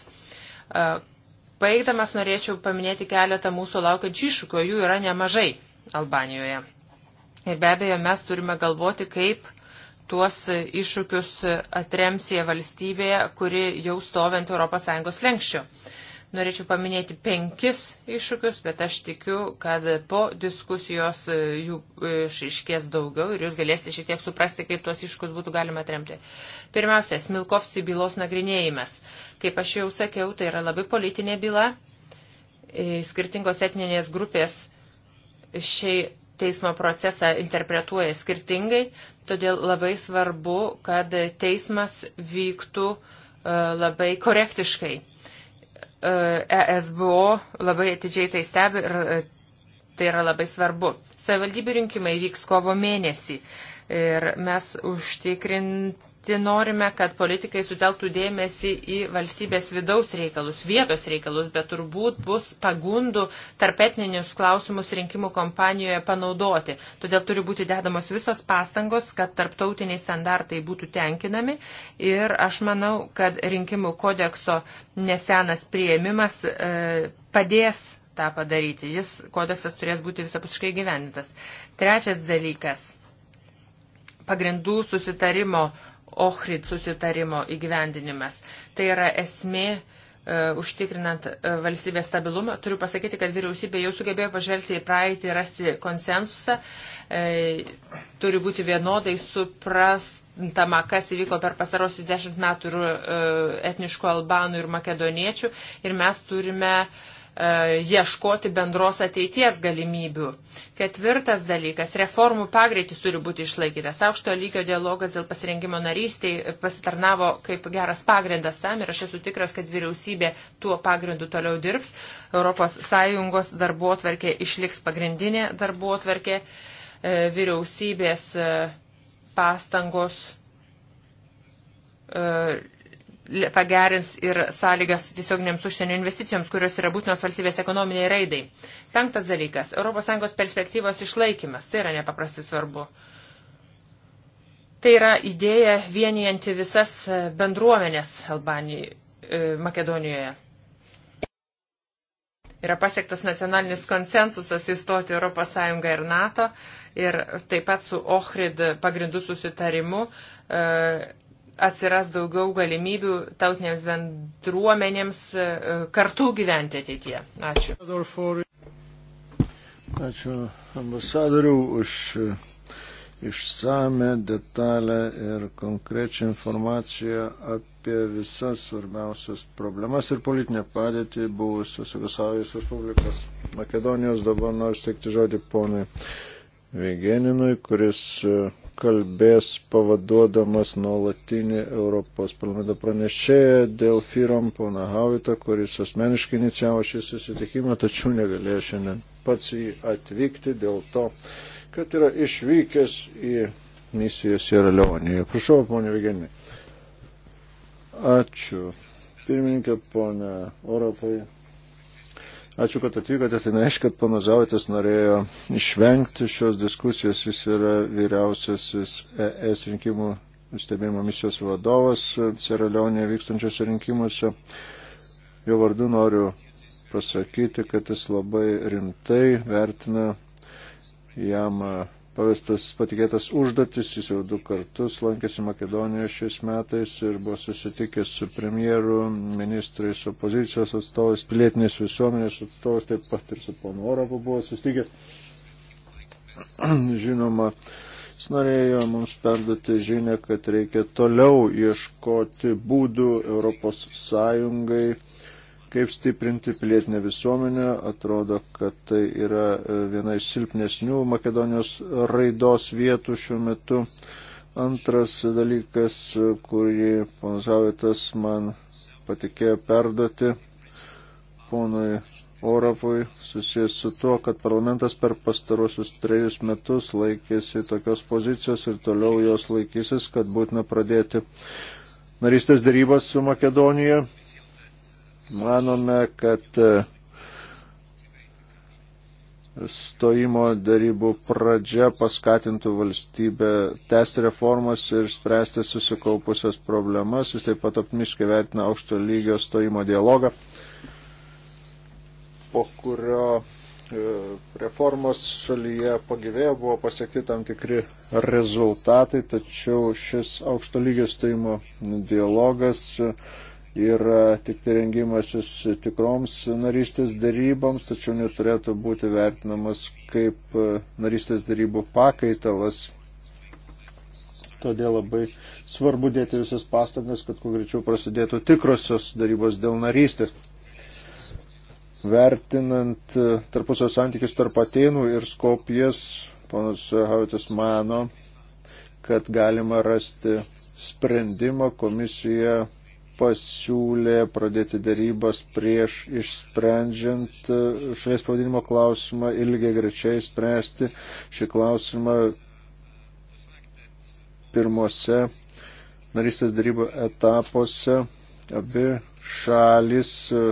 Paeigdamas e, norėčiau paminėti keletą mūsų laukiančių iššūkio, jų yra nemažai Albanijoje. Ir be abejo, mes turime galvoti, kaip tuos iššūkius atrems jie valstybėje, kuri jau stovint ES lenkščio. Norėčiau paminėti penkis iššūkius, bet aš tikiu, kad po diskusijos jų e, išaiškės daugiau ir jūs galėsite šiek tiek suprasti, kaip tuos iššūkius būtų galima atremti. Pirmiausia, Smilkovsi bylos nagrinėjimas. Kaip aš jau sakiau, tai yra labai politinė byla. E, skirtingos etninės grupės šiai teismo procesą interpretuoja skirtingai, todėl labai svarbu, kad teismas vyktų e, labai korektiškai. ESBO e labai atidžiai tai stebi ir e, tai yra labai svarbu. Savivaldybių rinkimai vyks kovo mėnesį ir mes užtikrint norime, kad politikai sutelktų dėmesį į valstybės vidaus reikalus, vietos reikalus, bet turbūt bus pagundų tarp etninius klausimus rinkimų kompanijoje panaudoti. Todėl turi būti dedamos visos pastangos, kad tarptautiniai standartai būtų tenkinami ir aš manau, kad rinkimų kodekso nesenas prieimimas e, padės tą padaryti. Jis kodeksas turės būti visapuškai gyvenintas. Trečias dalykas. Pagrindų susitarimo Ohrid susitarimo įgyvendinimas. Tai yra esmė e, užtikrinant e, valstybės stabilumą. Turiu pasakyti, kad vyriausybė jau sugebėjo pažvelgti į praeitį, rasti konsensusą, e, turi būti vienodai suprastama, kas įvyko per pasarosius dešimt metų ir etniškų albanų ir makedoniečių. Ir mes turime uh, E, ieškoti bendros ateities galimybių. Ketvirtas dalykas - reformų pagreitis turi būti išlaikytas. Aukšto lygio dialogas dėl pasirengimo narystiai pasitarnavo kaip geras pagrindas tam ir aš esu tikras, kad vyriausybė tuo pagrindu toliau dirbs. ES darbuotvarkė išliks pagrindinė darbuotvarkė. E, vyriausybės e, pastangos pagerins ir sąlygas tiesioginėms užsienio investicijoms, kurios yra būtinos valstybės ekonominiai raidai. Penktas dalykas - ES perspektyvos išlaikymas. Tai yra nepaprastai svarbu. Tai yra idėja vienijanti visas e, bendruomenės Albanijai, e, Makedonijoje. Yra pasiektas nacionalinis konsensusas įstoti ES ir NATO ir taip pat su Ohrid pagrindų susitarimu e, atsiras daugiau galimybių tautinėms bendruomenėms e, kartu gyventi ateityje. Ačiū. Ačiū ambasadoriu už e, išsame, detalę ir konkrečią informaciją apie visas svarbiausias problemas ir politinę padėtį buvusios Jugoslavijos Respublikos Makedonijos. Dabar noriu steikti žodį ponui Vigeninui, kuris e, kalbės pavaduodamas nuolatinį Europos parlamento pranešėją dėl Firom poną Havitą, kuris asmeniškai inicijavo šį susitikimą, tačiau negalėjo šiandien pats jį atvykti dėl to, kad yra išvykęs į misiją Sierra Leonėje. Prašau, ponė Vigenė. Ačiū. Pirmininkė, ponė Europai. Ačiū, kad atvykote. Tai neaišku, kad panažautis norėjo išvengti šios diskusijos. Jis yra vyriausiasis ES rinkimų stebėjimo misijos vadovas Seralionėje vykstančiose rinkimuose. Jo vardu noriu pasakyti, kad jis labai rimtai vertina jam pavestas patikėtas užduotis, jis jau du kartus lankėsi Makedonijoje šiais metais ir buvo susitikęs su premjeru, ministrais, opozicijos atstovais, pilietinės visuomenės atstovais, taip pat ir su ponu Oravu buvo susitikęs. [clears throat] Žinoma, jis norėjo mums perduoti žinę, kad reikia toliau ieškoti būdų Europos Sąjungai kaip stiprinti pilietinę visuomenę. Atrodo, kad tai yra e, viena iš silpnesnių Makedonijos raidos vietų šiuo metu. Antras dalykas, e, kurį ponas Havitas man patikėjo perduoti ponui Oravui, susijęs su tuo, kad parlamentas per pastarosius trejus metus laikėsi tokios pozicijos ir toliau jos laikysis, kad būtina pradėti narystės darybas su Makedonija. Manome, kad e, stojimo darybų pradžia paskatintų valstybę tęsti reformas ir spręsti susikaupusias problemas. Jis taip pat optimiškai vertina aukšto lygio stojimo dialogą, po kurio e, reformos šalyje pagyvėjo, buvo pasiekti tam tikri rezultatai, tačiau šis aukšto lygio stojimo dialogas yra tik tai rengimasis tikroms narystės daryboms, tačiau neturėtų būti vertinamas kaip e, narystės darybų pakaitalas. Todėl labai svarbu dėti visas pastangas, kad kuo greičiau prasidėtų tikrosios darybos dėl narystės. Vertinant e, tarpusio santykius tarp Atenų ir Skopijas, ponas Havitas mano, kad galima rasti sprendimą, komisija pasiūlė pradėti darybas prieš išsprendžiant e, šalies pavadinimo klausimą, ilgiai grečiai spręsti šį klausimą pirmose narystės darybų etapuose. Abi šalis e,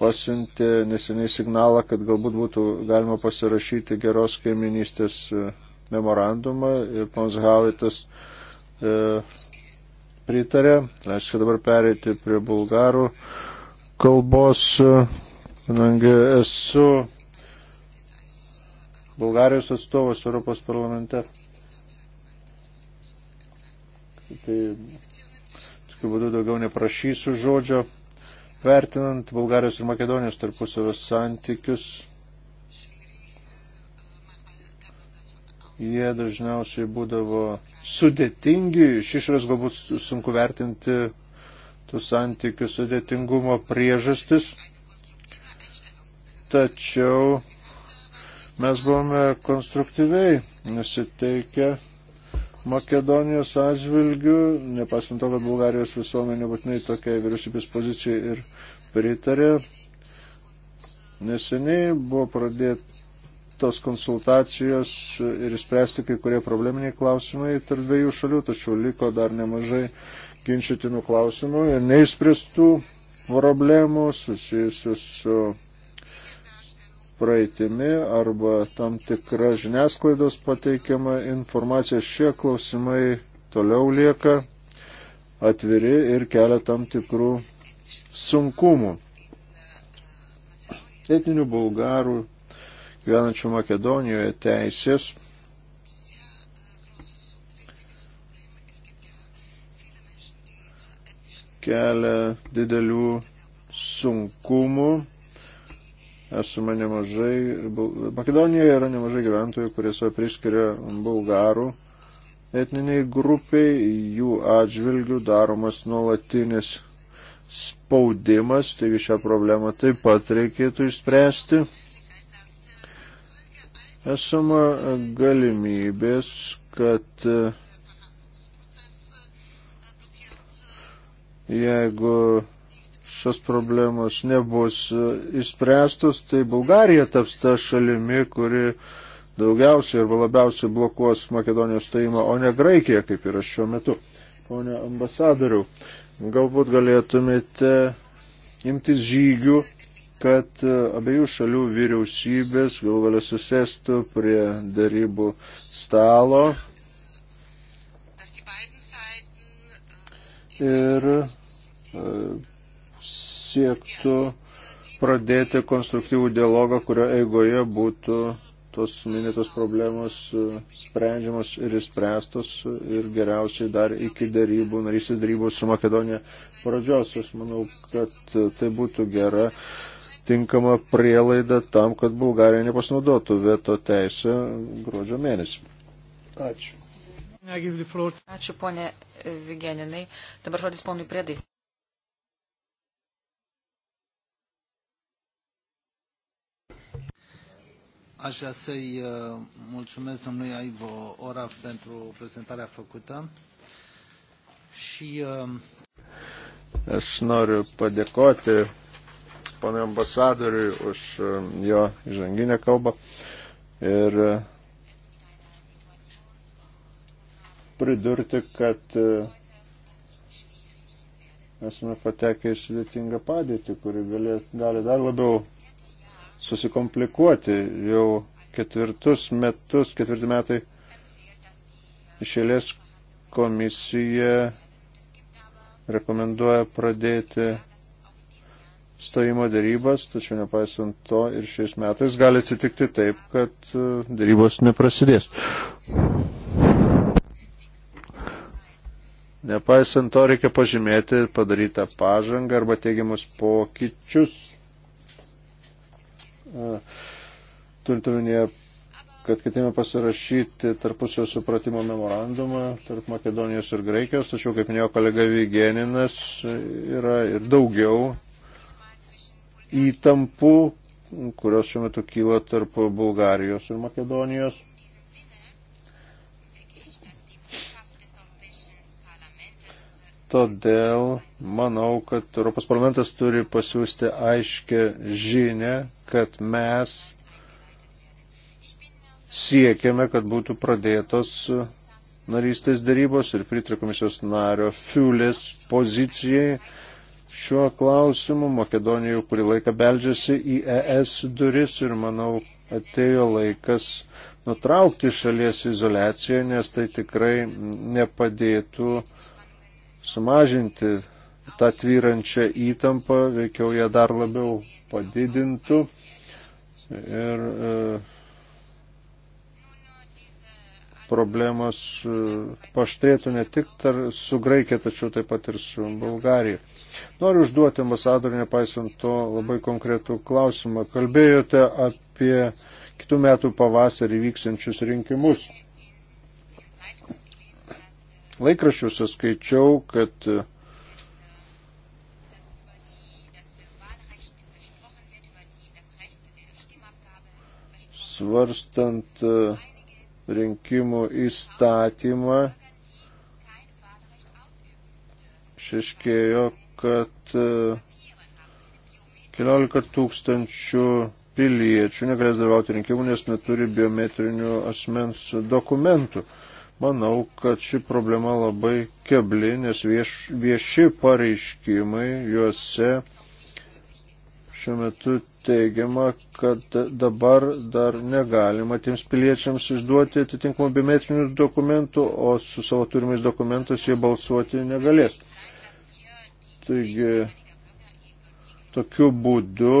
pasiuntė neseniai signalą, kad galbūt būtų galima pasirašyti geros kaiminystės e, memorandumą ir Pons Havitas e, pritarė. Leiskite dabar pereiti prie bulgarų kalbos, kadangi esu Bulgarijos atstovas Europos parlamente. Tai tokiu būdu daugiau neprašysiu žodžio, vertinant Bulgarijos ir Makedonijos tarpusavės santykius Jie dažniausiai būdavo sudėtingi, iš išras galbūt sunku vertinti tų santykių sudėtingumo priežastis. Tačiau mes buvome konstruktyviai nusiteikę Makedonijos atžvilgių, nepasant to, kad Bulgarijos visuomenė būtinai tokiai vyriausybės pozicijai ir pritarė. Neseniai buvo pradėta tos konsultacijos ir išspręsti kai kurie probleminiai klausimai tarp dviejų šalių, tačiau liko dar nemažai ginčytinų klausimų ir neišspręstų problemų susijusių su praeitimi arba tam tikra žiniasklaidos pateikiama informacija. Šie klausimai toliau lieka atviri ir kelia tam tikrų sunkumų. Etninių bulgarų gyvenančių Makedonijoje teisės. kelia didelių sunkumų. Esame nemažai, Makedonijoje yra nemažai gyventojų, kurie save priskiria bulgarų etniniai grupiai, jų atžvilgių daromas nuolatinis spaudimas, taigi šią problemą taip pat reikėtų išspręsti. Esama galimybės, kad jeigu šios problemos nebus išspręstos, tai Bulgarija taps ta šalimi, kuri daugiausiai ir labiausiai blokuos Makedonijos stojimą, o ne Graikija, kaip yra šiuo metu. Pone ambasadoriu, galbūt galėtumėte imtis žygių kad e, abiejų šalių vyriausybės gal galia susėstų prie darybų stalo ir e, siektų pradėti konstruktyvų dialogą, kurio eigoje būtų tos minėtos problemos e, sprendžiamos ir įspręstos ir geriausiai dar iki darybų, narysės darybų su Makedonija pradžios. Aš manau, kad tai būtų gera tinkama prielaida tam, kad Bulgarija nepasinaudotų veto teisę gruodžio mėnesį. Ačiū. Ačiū, ponė Vigeninai. Dabar žodis ponui Priedai. Aș vrea să-i uh, mulțumesc domnului Aivo Oraf pentru prezentarea făcută și... Uh, Aš noriu padėkoti pana ambasadoriui už e, jo įžanginę kalbą. Ir e, pridurti, kad e, esame patekę į sudėtingą padėtį, kuri gali, gali dar labiau susikomplikuoti. Jau ketvirtus metus, ketvirti metai išėlės komisija rekomenduoja pradėti stojimo darybas, tačiau nepaisant to ir šiais metais gali atsitikti taip, kad e, darybos neprasidės. Nepaisant to reikia pažymėti padarytą pažangą arba teigiamus pokyčius. E, turint omenyje, kad ketime pasirašyti tarpusio supratimo memorandumą tarp Makedonijos ir Graikijos, tačiau, kaip minėjo kolega Vigeninas, yra ir daugiau įtampų, kurios šiuo metu kyla tarp Bulgarijos ir Makedonijos. Todėl manau, kad Europos parlamentas turi pasiūsti aiškę žinę, kad mes siekiame, kad būtų pradėtos narystės darybos ir pritrė komisijos nario Fiulės pozicijai šiuo klausimu. Makedonija jau kurį laiką beldžiasi į ES duris ir manau atėjo laikas nutraukti šalies izolaciją, nes tai tikrai nepadėtų sumažinti tą tvyrančią įtampą, veikiau ją dar labiau padidintų. Ir e, problemos e, paštrėtų ne tik tar, su Graikija, tačiau taip pat ir su Bulgarija. Noriu užduoti ambasadorių, nepaisant to, labai konkretų klausimą. Kalbėjote apie kitų metų pavasarį vyksiančius rinkimus. Laikraščiuose skaičiau, kad svarstant uh, rinkimų įstatymą, šeškėjo, kad 14 e, tūkstančių piliečių negalės dalyvauti rinkimų, nes neturi biometrinių asmens dokumentų. Manau, kad ši problema labai kebli, nes vieš, vieši pareiškimai juose šiuo metu teigiama, kad dabar dar negalima tiems piliečiams išduoti atitinkamų biometrinių dokumentų, o su savo turimais dokumentais jie balsuoti negalės. Taigi, tokiu būdu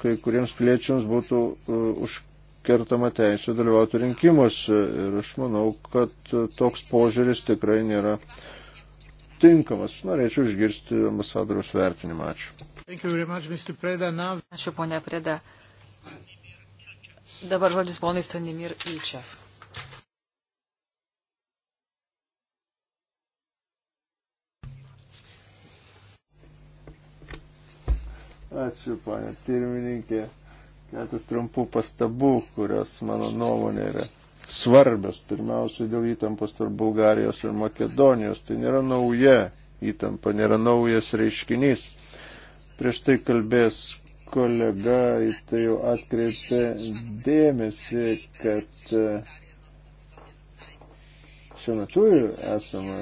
kai kuriems piliečiams būtų uh, užkertama teisė dalyvauti rinkimuose ir aš manau, kad uh, toks požiūris tikrai nėra tinkamas. Norėčiau išgirsti ambasadoriaus vertinimą. Ačiū. Ačiū, ponė Preda. Dabar žodis ponai Stanimir Ilčev. Ačiū, panė pirmininkė. Ketas trumpų pastabų, kurios mano nuomonė yra svarbios. Pirmiausia, dėl įtampos tarp Bulgarijos ir Makedonijos. Tai nėra nauja įtampa, nėra naujas reiškinys. Prieš tai kalbės kolega, jis tai jau atkreipė dėmesį, kad e, šiuo metu esame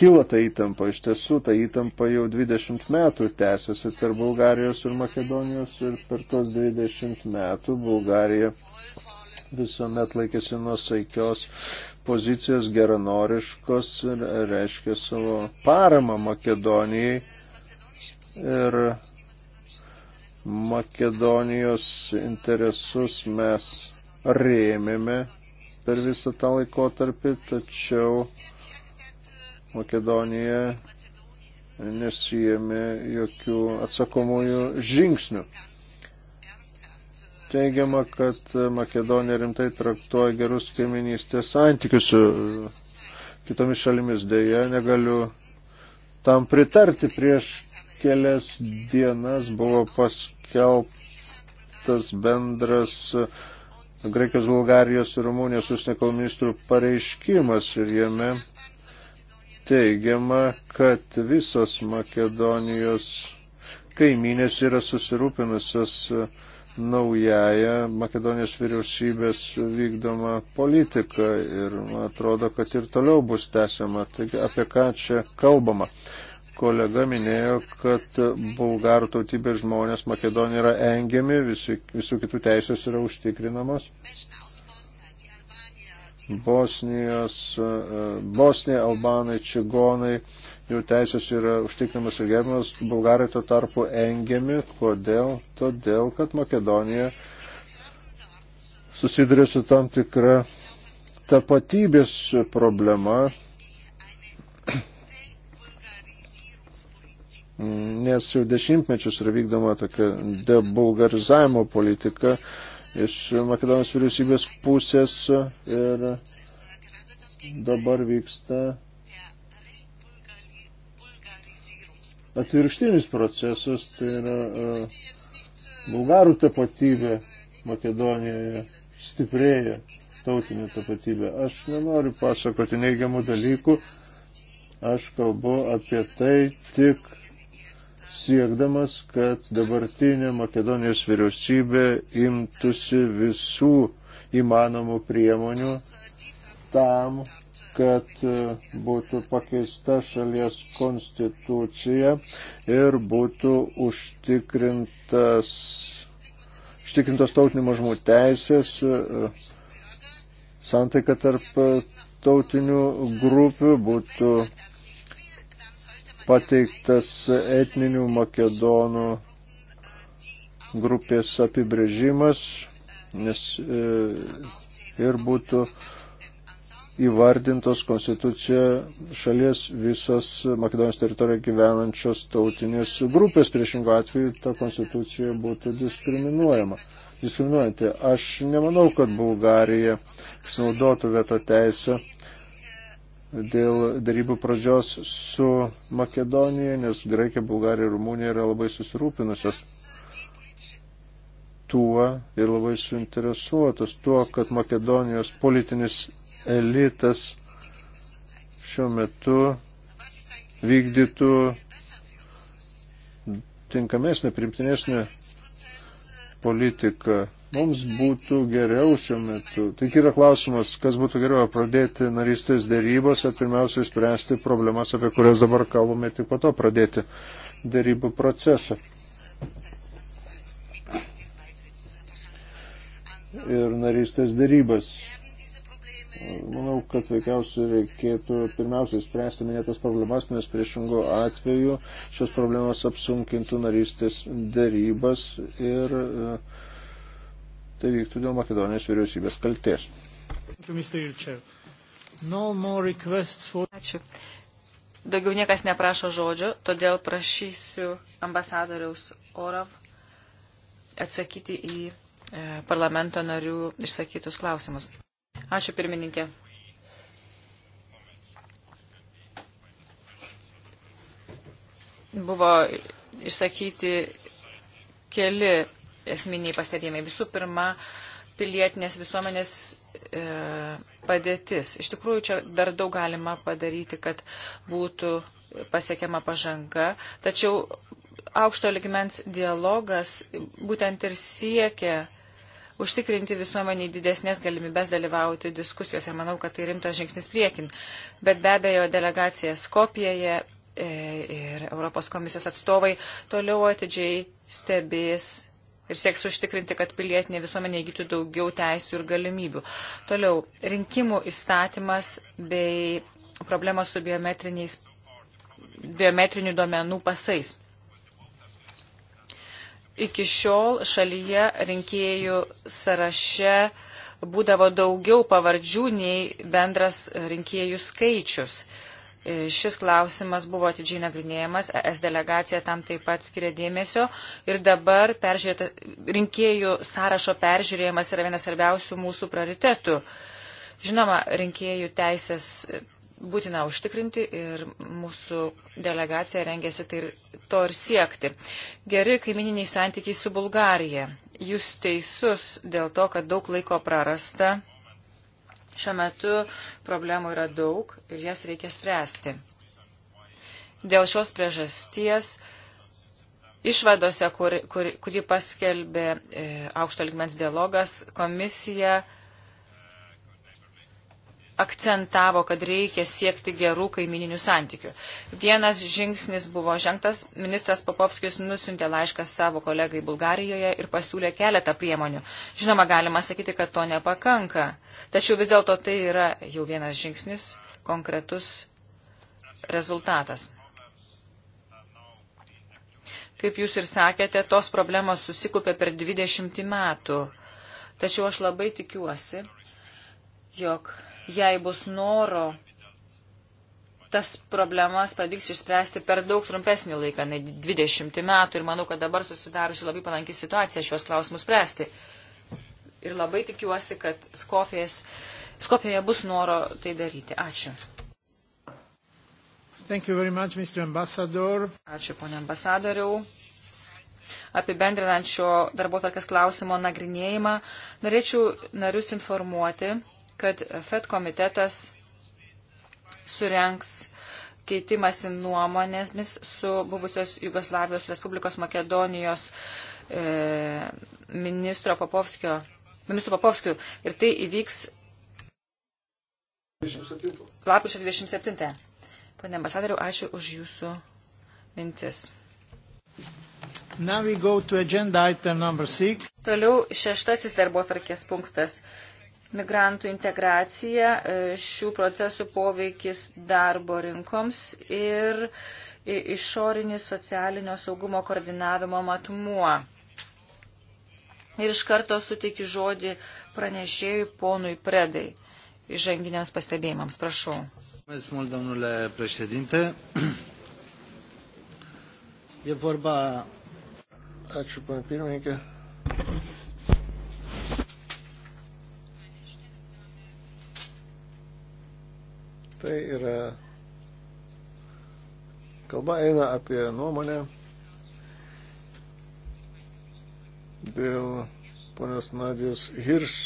kilo ta įtampa, iš tiesų ta įtampa jau 20 metų tęsiasi tarp Bulgarijos ir Makedonijos ir per tos 20 metų Bulgarija visuomet laikėsi nusaikios pozicijos geranoriškos ir reiškia savo paramą Makedonijai ir Makedonijos interesus mes rėmėme per visą tą laikotarpį, tačiau Makedonija nesijėmė jokių atsakomųjų žingsnių. Teigiama, kad Makedonija rimtai traktuoja gerus kaiminystės santykius su kitomis šalimis. Deja, negaliu tam pritarti prieš kelias dienas buvo paskelbtas bendras Graikijos, Bulgarijos ir Rumunijos užsienio ministrų pareiškimas ir jame teigiama, kad visos Makedonijos kaiminės yra susirūpinusios naująją Makedonijos vyriausybės vykdomą politiką ir man atrodo, kad ir toliau bus tęsiama. Taigi apie ką čia kalbama? kolega minėjo, kad bulgarų tautybės žmonės Makedonija yra engiami, visi, visų kitų teisės yra užtikrinamos. Bosnijos, e, Bosnija, Albanai, Čigonai, jų teisės yra užtikrinamas ir gerbiamas, bulgarai tuo tarpu engiami. Kodėl? Todėl, kad Makedonija susiduria su tam tikra tapatybės problema, nes jau dešimtmečius yra vykdoma tokia debulgarizavimo politika iš Makedonijos vyriausybės pusės ir dabar vyksta atvirkštinis procesas, tai yra uh, bulgarų tapatybė Makedonijoje stiprėja tautinė tapatybė. Aš nenoriu pasakoti neigiamų dalykų, aš kalbu apie tai tik siekdamas, kad dabartinė Makedonijos vyriausybė imtųsi visų įmanomų priemonių tam, kad e, būtų pakeista šalies konstitucija ir būtų užtikrintas, užtikrintos tautinių mažumų teisės, e, santaika tarp tautinių grupių, būtų pateiktas etninių makedonų grupės apibrėžimas, nes e, ir būtų įvardintos konstitucija šalies visos Makedonijos teritorijoje gyvenančios tautinės grupės, priešingų atveju ta konstitucija būtų diskriminuojama. Diskriminuojanti. Aš nemanau, kad Bulgarija pasinaudotų veto teisę dėl darybų pradžios su Makedonija, nes Graikija, Bulgarija ir Rumunija yra labai susirūpinusios tuo ir labai suinteresuotos tuo, kad Makedonijos politinis elitas šiuo metu vykdytų tinkamesnę, primtinesnę politiką mums būtų geriau šiuo metu? Tik yra klausimas, kas būtų geriau pradėti narystės dėrybos, ar pirmiausia spręsti problemas, apie kurias dabar kalbame, tik po to pradėti dėrybų procesą. Ir narystės dėrybas. Manau, kad veikiausiai reikėtų pirmiausiai spręsti minėtas problemas, nes priešingų atveju šios problemas apsunkintų narystės dėrybas ir uh, tai vyktų dėl Makedonijos vyriausybės kalties. Ačiū. Daugiau niekas neprašo žodžio, todėl prašysiu ambasadoriaus Orav atsakyti į e, parlamento narių išsakytus klausimus. Ačiū pirmininkė. Buvo išsakyti keli esminiai pastebėjimai. Visų pirma, pilietinės visuomenės e, padėtis. Iš tikrųjų, čia dar daug galima padaryti, kad būtų pasiekiama pažanga, tačiau aukšto ligmens dialogas būtent ir siekia užtikrinti visuomeniai didesnės galimybės dalyvauti diskusijose. Manau, kad tai rimtas žingsnis priekin. Bet be abejo, delegacija Skopijoje e, ir Europos komisijos atstovai toliau atidžiai stebės ir sieks užtikrinti, kad pilietinė visuomenė įgytų daugiau teisų ir galimybių. Toliau, rinkimų įstatymas bei problemos su biometrinių duomenų pasais. Iki šiol šalyje rinkėjų sąraše būdavo daugiau pavardžių nei bendras rinkėjų skaičius. Uh, Šis klausimas buvo atidžiai nagrinėjamas, ES delegacija tam taip pat skiria dėmesio ir dabar rinkėjų sąrašo peržiūrėjimas yra vienas svarbiausių mūsų prioritetų. Žinoma, rinkėjų teisės būtina užtikrinti ir mūsų delegacija rengėsi tai ir to ir siekti. Geri kaimininiai santykiai su Bulgarija. Jūs teisus dėl to, kad daug laiko prarasta Šiuo metu problemų yra daug ir jas reikia spręsti. Dėl šios priežasties išvadose, kur, kur, kurį paskelbė e, aukšto ligmens dialogas, komisija akcentavo, kad reikia siekti gerų kaimininių santykių. Vienas žingsnis buvo žengtas, ministras Popovskis nusintė laišką savo kolegai Bulgarijoje ir pasiūlė keletą priemonių. Žinoma, galima sakyti, kad to nepakanka, tačiau vis dėlto tai yra jau vienas žingsnis, konkretus rezultatas. Kaip jūs ir sakėte, tos problemos susikupė per 20 metų. Tačiau aš labai tikiuosi, jog jei bus noro, tas problemas pavyks išspręsti per daug trumpesnį laiką, nei 20 metų. Ir manau, kad dabar susidariusi labai palanki situacija šios klausimus spręsti. Ir labai tikiuosi, kad Skopijas, Skopijoje bus noro tai daryti. Ačiū. Much, Ačiū, ponė ambasadoriau. Apibendrinant šio darbo tarkės klausimo nagrinėjimą, norėčiau narius informuoti, kad FED komitetas surenks keitimasi nuomonėmis su buvusios Jugoslavijos Respublikos Makedonijos e, ministro Popovskio, ministru Popovskiu. Ir tai įvyks lapkričio 27. Pane ambasadoriu, ačiū už jūsų mintis. Toliau šeštasis darbo tvarkės punktas migrantų integracija, e, šių procesų poveikis darbo rinkoms ir išorinis socialinio saugumo koordinavimo matmuo. Ir iš karto suteikiu žodį pranešėjui ponui Predai. Žanginiams pastebėjimams, prašau. Mes mult, domnule președinte. E vorba... Ačiū, pana pirmininkė. Tai yra kalba eina apie nuomonę dėl ponios Nadijos Hirš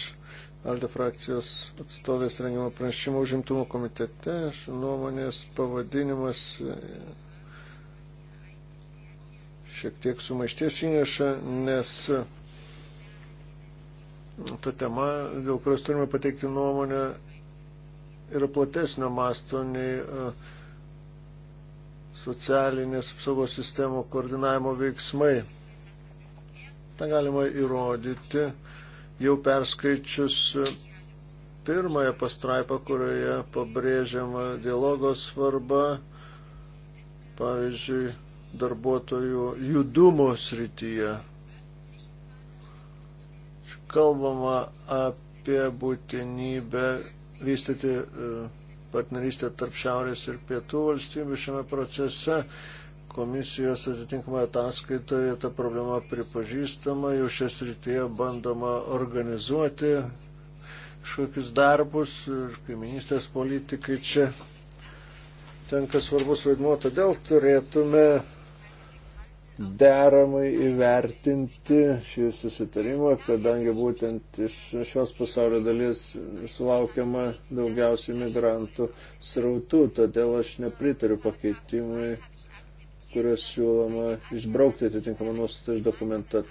Alde frakcijos atstovės rengimo pranešimo užimtumo komitete. Aš nuomonės pavadinimas e, šiek tiek sumaišties įneša, nes e, ta tema, dėl kurios turime pateikti nuomonę, yra platesnio masto nei e, socialinės apsaugos sistemo koordinavimo veiksmai. Ta galima įrodyti jau perskaičius pirmąją pastraipą, kurioje pabrėžiama dialogo svarba, pavyzdžiui, darbuotojų judumo srityje. Kalbama apie būtinybę vystyti e, partnerystę tarp šiaurės ir pietų valstybių šiame procese. Komisijos atitinkamoje ataskaitoje ta problema pripažįstama, jau šią srityje bandoma organizuoti kažkokius darbus ir kaiminystės politikai čia tenka svarbus vaidmuo, todėl turėtume deramai įvertinti šį susitarimą, kadangi būtent iš šios pasaulio dalies sulaukiama daugiausiai migrantų srautų, todėl aš nepritariu pakeitimui, kurios siūloma išbraukti atitinkamą nuostatą iš dokumento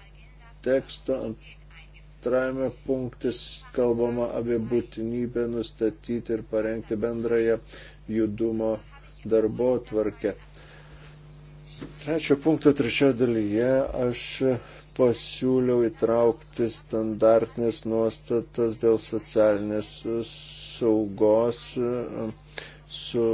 teksto. Antrajame punktis kalbama apie būtinybę nustatyti ir parengti bendrąją judumo darbo tvarkę Trečio punkto trečioje dalyje aš pasiūliau įtraukti standartinės nuostatas dėl socialinės saugos um, su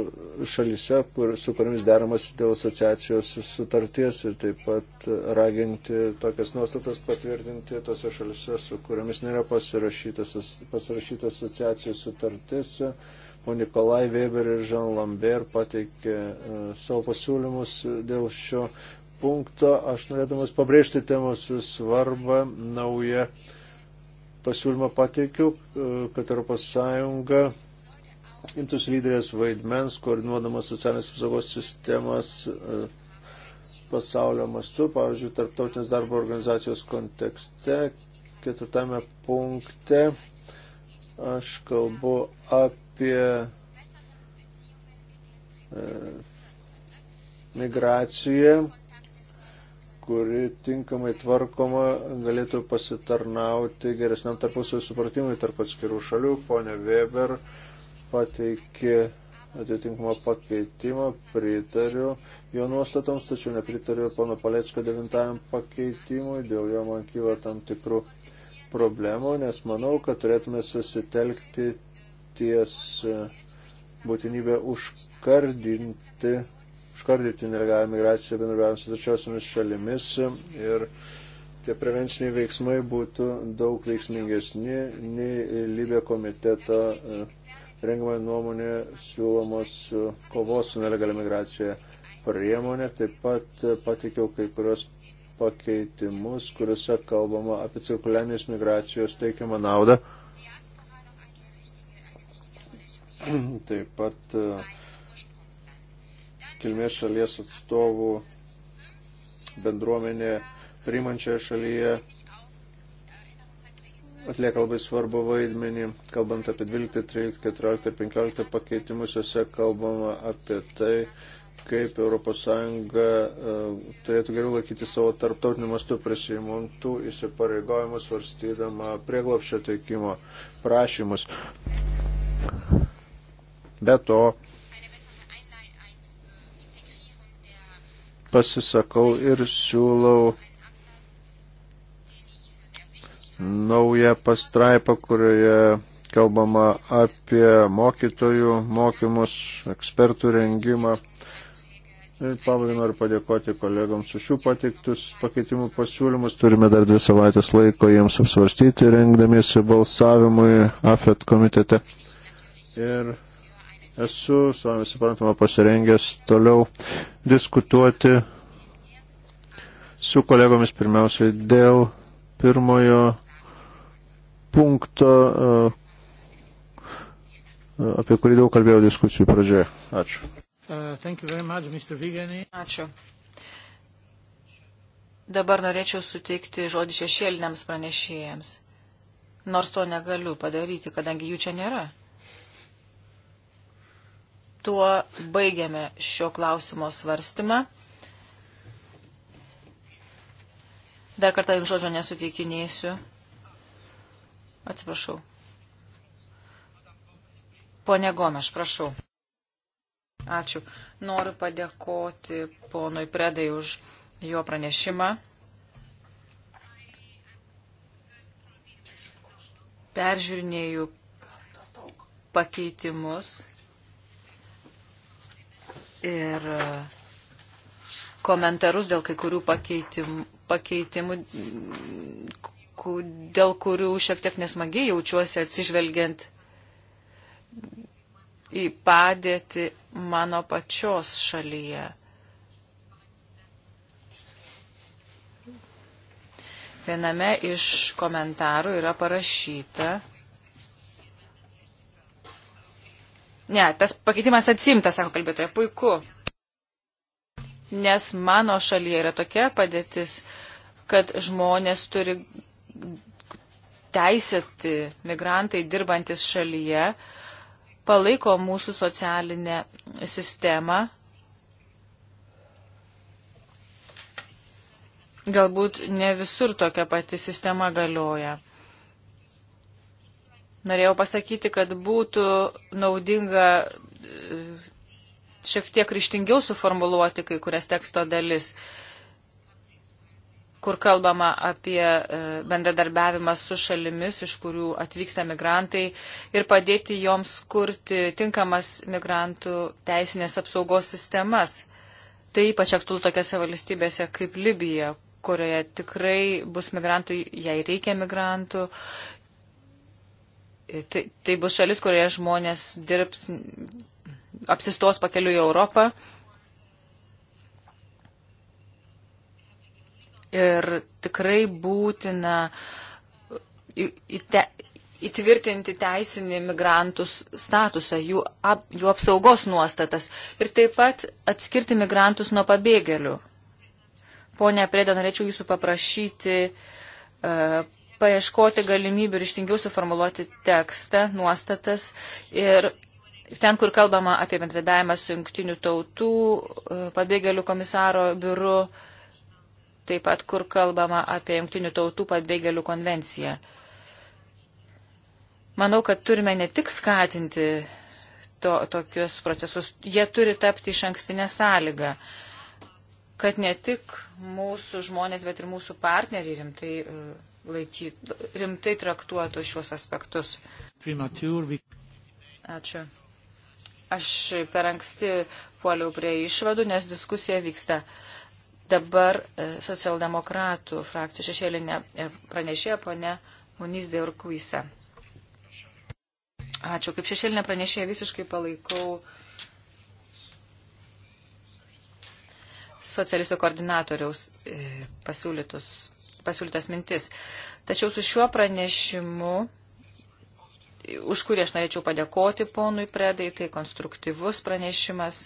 šalise, kur, su kuriamis deramas dėl asociacijos sutarties ir taip pat raginti tokias nuostatas patvirtinti tose šalise, su kuriamis nėra pasirašytas, pasirašytas asociacijos sutartis. Su, o Nikolai Weber ir Jean Lambert pateikė e, savo pasiūlymus dėl šio punkto. Aš norėdamas pabrėžti temos svarbą naują pasiūlymą pateikiu, e, kad ES imtus lyderės vaidmens, koordinuodamas socialinės apsaugos sistemas e, pasaulio mastu, pavyzdžiui, tarptautinės darbo organizacijos kontekste, ketvirtame punkte aš kalbu apie apie e, migraciją, kuri tinkamai tvarkoma galėtų pasitarnauti geresniam tarpusavio supratimui tarp atskirų šalių. Pone Weber pateikė atitinkamą pakeitimą, pritariu jo nuostatoms, tačiau nepritariu pono Paleckio devintajam pakeitimui, dėl jo man kyla tam tikrų problemų, nes manau, kad turėtume susitelkti ties e, būtinybė užkardinti, užkardyti nelegalią migraciją bendradarbiavant su trečiosiomis šalimis ir tie prevenciniai veiksmai būtų daug veiksmingesni nei Libė komiteto e, rengiamai nuomonė siūlomos kovos su nelegalia migracija priemonė. Taip pat pateikiau kai kurios pakeitimus, kuriuose kalbama apie cirkuliarinės migracijos teikiamą naudą. [clears throat] taip pat e, kilmės šalies atstovų bendruomenė priimančioje šalyje atlieka labai svarbu vaidmenį, kalbant apie 12, 13, 14 ir 15 pakeitimus, juose kalbama apie tai, kaip ES e, turėtų geriau laikyti savo tarptautiniu mastu prisijimantų įsipareigojimus svarstydama prieglopščio teikimo prašymus. Be to, pasisakau ir siūlau naują pastraipą, kurioje kalbama apie mokytojų mokymus, ekspertų rengimą. Ir pabaigai noriu padėkoti kolegams už šių pateiktus pakeitimų pasiūlymus. Turime dar dvi savaitės laiko jiems apsvarstyti, rengdamiesi balsavimui AFET komitete. Ir Esu, savame suprantama, pasirengęs toliau diskutuoti su kolegomis pirmiausiai dėl pirmojo punkto, e, apie kurį daug kalbėjau diskusijų pradžioje. Ačiū. Uh, much, Ačiū. Dabar norėčiau suteikti žodį šešėliniams pranešėjams. Nors to negaliu padaryti, kadangi jų čia nėra tuo baigiame šio klausimo svarstymą. Dar kartą jums žodžio nesuteikinėsiu. Atsiprašau. Pone Gomeš, prašau. Ačiū. Noriu padėkoti ponui Predai už jo pranešimą. Peržiūrinėjau pakeitimus ir komentarus dėl kai kurių pakeitimų, pakeitimų dėl kurių šiek tiek nesmagiai jaučiuosi atsižvelgiant į padėtį mano pačios šalyje. Viename iš komentarų yra parašyta, Ne, tas pakeitimas atsimtas, sako kalbėtoja. Puiku. Nes mano šalyje yra tokia padėtis, kad žmonės turi teisėti migrantai dirbantis šalyje, palaiko mūsų socialinę sistemą. Galbūt ne visur tokia pati sistema galioja. Norėjau pasakyti, kad būtų naudinga e, šiek tiek ryštingiau suformuluoti kai kurias teksto dalis, kur kalbama apie e, bendradarbiavimą su šalimis, iš kurių atvyksta migrantai ir padėti joms kurti tinkamas migrantų teisinės apsaugos sistemas. Tai ypač aktualu tokiose valstybėse kaip Libija, kurioje tikrai bus migrantų, jei reikia migrantų tai, tai bus šalis, kurioje žmonės dirbs, apsistos pakeliu į Europą. Ir tikrai būtina įtvirtinti teisinį migrantų statusą, jų, ap, jų apsaugos nuostatas ir taip pat atskirti migrantus nuo pabėgėlių. Pone Prėda, norėčiau jūsų paprašyti uh, paieškoti galimybių ryštingiau suformuoluoti tekstą, nuostatas ir ten, kur kalbama apie bendradavimą su jungtinių tautų, e, pabėgėlių komisaro biuru, taip pat kur kalbama apie jungtinių tautų pabėgėlių konvenciją. Manau, kad turime ne tik skatinti to, tokius procesus, jie turi tapti iš ankstinę sąlygą kad ne tik mūsų žmonės, bet ir mūsų partneriai rimtai e, laikyt, rimtai traktuotų šiuos aspektus. Ačiū. Aš per anksti puoliau prie išvadų, nes diskusija vyksta. Dabar e, socialdemokratų frakcijų šešėlinė e, pranešėja ponė Muniz de Urkuisa. Ačiū. Kaip šešėlinė pranešėja visiškai palaikau socialistų koordinatoriaus e, pasiūlytus pasiūlytas mintis. Tačiau su šiuo pranešimu, už kurį aš norėčiau padėkoti ponui Predai, tai konstruktyvus pranešimas.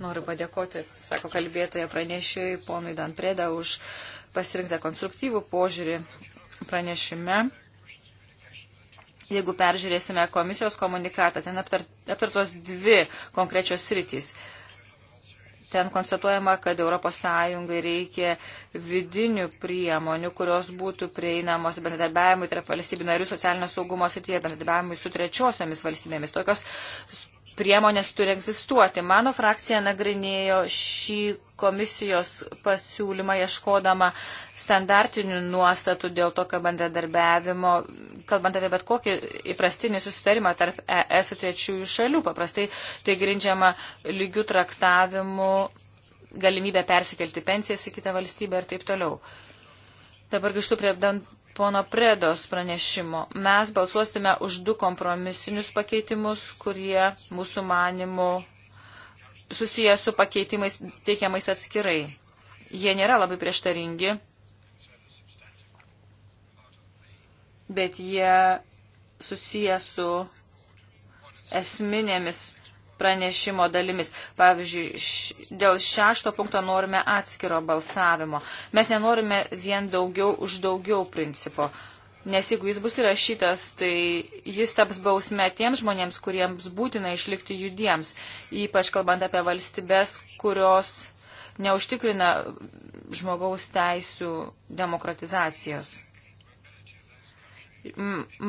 Noriu padėkoti, sako kalbėtoje pranešėjui, ponui Danpreda, už pasirinktą konstruktyvų požiūrį pranešime Jeigu peržiūrėsime komisijos komunikatą, ten aptartos dvi konkrečios sritys. Ten konstatuojama, kad ES reikia vidinių priemonių, kurios būtų prieinamos bendradarbiavimui tarp valstybių narių socialinio saugumo srityje, bendradarbiavimui su trečiosiamis valstybėmis. Tokios priemonės turi egzistuoti. Mano frakcija nagrinėjo šį komisijos pasiūlymą ieškodama standartinių nuostatų dėl tokio bendradarbiavimo, kalbant apie bet kokį įprastinį susitarimą tarp ES ir trečiųjų šalių. Paprastai tai grindžiama lygių traktavimu, galimybę persikelti pensijas į kitą valstybę ir taip toliau. Dabar grįžtu prie pono Predos pranešimo. Mes balsuosime už du kompromisinius pakeitimus, kurie mūsų manimų susiję su pakeitimais teikiamais atskirai. Jie nėra labai prieštaringi, bet jie susiję su esminėmis pranešimo dalimis. Pavyzdžiui, š, dėl šešto punkto norime atskiro balsavimo. Mes nenorime vien daugiau už daugiau principo. Nes jeigu jis bus įrašytas, tai jis taps bausme tiems žmonėms, kuriems būtina išlikti judiems, ypač kalbant apie valstybės, kurios neužtikrina žmogaus teisų demokratizacijos.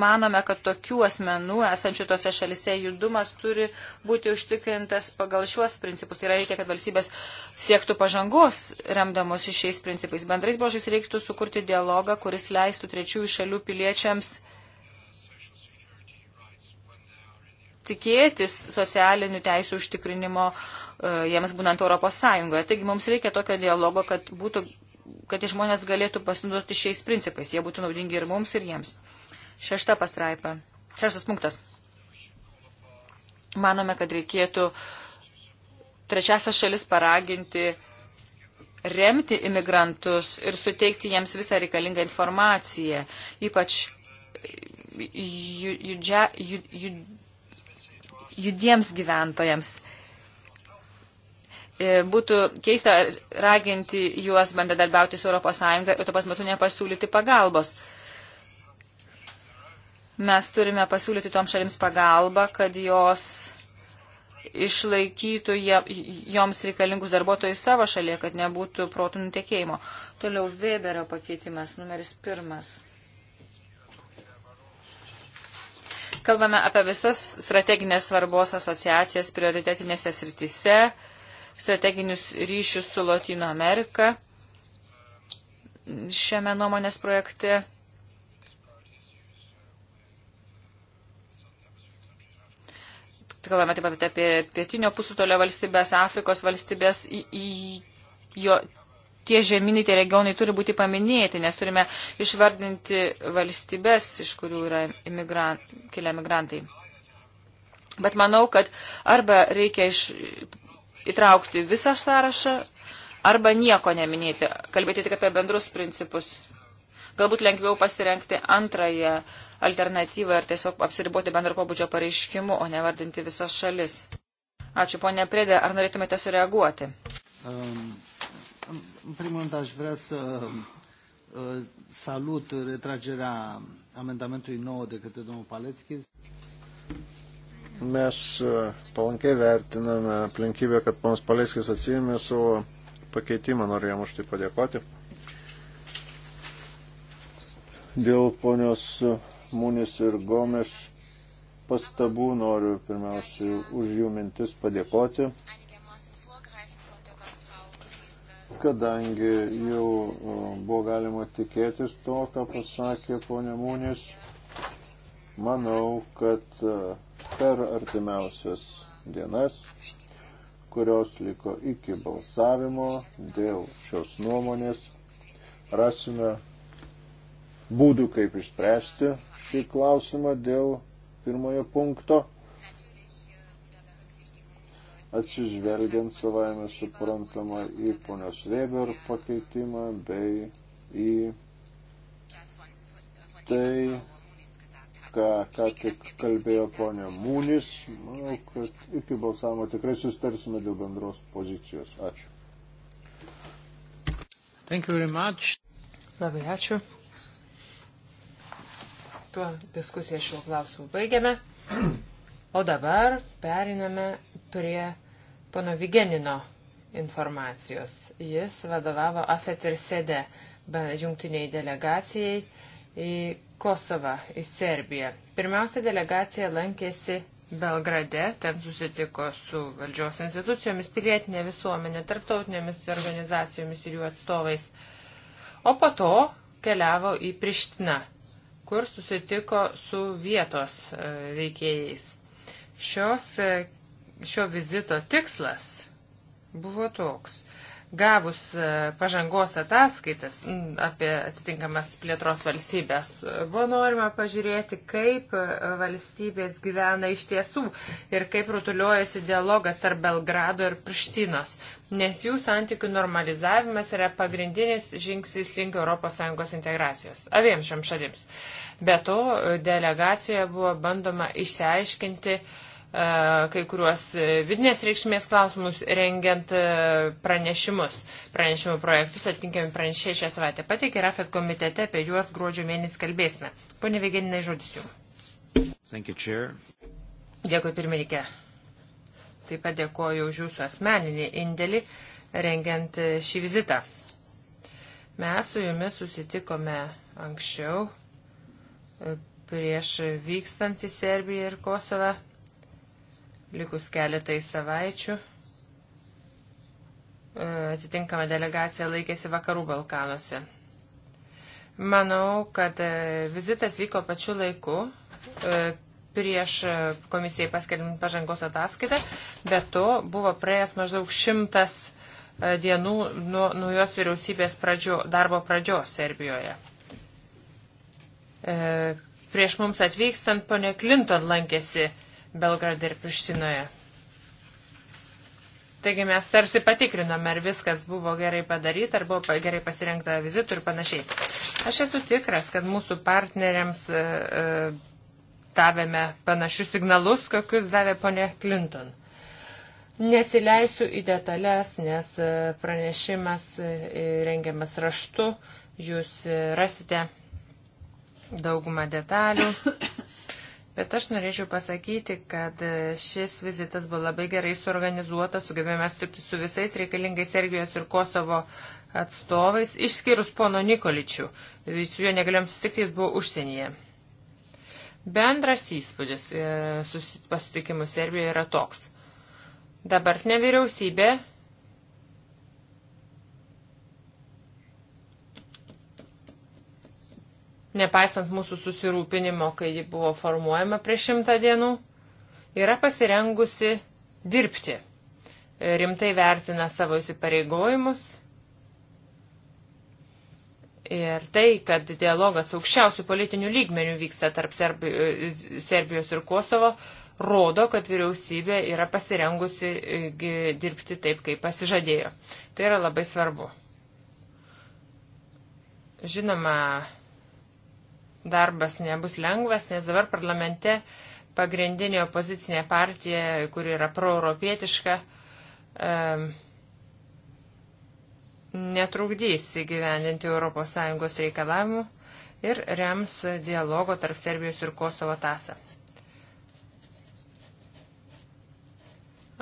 Manome, kad tokių asmenų esančių tose šalise judumas turi būti užtikrintas pagal šiuos principus. Tai reikia, kad valstybės siektų pažangos remdamos šiais principais. Bendrais brožais reiktų sukurti dialogą, kuris leistų trečiųjų šalių piliečiams tikėtis socialinių teisų užtikrinimo e, jiems būnant Europos Sąjungoje. Taigi mums reikia tokio dialogo, kad būtų kad žmonės galėtų pasinaudoti šiais principais. Jie būtų naudingi ir mums, ir jiems. Šešta pastraipa. Šeštas punktas. Manome, kad reikėtų trečiasias šalis paraginti remti imigrantus ir suteikti jiems visą reikalingą informaciją, ypač judžia, jud, jud, judiems gyventojams. E, būtų keista raginti juos bendradarbiauti su ES ir tuo pat metu nepasiūlyti pagalbos. Mes turime pasiūlyti tom šalims pagalbą, kad jos išlaikytų joms reikalingus darbuotojus savo šalyje, kad nebūtų protų nutekėjimo. Toliau Weberio pakeitimas, numeris pirmas. Kalbame apie visas strateginės svarbos asociacijas prioritetinėse sritise, strateginius ryšius su Latino Amerika šiame nuomonės projekte. kalbame taip pat apie pietinio pusutolio valstybės, Afrikos valstybės, į, į jo, tie žemynai, tie regionai turi būti paminėti, nes turime išvardinti valstybės, iš kurių yra imigran, kilę migrantai. Bet manau, kad arba reikia iš, įtraukti visą sąrašą, arba nieko neminėti, kalbėti tik apie bendrus principus. Galbūt lengviau pasirenkti antrąją uh, alternatyvą ir tiesiog apsiriboti bendro pobūdžio pareiškimu, o ne vardinti visas šalis. Ačiū, ponė Prėdė, ar norėtumėte sureaguoti? Um, în primul rând aș vrea să uh, salut retragerea amendamentului 9 de către domnul Paleckis. Mes uh, palankiai vertiname aplinkybę, kad ponas Paleckis atsijėmė savo pakeitimą, noriu jam už tai padėkoti. Dėl ponios uh, Mūnis ir Gomes pastabų noriu pirmiausiai už jų mintis padėkoti, kadangi jau buvo galima tikėtis to, ką pasakė ponė Mūnis. Manau, kad e, per artimiausias dienas kurios liko iki balsavimo dėl šios nuomonės, rasime būdų, kaip išspręsti šį klausimą dėl pirmojo punkto, atsižvelgiant savaime suprantamą į ponios Weber pakeitimą bei į tai, ką, ką tik kalbėjo ponė Mūnis. Manau, kad iki balsavimo tikrai sustarsime dėl bendros pozicijos. Ačiū. Labai ačiū. Tuo diskusiją šiuo klausimu baigiame. O dabar periname prie pono Vigenino informacijos. Jis vadovavo AFET ir SEDE jungtiniai delegacijai į Kosovą, į Serbiją. Pirmiausia delegacija lankėsi Belgrade, ten susitiko su valdžios institucijomis, pilietinė visuomenė, tarptautinėmis organizacijomis ir jų atstovais. O po to keliavo į Prištiną kur susitiko su vietos e, veikėjais. Šios, e, šio vizito tikslas buvo toks. Gavus e, pažangos ataskaitas apie atitinkamas plėtros valstybės, buvo norima pažiūrėti, kaip valstybės gyvena iš tiesų ir kaip rutuliuojasi dialogas tarp Belgrado ir Prištinos, nes jų santykių normalizavimas yra pagrindinis žingsnis link ES integracijos abiems šiam šalims. Be to, delegacijoje buvo bandoma išsiaiškinti e, kai kuriuos e, vidinės reikšmės klausimus rengiant e, pranešimus. Pranešimų projektus atinkami pranešėjai šią savaitę pateikė ir AFET komitete apie juos gruodžio mėnesį kalbėsime. Pone Vigeninai, žodis jums. Dėkui pirmininkė. Taip pat dėkoju už jūsų asmeninį indėlį rengiant šį vizitą. Mes su jumis susitikome anksčiau prieš vykstant į Serbiją ir Kosovą, likus keletai savaičių. E, atitinkama delegacija laikėsi Vakarų Balkanuose. Manau, kad e, vizitas vyko pačiu laiku e, prieš komisijai paskelbint pažangos ataskaitą, bet to buvo praėjęs maždaug šimtas dienų nuo naujos vyriausybės pradžio, darbo pradžios Serbijoje. E, prieš mums atvykstant ponė Clinton lankėsi Belgrade ir Prištinoje. Taigi mes tarsi patikrinome, ar viskas buvo gerai padaryta, ar buvo gerai pasirinkta vizitų ir panašiai. Aš esu tikras, kad mūsų partneriams e, e, davėme panašius signalus, kokius davė ponė Clinton. Nesileisiu į detalės, nes pranešimas rengiamas raštu, jūs rasite daugumą detalių. Bet aš norėčiau pasakyti, kad šis vizitas buvo labai gerai suorganizuotas, sugebėjome sutikti su visais reikalingais Sergijos ir Kosovo atstovais, išskyrus pono Nikoličių. Su juo negalėjom susitikti, jis buvo užsienyje. Bendras įspūdis e, pasitikimų Serbijoje yra toks. Dabartinė vyriausybė nepaisant mūsų susirūpinimo, kai ji buvo formuojama prieš šimtą dienų, yra pasirengusi dirbti, rimtai vertina savo įsipareigojimus. Ir tai, kad dialogas aukščiausių politinių lygmenių vyksta tarp Serbijos ir Kosovo, rodo, kad vyriausybė yra pasirengusi e, dirbti taip, kaip pasižadėjo. Tai yra labai svarbu. Žinoma, Darbas nebus lengvas, nes dabar parlamente pagrindinė opozicinė partija, kuri yra proeuropietiška, netrukdys įgyvendinti ES reikalavimų ir rems dialogo tarp Serbijos ir Kosovo tasą.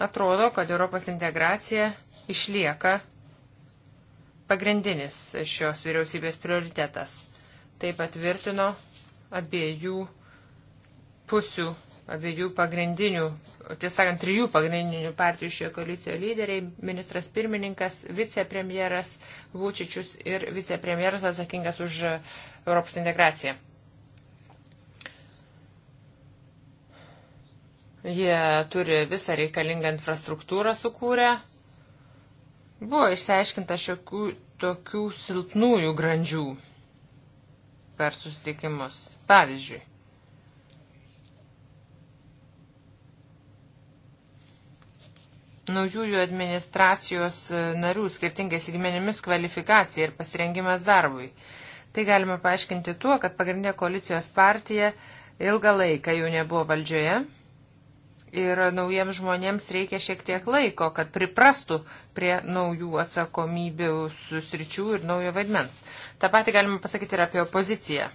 Atrodo, kad Europos integracija išlieka pagrindinis šios vyriausybės prioritetas tai patvirtino abiejų pusių, abiejų pagrindinių, tiesą sakant, trijų pagrindinių partijų šioje koalicijoje lyderiai - ministras pirmininkas, vicepremjeras Vučičius ir vicepremjeras atsakingas už Europos integraciją. Jie turi visą reikalingą infrastruktūrą sukūrę. Buvo išsiaiškinta šiokių tokių silpnųjų grandžių per susitikimus. Pavyzdžiui, naujųjų administracijos e, narių skirtingais lygmenimis kvalifikacija ir pasirengimas darbui. Tai galima paaiškinti tuo, kad pagrindinė koalicijos partija ilgą laiką jau nebuvo valdžioje ir naujiems žmonėms reikia šiek tiek laiko, kad priprastų prie naujų atsakomybių susričių ir naujo vaidmens. Ta pati galima pasakyti ir apie opoziciją.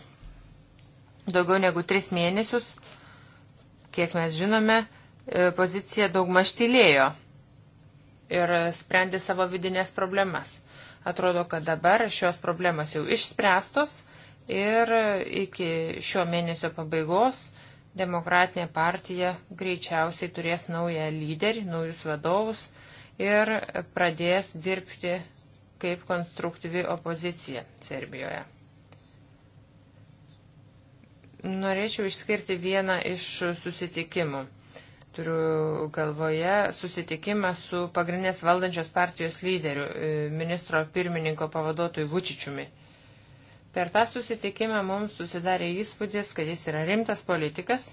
Daugiau negu tris mėnesius, kiek mes žinome, e, pozicija daug maštylėjo ir sprendė savo vidinės problemas. Atrodo, kad dabar šios problemas jau išspręstos ir iki šio mėnesio pabaigos uh, demokratinė partija greičiausiai turės naują lyderį, naujus vadovus ir pradės dirbti kaip konstruktyvi opozicija Serbijoje. Norėčiau išskirti vieną iš susitikimų. Turiu galvoje susitikimą su pagrindinės valdančios partijos lyderiu, e, ministro pirmininko pavaduotoju Vučičiumi. Per tą susitikimą mums susidarė įspūdis, kad jis yra rimtas politikas,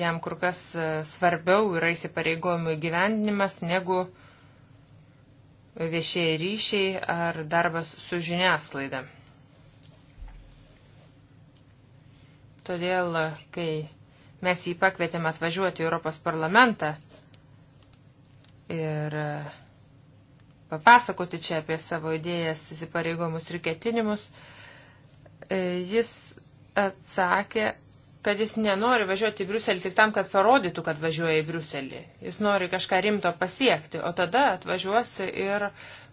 jam kur kas e, svarbiau yra įsipareigojimų įgyvendinimas negu viešieji ryšiai ar darbas su žiniasklaida. Todėl, kai mes jį pakvietėm atvažiuoti į Europos parlamentą ir uh, papasakoti čia apie savo idėjas, įsipareigomus ir ketinimus. E, jis atsakė, kad jis nenori važiuoti į Bruselį tik tam, kad parodytų, kad važiuoja į Bruselį. Jis nori kažką rimto pasiekti, o tada atvažiuos ir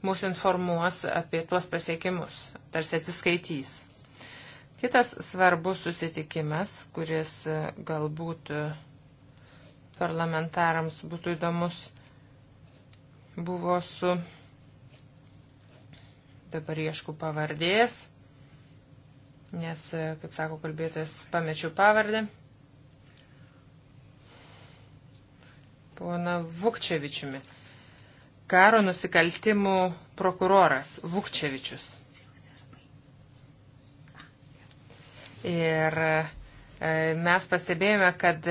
mūsų informuos apie tuos pasiekimus, tarsi atsiskaitys. Kitas svarbus susitikimas, kuris e, galbūt e, parlamentarams būtų įdomus, buvo su Dabar iešku pavardės, nes, kaip sako kalbėtojas, pamečiau pavardę. Pona Vukčevičiumi. Karo nusikaltimų prokuroras Vukčevičius. Ir uh, E, mes pastebėjome, kad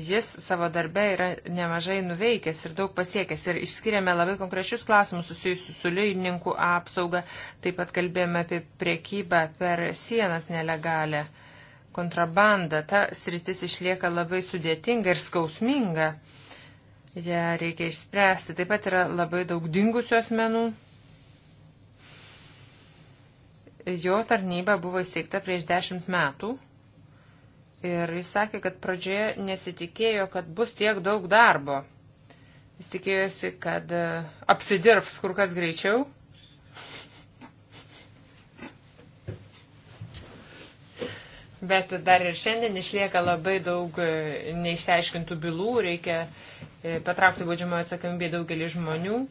jis savo darbe yra nemažai nuveikęs ir daug pasiekęs. Ir išskiriame labai konkrečius klausimus susijusius su liujininkų apsauga. Taip pat kalbėjome apie priekybą per sienas nelegalę, kontrabandą. Ta sritis išlieka labai sudėtinga ir skausminga. Ja reikia išspręsti. Taip pat yra labai daug dingusių asmenų. Jo tarnyba buvo įsteigta prieš dešimt metų Ir jis sakė, kad pradžioje nesitikėjo, kad bus tiek daug darbo. Jis tikėjosi, kad e, apsidirbs kur kas greičiau. Bet dar ir šiandien išlieka labai daug e, neišsiaiškintų bylų, reikia e, patraukti baudžiamojo atsakomybė daugelį žmonių,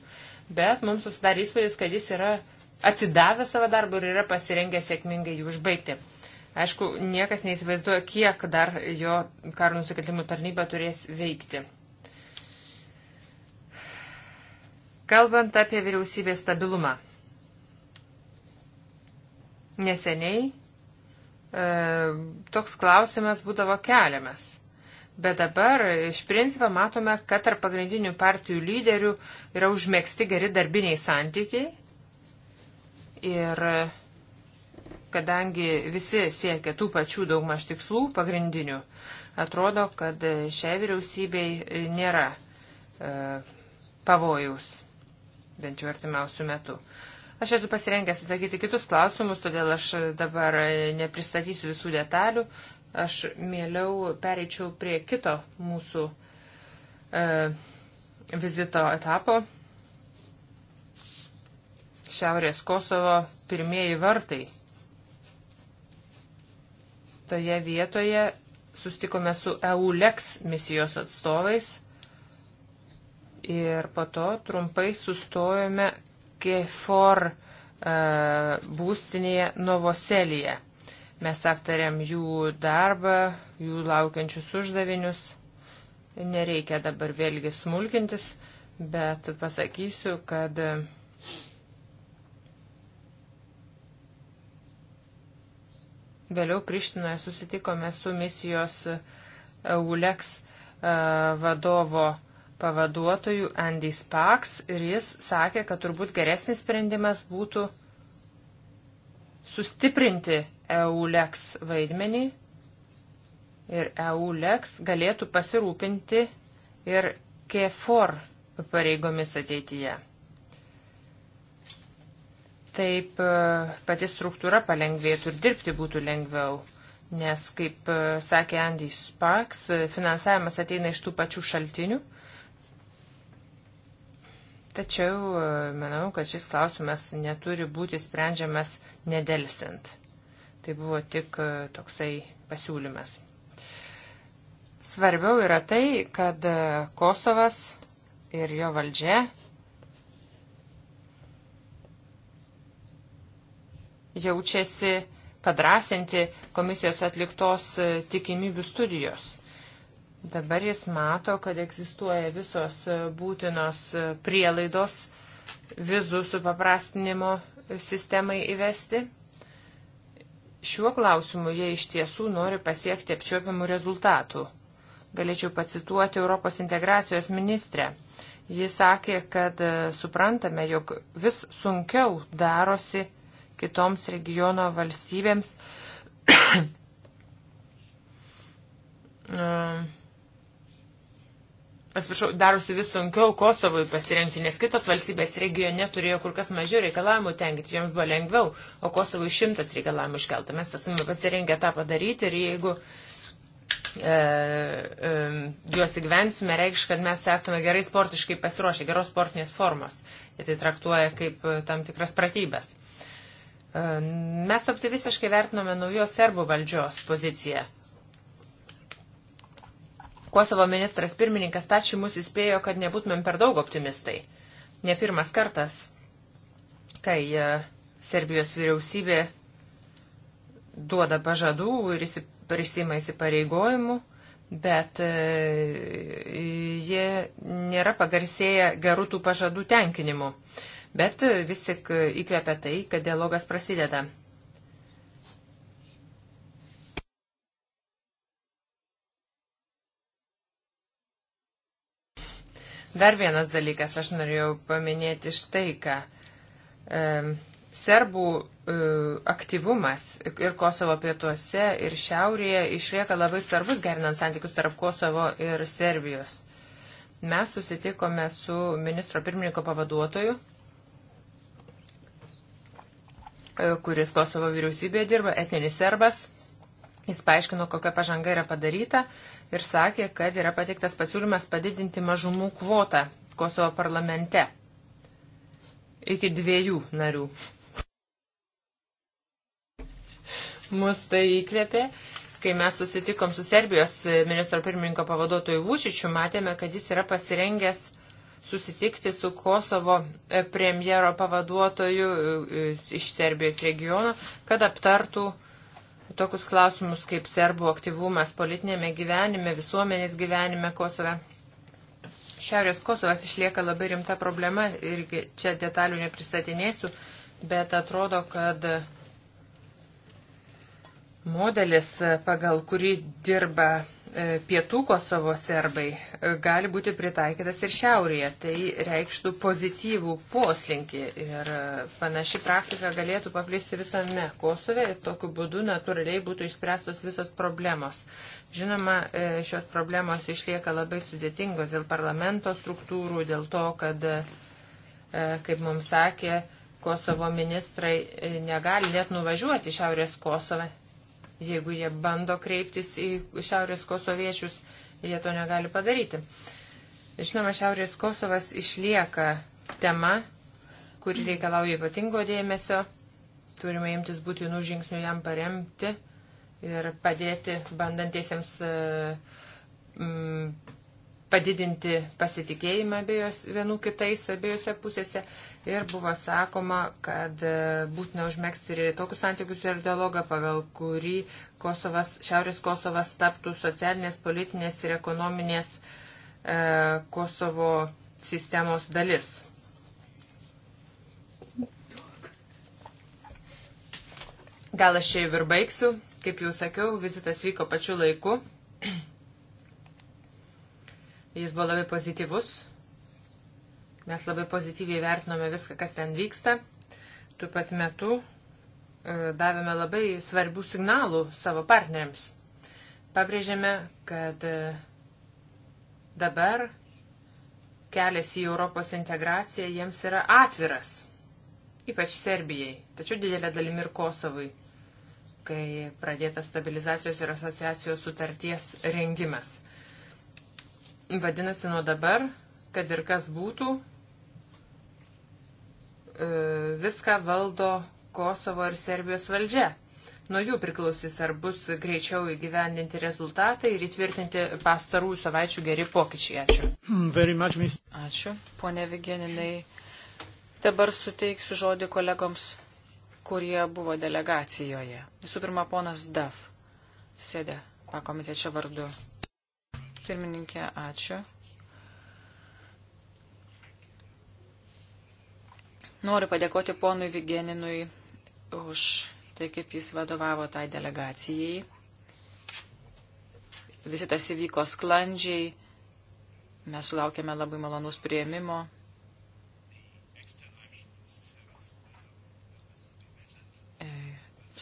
bet mums susidarė įspūdis, kad jis yra atsidavęs savo darbą ir yra pasirengęs sėkmingai jį užbaigti. Aišku, niekas neįsivaizduoja, kiek dar jo karo nusikaltimų tarnyba turės veikti. Kalbant apie vyriausybės stabilumą. Neseniai e, toks klausimas būdavo keliamas. Bet dabar iš principo matome, kad tarp pagrindinių partijų lyderių yra užmėgsti geri darbiniai santykiai. Ir kadangi visi siekia tų pačių daugmaž tikslų pagrindinių, atrodo, kad šiai vyriausybei nėra e, pavojaus, bent jau artimiausių metų. Aš esu pasirengęs atsakyti kitus klausimus, todėl aš dabar nepristatysiu visų detalių. Aš mieliau pereičiau prie kito mūsų e, vizito etapo. Šiaurės Kosovo pirmieji vartai toje vietoje sustikome su EULEX misijos atstovais ir po to trumpai sustojome KFOR e, būstinėje Novoselėje. Mes aptarėm jų darbą, jų laukiančius uždavinius. Nereikia dabar vėlgi smulkintis, bet pasakysiu, kad Vėliau Prištinoje susitikome su misijos e, ULEX e, vadovo pavaduotoju Andy Spaks ir jis sakė, kad turbūt geresnis sprendimas būtų sustiprinti EULEX vaidmenį ir EULEX galėtų pasirūpinti ir KFOR pareigomis ateityje. Taip e, pati struktūra palengvėtų ir dirbti būtų lengviau, nes, kaip e, sakė Andy Spaks, e, finansavimas ateina iš tų pačių šaltinių. Tačiau manau, kad šis klausimas neturi būti sprendžiamas nedelsint. Tai buvo tik toksai pasiūlymas. Svarbiau yra tai, kad Kosovas ir jo valdžia jaučiasi padrasinti komisijos atliktos e, tikimybių studijos. Dabar jis mato, kad egzistuoja visos e, būtinos e, prielaidos vizų supaprastinimo sistemai įvesti. Šiuo klausimu jie iš tiesų nori pasiekti apčiopiamų rezultatų. Galėčiau pacituoti Europos integracijos ministrę. Ji sakė, kad suprantame, jog vis sunkiau darosi kitoms regiono valstybėms [coughs] Atsiprašau, darosi vis sunkiau Kosovui pasirengti, nes kitos valstybės regione turėjo kur kas mažiau reikalavimų tenkinti, jiems buvo lengviau, o Kosovui šimtas reikalavimų iškelta. Mes esame pasirengę tą padaryti ir jeigu e, e, juos įgyvensime, reikš, kad mes esame gerai sportiškai pasiruošę, geros sportinės formos. Jie tai traktuoja kaip tam tikras pratybas. Mes optimistiškai vertinome naujos serbų valdžios poziciją. Kosovo ministras pirmininkas Tači mus įspėjo, kad nebūtumėm per daug optimistai. Ne pirmas kartas, kai e, Serbijos vyriausybė duoda pažadų ir prisima įsipareigojimų, bet e, jie nėra pagarsėję gerų tų pažadų tenkinimu. Bet e, vis tik e, įkvepia tai, kad dialogas prasideda. Dar vienas dalykas, aš norėjau paminėti štai ką. E, serbų e, aktyvumas ir Kosovo pietuose, ir šiaurėje išlieka labai svarbus gerinant santykius tarp Kosovo ir Serbijos. Mes susitikome su ministro pirmininko pavaduotoju E, kuris Kosovo vyriausybėje dirba, etninis serbas. Jis paaiškino, kokia pažanga yra padaryta ir sakė, kad yra pateiktas pasiūlymas padidinti mažumų kvotą Kosovo parlamente iki dviejų narių. Mus tai įkvėpė, kai mes susitikom su Serbijos ministro pirmininko pavaduotoju Vučičiu, matėme, kad jis yra pasirengęs uh, susitikti su Kosovo e, premjero pavaduotoju e, e, iš Serbijos regiono, kad aptartų tokius klausimus kaip serbų aktyvumas politinėme gyvenime, visuomenės gyvenime Kosove. Šiaurės Kosovas išlieka labai rimta problema ir čia detalių nepristatinėsiu, bet atrodo, kad modelis, pagal kurį dirba E, pietų Kosovo serbai e, gali būti pritaikytas ir šiaurėje. Tai reikštų pozityvų poslinkį ir e, panaši praktika galėtų paplisti visame Kosove ir tokiu būdu natūraliai būtų išspręstos visos problemos. Žinoma, šios problemos išlieka labai sudėtingos dėl parlamento struktūrų, dėl to, kad, kaip mums sakė, Kosovo ministrai negali net nuvažiuoti šiaurės Kosove Jeigu jie bando kreiptis į šiaurės kosoviečius, jie to negali padaryti. Žinoma, šiaurės Kosovas išlieka tema, kuri reikalauja ypatingo dėmesio. Turime imtis būtinų žingsnių jam paremti ir padėti bandantiesiems mm, padidinti pasitikėjimą abiejos, vienų kitais abiejose pusėse ir buvo sakoma, kad e, būtina užmėgsti ir tokius santykius ir dialogą, pagal kurį Kosovas, Šiaurės Kosovas taptų socialinės, politinės ir ekonominės e, Kosovo sistemos dalis. Gal aš čia ir baigsiu, kaip jau sakiau, vizitas vyko pačiu laiku. [clears throat] Jis buvo labai pozityvus, Mes labai pozityviai vertinome viską, kas ten vyksta. Tuo pat metu e, davėme labai svarbių signalų savo partneriams. Pabrėžėme, kad e, dabar kelias į Europos integraciją jiems yra atviras, ypač Serbijai, tačiau didelė dalimi ir Kosovui, kai pradėta stabilizacijos ir asociacijos sutarties rengimas. Vadinasi, nuo dabar, kad ir kas būtų, E, viską valdo Kosovo ir Serbijos valdžia. Nuo jų priklausys, ar bus greičiau įgyvendinti rezultatai ir įtvirtinti pastarųjų savaičių geri pokyčiai. Ačiū. Hmm, much, Ačiū. Pone Vigeninai, dabar suteiksiu žodį kolegoms, kurie buvo delegacijoje. Visų pirma, ponas Daf sėdė pakomitečio vardu. Pirmininkė, ačiū. Noriu padėkoti ponui Vigeninui už tai, kaip jis vadovavo tai delegacijai. Vizitas įvyko sklandžiai, mes sulaukėme labai malonus prieimimo. E,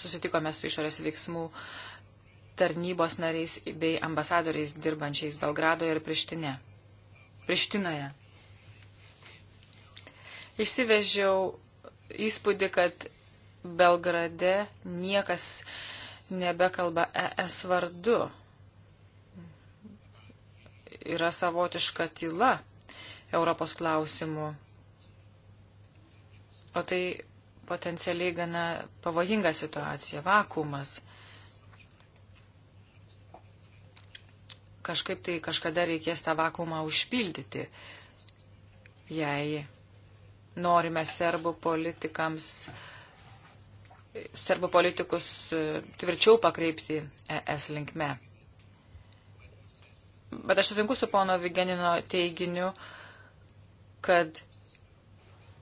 susitikome su išorės veiksmų tarnybos nariais bei ambasadoriais dirbančiais Belgradoje ir Prištine. Prištinoje. Išsivežiau įspūdį, kad Belgrade niekas nebekalba ES vardu. Yra savotiška tyla Europos klausimų. O tai potencialiai gana pavojinga situacija, vakumas. Kažkaip tai kažkada reikės tą vakumą užpildyti, jei norime serbų politikams, serbų politikus e, tvirčiau pakreipti ES linkme. Bet aš sutinku su pono Vigenino teiginiu, kad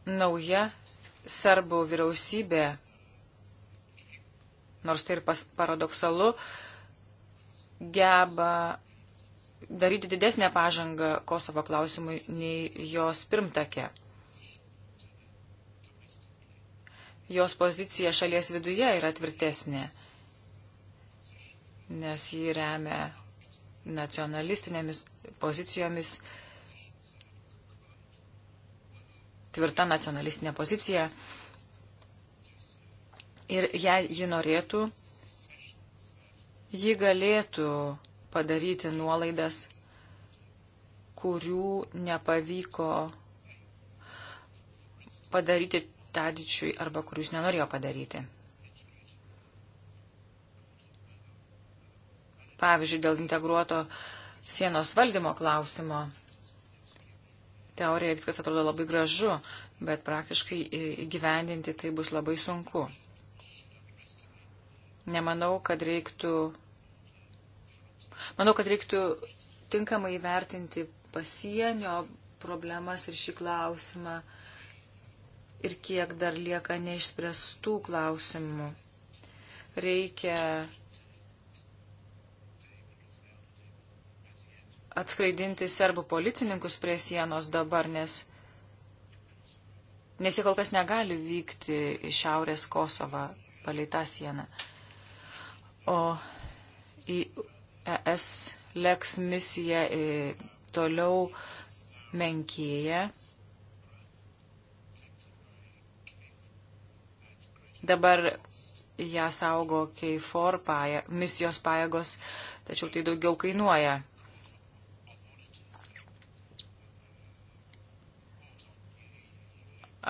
nauja serbų vyriausybė, nors tai ir pas, paradoksalu, geba daryti didesnę pažangą Kosovo klausimui nei jos pirmtakė. jos pozicija šalies viduje yra tvirtesnė, nes jį remia nacionalistinėmis pozicijomis, tvirta nacionalistinė pozicija. Ir jei ji norėtų, ji galėtų padaryti nuolaidas, kurių nepavyko padaryti Tadičiui arba kur jūs nenorėjo padaryti. Pavyzdžiui, dėl integruoto sienos valdymo klausimo. Teorija viskas atrodo labai gražu, bet praktiškai įgyvendinti tai bus labai sunku. Nemanau, kad reiktų. Manau, kad reiktų tinkamai įvertinti pasienio problemas ir šį klausimą. Uh, ir kiek dar lieka neišspręstų klausimų. Reikia atskraidinti serbų policininkus prie sienos dabar, nes, nes jie kol kas negali vykti į šiaurės Kosovą palei tą sieną. O į ES leks misija e, toliau menkėja Dabar ją saugo KFOR paja, misijos pajėgos, tačiau tai daugiau kainuoja.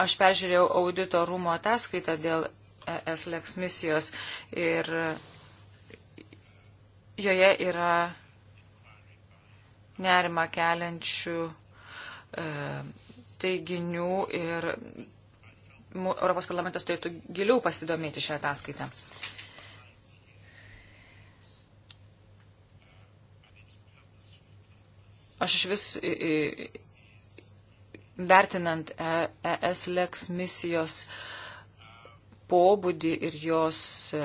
Aš peržiūrėjau audito rūmo ataskaitą dėl ESLEX misijos ir joje yra nerima keliančių e, teiginių ir Europos parlamentas turėtų giliau pasidomėti šią ataskaitą. Aš iš vis vertinant ES e leks misijos pobūdį ir jos e,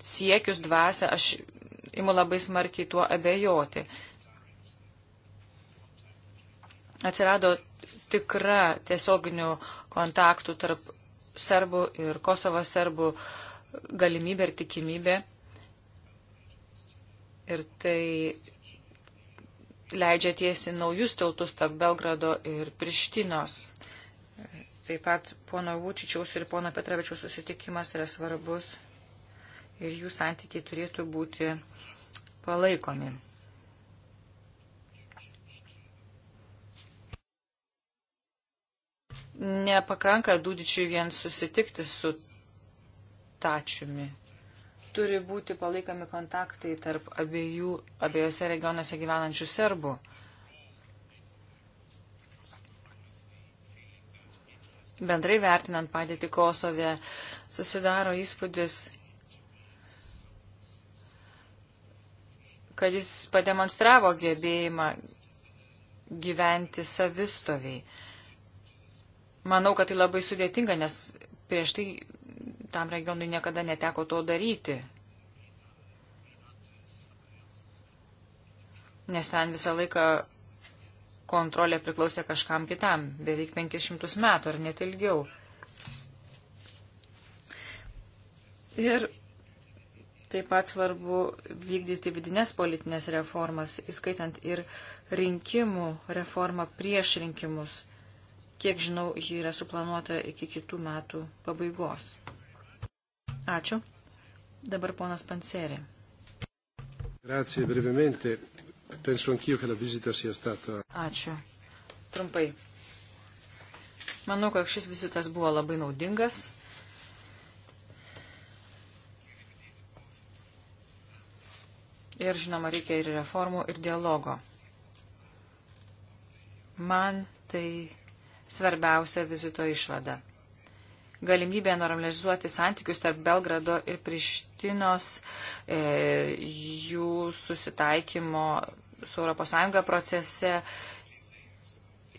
siekius dvasę, aš imu labai smarkiai tuo abejoti. Atsirado tikra tiesioginių kontaktų tarp serbų ir Kosovo serbų galimybė ir tikimybė. Ir tai leidžia tiesi naujus tiltus tarp Belgrado ir Prištinos. Taip pat pono Vučičiaus ir pono Petravičiaus susitikimas yra svarbus ir jų santykiai turėtų būti palaikomi. Nepakanka Dudičiui vien susitikti su Tačiumi. Turi būti palaikami kontaktai tarp abiejų, abiejose regionuose gyvenančių serbų. Bendrai vertinant padėtį Kosove, susidaro įspūdis, kad jis pademonstravo gebėjimą gyventi savistoviai. Manau, kad tai labai sudėtinga, nes prieš tai tam regionui niekada neteko to daryti. Nes ten visą laiką kontrolė priklausė kažkam kitam, beveik 500 metų ar net ilgiau. Ir taip pat svarbu vykdyti vidinės politinės reformas, įskaitant ir rinkimų reformą prieš rinkimus. Kiek žinau, ji yra suplanuota iki kitų metų pabaigos. Ačiū. Dabar ponas Panseri. Grazie, brevemente. Penso anch'io che la visita sia stata. Ačiū. Trumpai. Manau, kad šis vizitas buvo labai naudingas. Ir žinoma, reikia ir reformų, ir dialogo. Man tai svarbiausia vizito išvada. Galimybė normalizuoti santykius tarp Belgrado ir Prištinos, e, jų susitaikymo su ES procese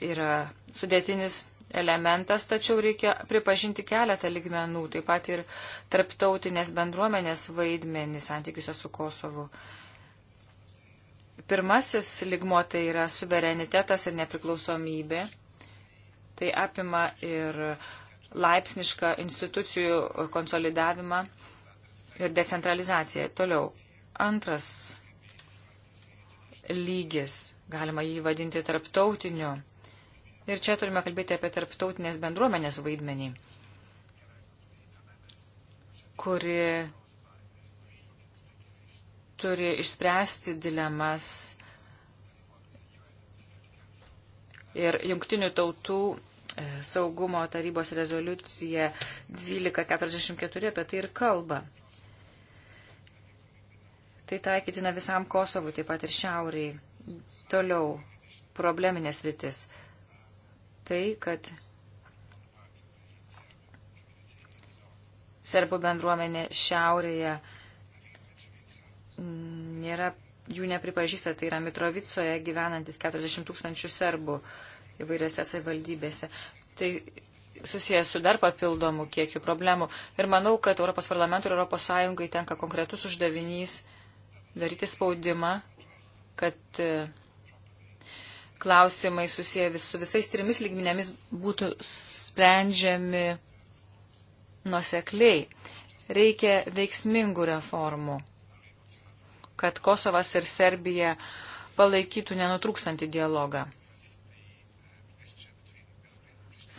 yra sudėtinis elementas, tačiau reikia pripažinti keletą ligmenų, taip pat ir tarptautinės bendruomenės vaidmenį santykiuose su Kosovu. Pirmasis ligmo tai yra suverenitetas ir nepriklausomybė. Tai apima ir laipsnišką institucijų konsolidavimą ir decentralizaciją. Toliau, antras lygis, galima jį vadinti tarptautiniu. Ir čia turime kalbėti apie tarptautinės bendruomenės vaidmenį, kuri turi išspręsti dilemas ir jungtinių tautų E, saugumo tarybos rezoliucija 1244 apie tai ir kalba. Tai taikytina visam Kosovui, taip pat ir šiauriai. Toliau probleminės rytis. Tai, kad serbų bendruomenė šiaurėje nėra, jų nepripažįsta, tai yra Mitrovicoje gyvenantis 40 tūkstančių serbų. Uh, įvairiose savivaldybėse. Tai susijęs su dar papildomu kiekiu problemų. Ir manau, kad Europos parlamentui ir Europos Sąjungai tenka konkretus uždavinys daryti spaudimą, kad e, klausimai susiję vis, su visais trimis lygminėmis būtų sprendžiami nusekliai. Reikia veiksmingų reformų, kad Kosovas ir Serbija palaikytų nenutrūkstantį dialogą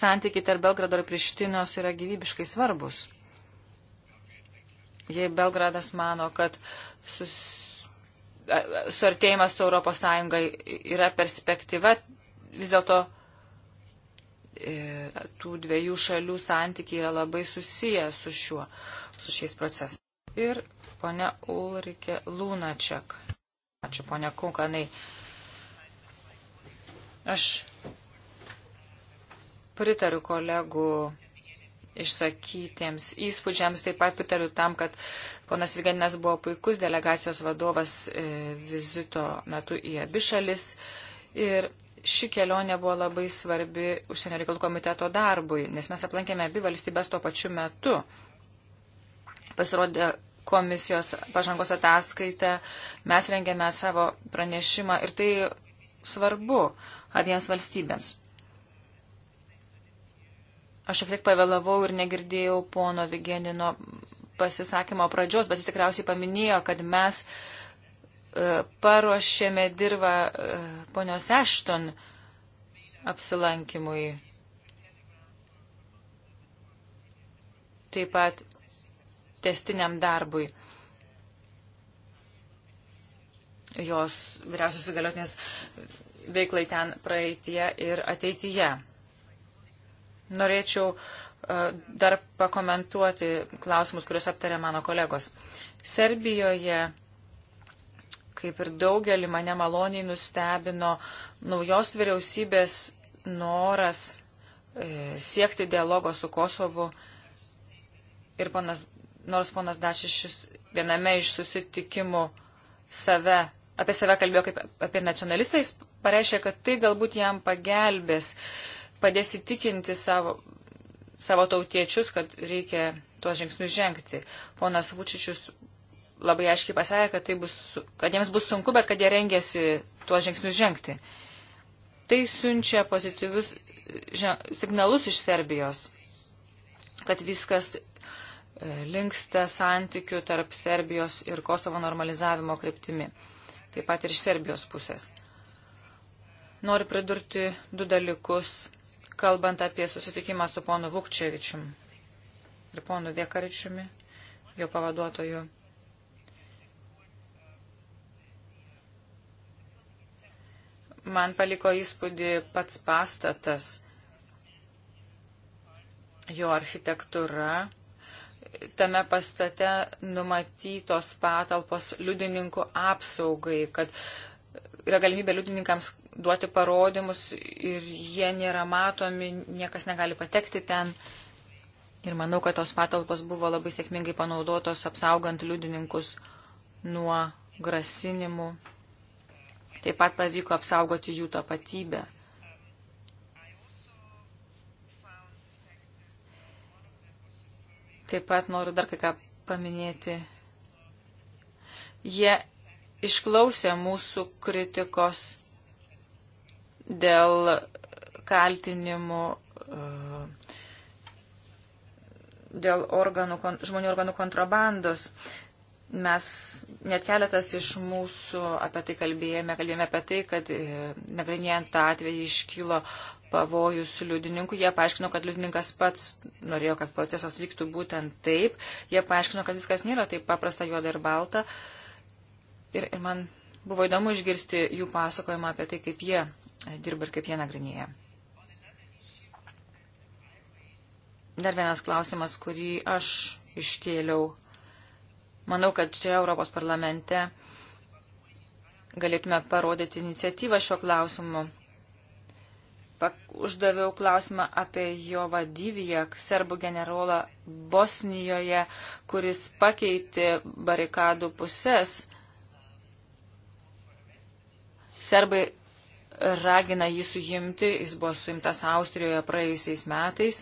santykiai tarp Belgrado ir Prištinos yra gyvybiškai svarbus. Jei Belgradas mano, kad sus... suartėjimas su Europos Sąjunga yra perspektyva, vis dėlto e, tų dviejų šalių santykiai yra labai susiję su, šiuo, su šiais procesais. Ir ponia Ulrike Lunačiak. Ačiū ponia Kukanai. Aš Pritariu kolegų išsakytiems įspūdžiams, taip pat pritariu tam, kad ponas Vigeninas buvo puikus delegacijos vadovas e, vizito metu į abi šalis. Ir ši kelionė buvo labai svarbi užsienio reikalų komiteto darbui, nes mes aplankėme abi valstybės tuo pačiu metu. Pasirodė komisijos pažangos ataskaita, mes rengėme savo pranešimą ir tai svarbu abiems valstybėms. Aš šiek tiek pavėlavau ir negirdėjau pono Vigenino pasisakymo pradžios, bet jis tikriausiai paminėjo, kad mes e, paruošėme dirbą e, ponios Ešton apsilankimui. Taip pat testiniam darbui. Jos vyriausios įgaliotinės veiklai ten praeitie ir ateityje. Norėčiau e, dar pakomentuoti klausimus, kuriuos aptarė mano kolegos. Serbijoje, kaip ir daugelį, mane maloniai nustebino naujos vyriausybės noras e, siekti dialogo su Kosovu. Ir ponas, nors ponas Dašišis viename iš susitikimų save, apie save kalbėjo kaip apie nacionalistą, jis pareiškė, kad tai galbūt jam pagelbės. E, padės įtikinti savo, savo tautiečius, kad reikia tuos žingsnius žengti. Ponas Vučičius labai aiškiai pasakė, kad, tai bus, kad jiems bus sunku, bet kad jie rengėsi tuos žingsnius žengti. Tai siunčia pozityvius e, signalus iš Serbijos, kad viskas e, linksta santykių tarp Serbijos ir Kosovo normalizavimo kryptimi, taip pat ir iš Serbijos pusės. Noriu pridurti du dalykus kalbant apie susitikimą su ponu Vukčevičium ir ponu Viekaričiumi, jo pavaduotoju. Man paliko įspūdį pats pastatas, jo architektūra. Tame pastate numatytos patalpos liudininkų apsaugai, kad yra galimybė liudininkams duoti parodymus ir jie nėra matomi, niekas negali patekti ten. Ir manau, kad tos patalpos buvo labai sėkmingai panaudotos apsaugant liudininkus nuo grasinimų. Taip pat pavyko apsaugoti jų tapatybę. Taip pat noriu dar kai ką paminėti. Jie išklausė mūsų kritikos dėl kaltinimų e, dėl organų, žmonių organų kontrabandos. Mes net keletas iš mūsų apie tai kalbėjome, kalbėjome apie tai, kad e, nagrinėjant tą atvejį iškylo pavojus liudininkų. Jie paaiškino, kad liudininkas pats norėjo, kad procesas vyktų būtent taip. Jie paaiškino, kad viskas nėra taip paprasta juoda ir balta. Ir, ir man buvo įdomu išgirsti jų pasakojimą apie tai, kaip jie dirba ir kaip jie nagrinėja. Dar vienas klausimas, kurį aš iškėliau. Manau, kad čia Europos parlamente galėtume parodyti iniciatyvą šio klausimu. Pak, uždaviau klausimą apie jo vadyviją, serbų generolą Bosnijoje, kuris pakeitė barikadų pusės. Serbai ragina jį suimti, jis buvo suimtas Austrijoje praėjusiais metais,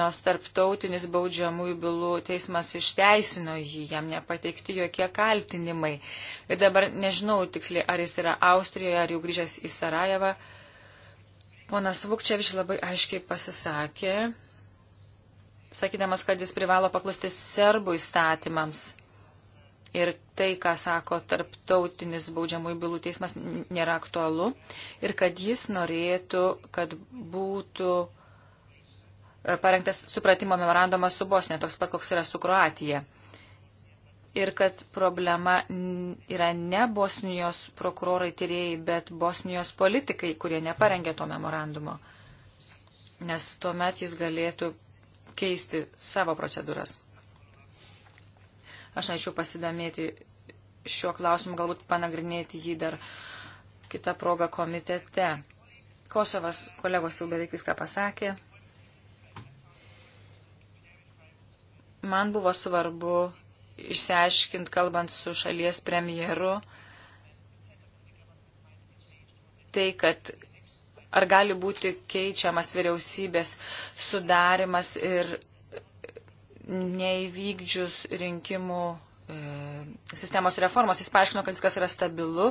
nors tarptautinis baudžiamųjų bylų teismas išteisino jį, jam nepateikti jokie kaltinimai. Ir dabar nežinau tiksliai, ar jis yra Austrijoje, ar jau grįžęs į Sarajevą. Ponas Vukčevič labai aiškiai pasisakė, sakydamas, kad jis privalo paklusti serbų įstatymams ir tai, ką sako tarptautinis baudžiamųjų bylų teismas, nėra aktualu ir kad jis norėtų, kad būtų e, parengtas supratimo memorandumas su Bosnija, toks pat, koks yra su Kroatija. Ir kad problema yra ne Bosnijos prokurorai tyrėjai, bet Bosnijos politikai, kurie neparengė to memorandumo. Nes tuomet jis galėtų keisti savo procedūras. Aš norėčiau pasidomėti šiuo klausimu, galbūt panagrinėti jį dar kitą progą komitete. Kosovas kolegos jau beveik viską pasakė. Man buvo svarbu išsiaiškinti, kalbant su šalies premjeru, tai, kad ar gali būti keičiamas vyriausybės sudarimas ir neįvykdžius rinkimų e, sistemos reformos. Jis paaiškino, kad viskas yra stabilu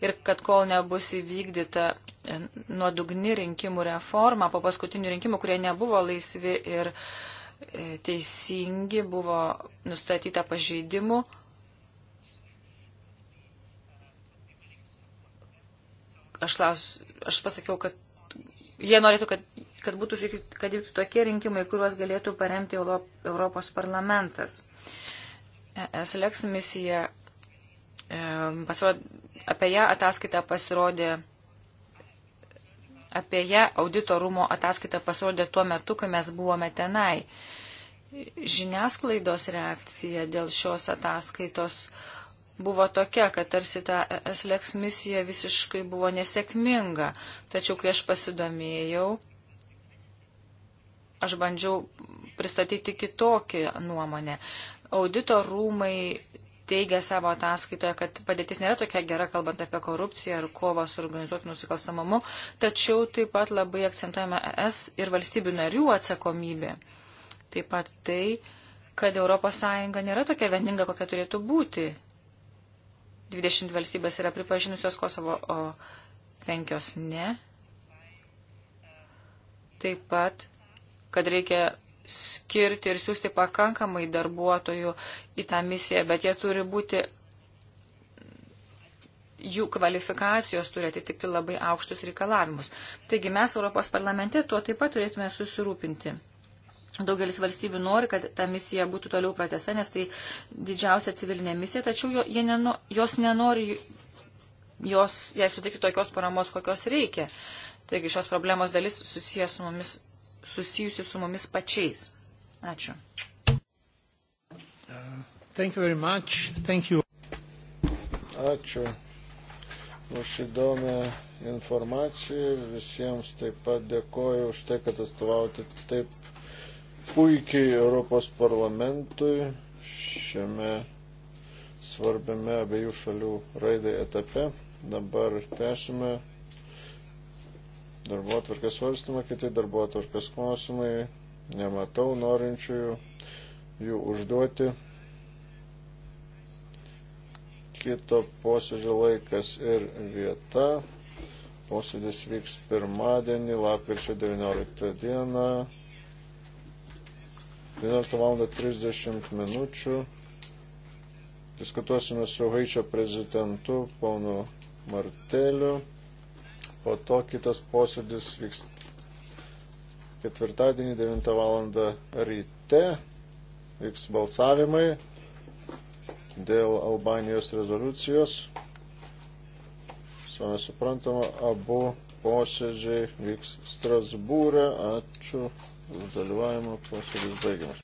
ir kad kol nebus įvykdyta e, nuodugni rinkimų reforma po paskutinių rinkimų, kurie nebuvo laisvi ir e, teisingi, buvo nustatyta pažeidimų. Aš, laus, aš pasakiau, kad jie norėtų, kad, kad būtų kad būtų tokie rinkimai, kuriuos galėtų paremti Europos parlamentas. E, SLX misija, e, pasirodė, apie ją ataskaita pasirodė, apie ją auditorumo ataskaita pasirodė tuo metu, kai mes buvome tenai. Žiniasklaidos reakcija dėl šios ataskaitos uh, buvo tokia, kad tarsi ta e SLEX misija visiškai buvo nesėkminga. Tačiau kai aš pasidomėjau, aš bandžiau pristatyti kitokį nuomonę. Audito rūmai teigia savo ataskaitoje, kad padėtis nėra tokia gera, kalbant apie korupciją ir kovą su organizuotų nusikalstamumu, tačiau taip pat labai akcentuojama ES ir valstybių narių atsakomybė. Taip pat tai, kad ES nėra tokia vieninga, kokia turėtų būti 20 valstybės yra pripažinusios Kosovo, o penkios ne. Taip pat, kad reikia skirti ir siūsti pakankamai darbuotojų į tą misiją, bet jie turi būti, jų kvalifikacijos turi atitikti labai aukštus reikalavimus. Taigi mes Europos parlamente tuo taip pat turėtume susirūpinti. Daugelis valstybių nori, kad ta misija būtų toliau pratesa, nes tai didžiausia civilinė misija, tačiau neno, jos nenori, jos, jai sutikti tokios paramos, kokios reikia. Taigi šios problemos dalis su mumis, susijusi su mumis pačiais. Ačiū. Uh, Ačiū už įdomią informaciją. Visiems taip pat dėkoju už tai, kad atstovauti taip puikiai Europos parlamentui šiame svarbiame abiejų šalių raidai etape. Dabar tęsime darbo atvarkės svarstymą, kiti darbo atvarkės klausimai. Nematau norinčiųjų jų užduoti. Kito posėdžio laikas ir vieta. Posėdis vyks pirmadienį, lapkričio 19 dieną 11 val. 30 minučių. Diskutuosime su Haičio prezidentu ponu Marteliu. Po to kitas posėdis vyks ketvirtadienį 9 val. ryte. Vyks balsavimai dėl Albanijos rezoliucijos. Savai suprantama, abu posėdžiai vyks Strasbūrė. Ačiū dalyvavimo posėdis baigiamas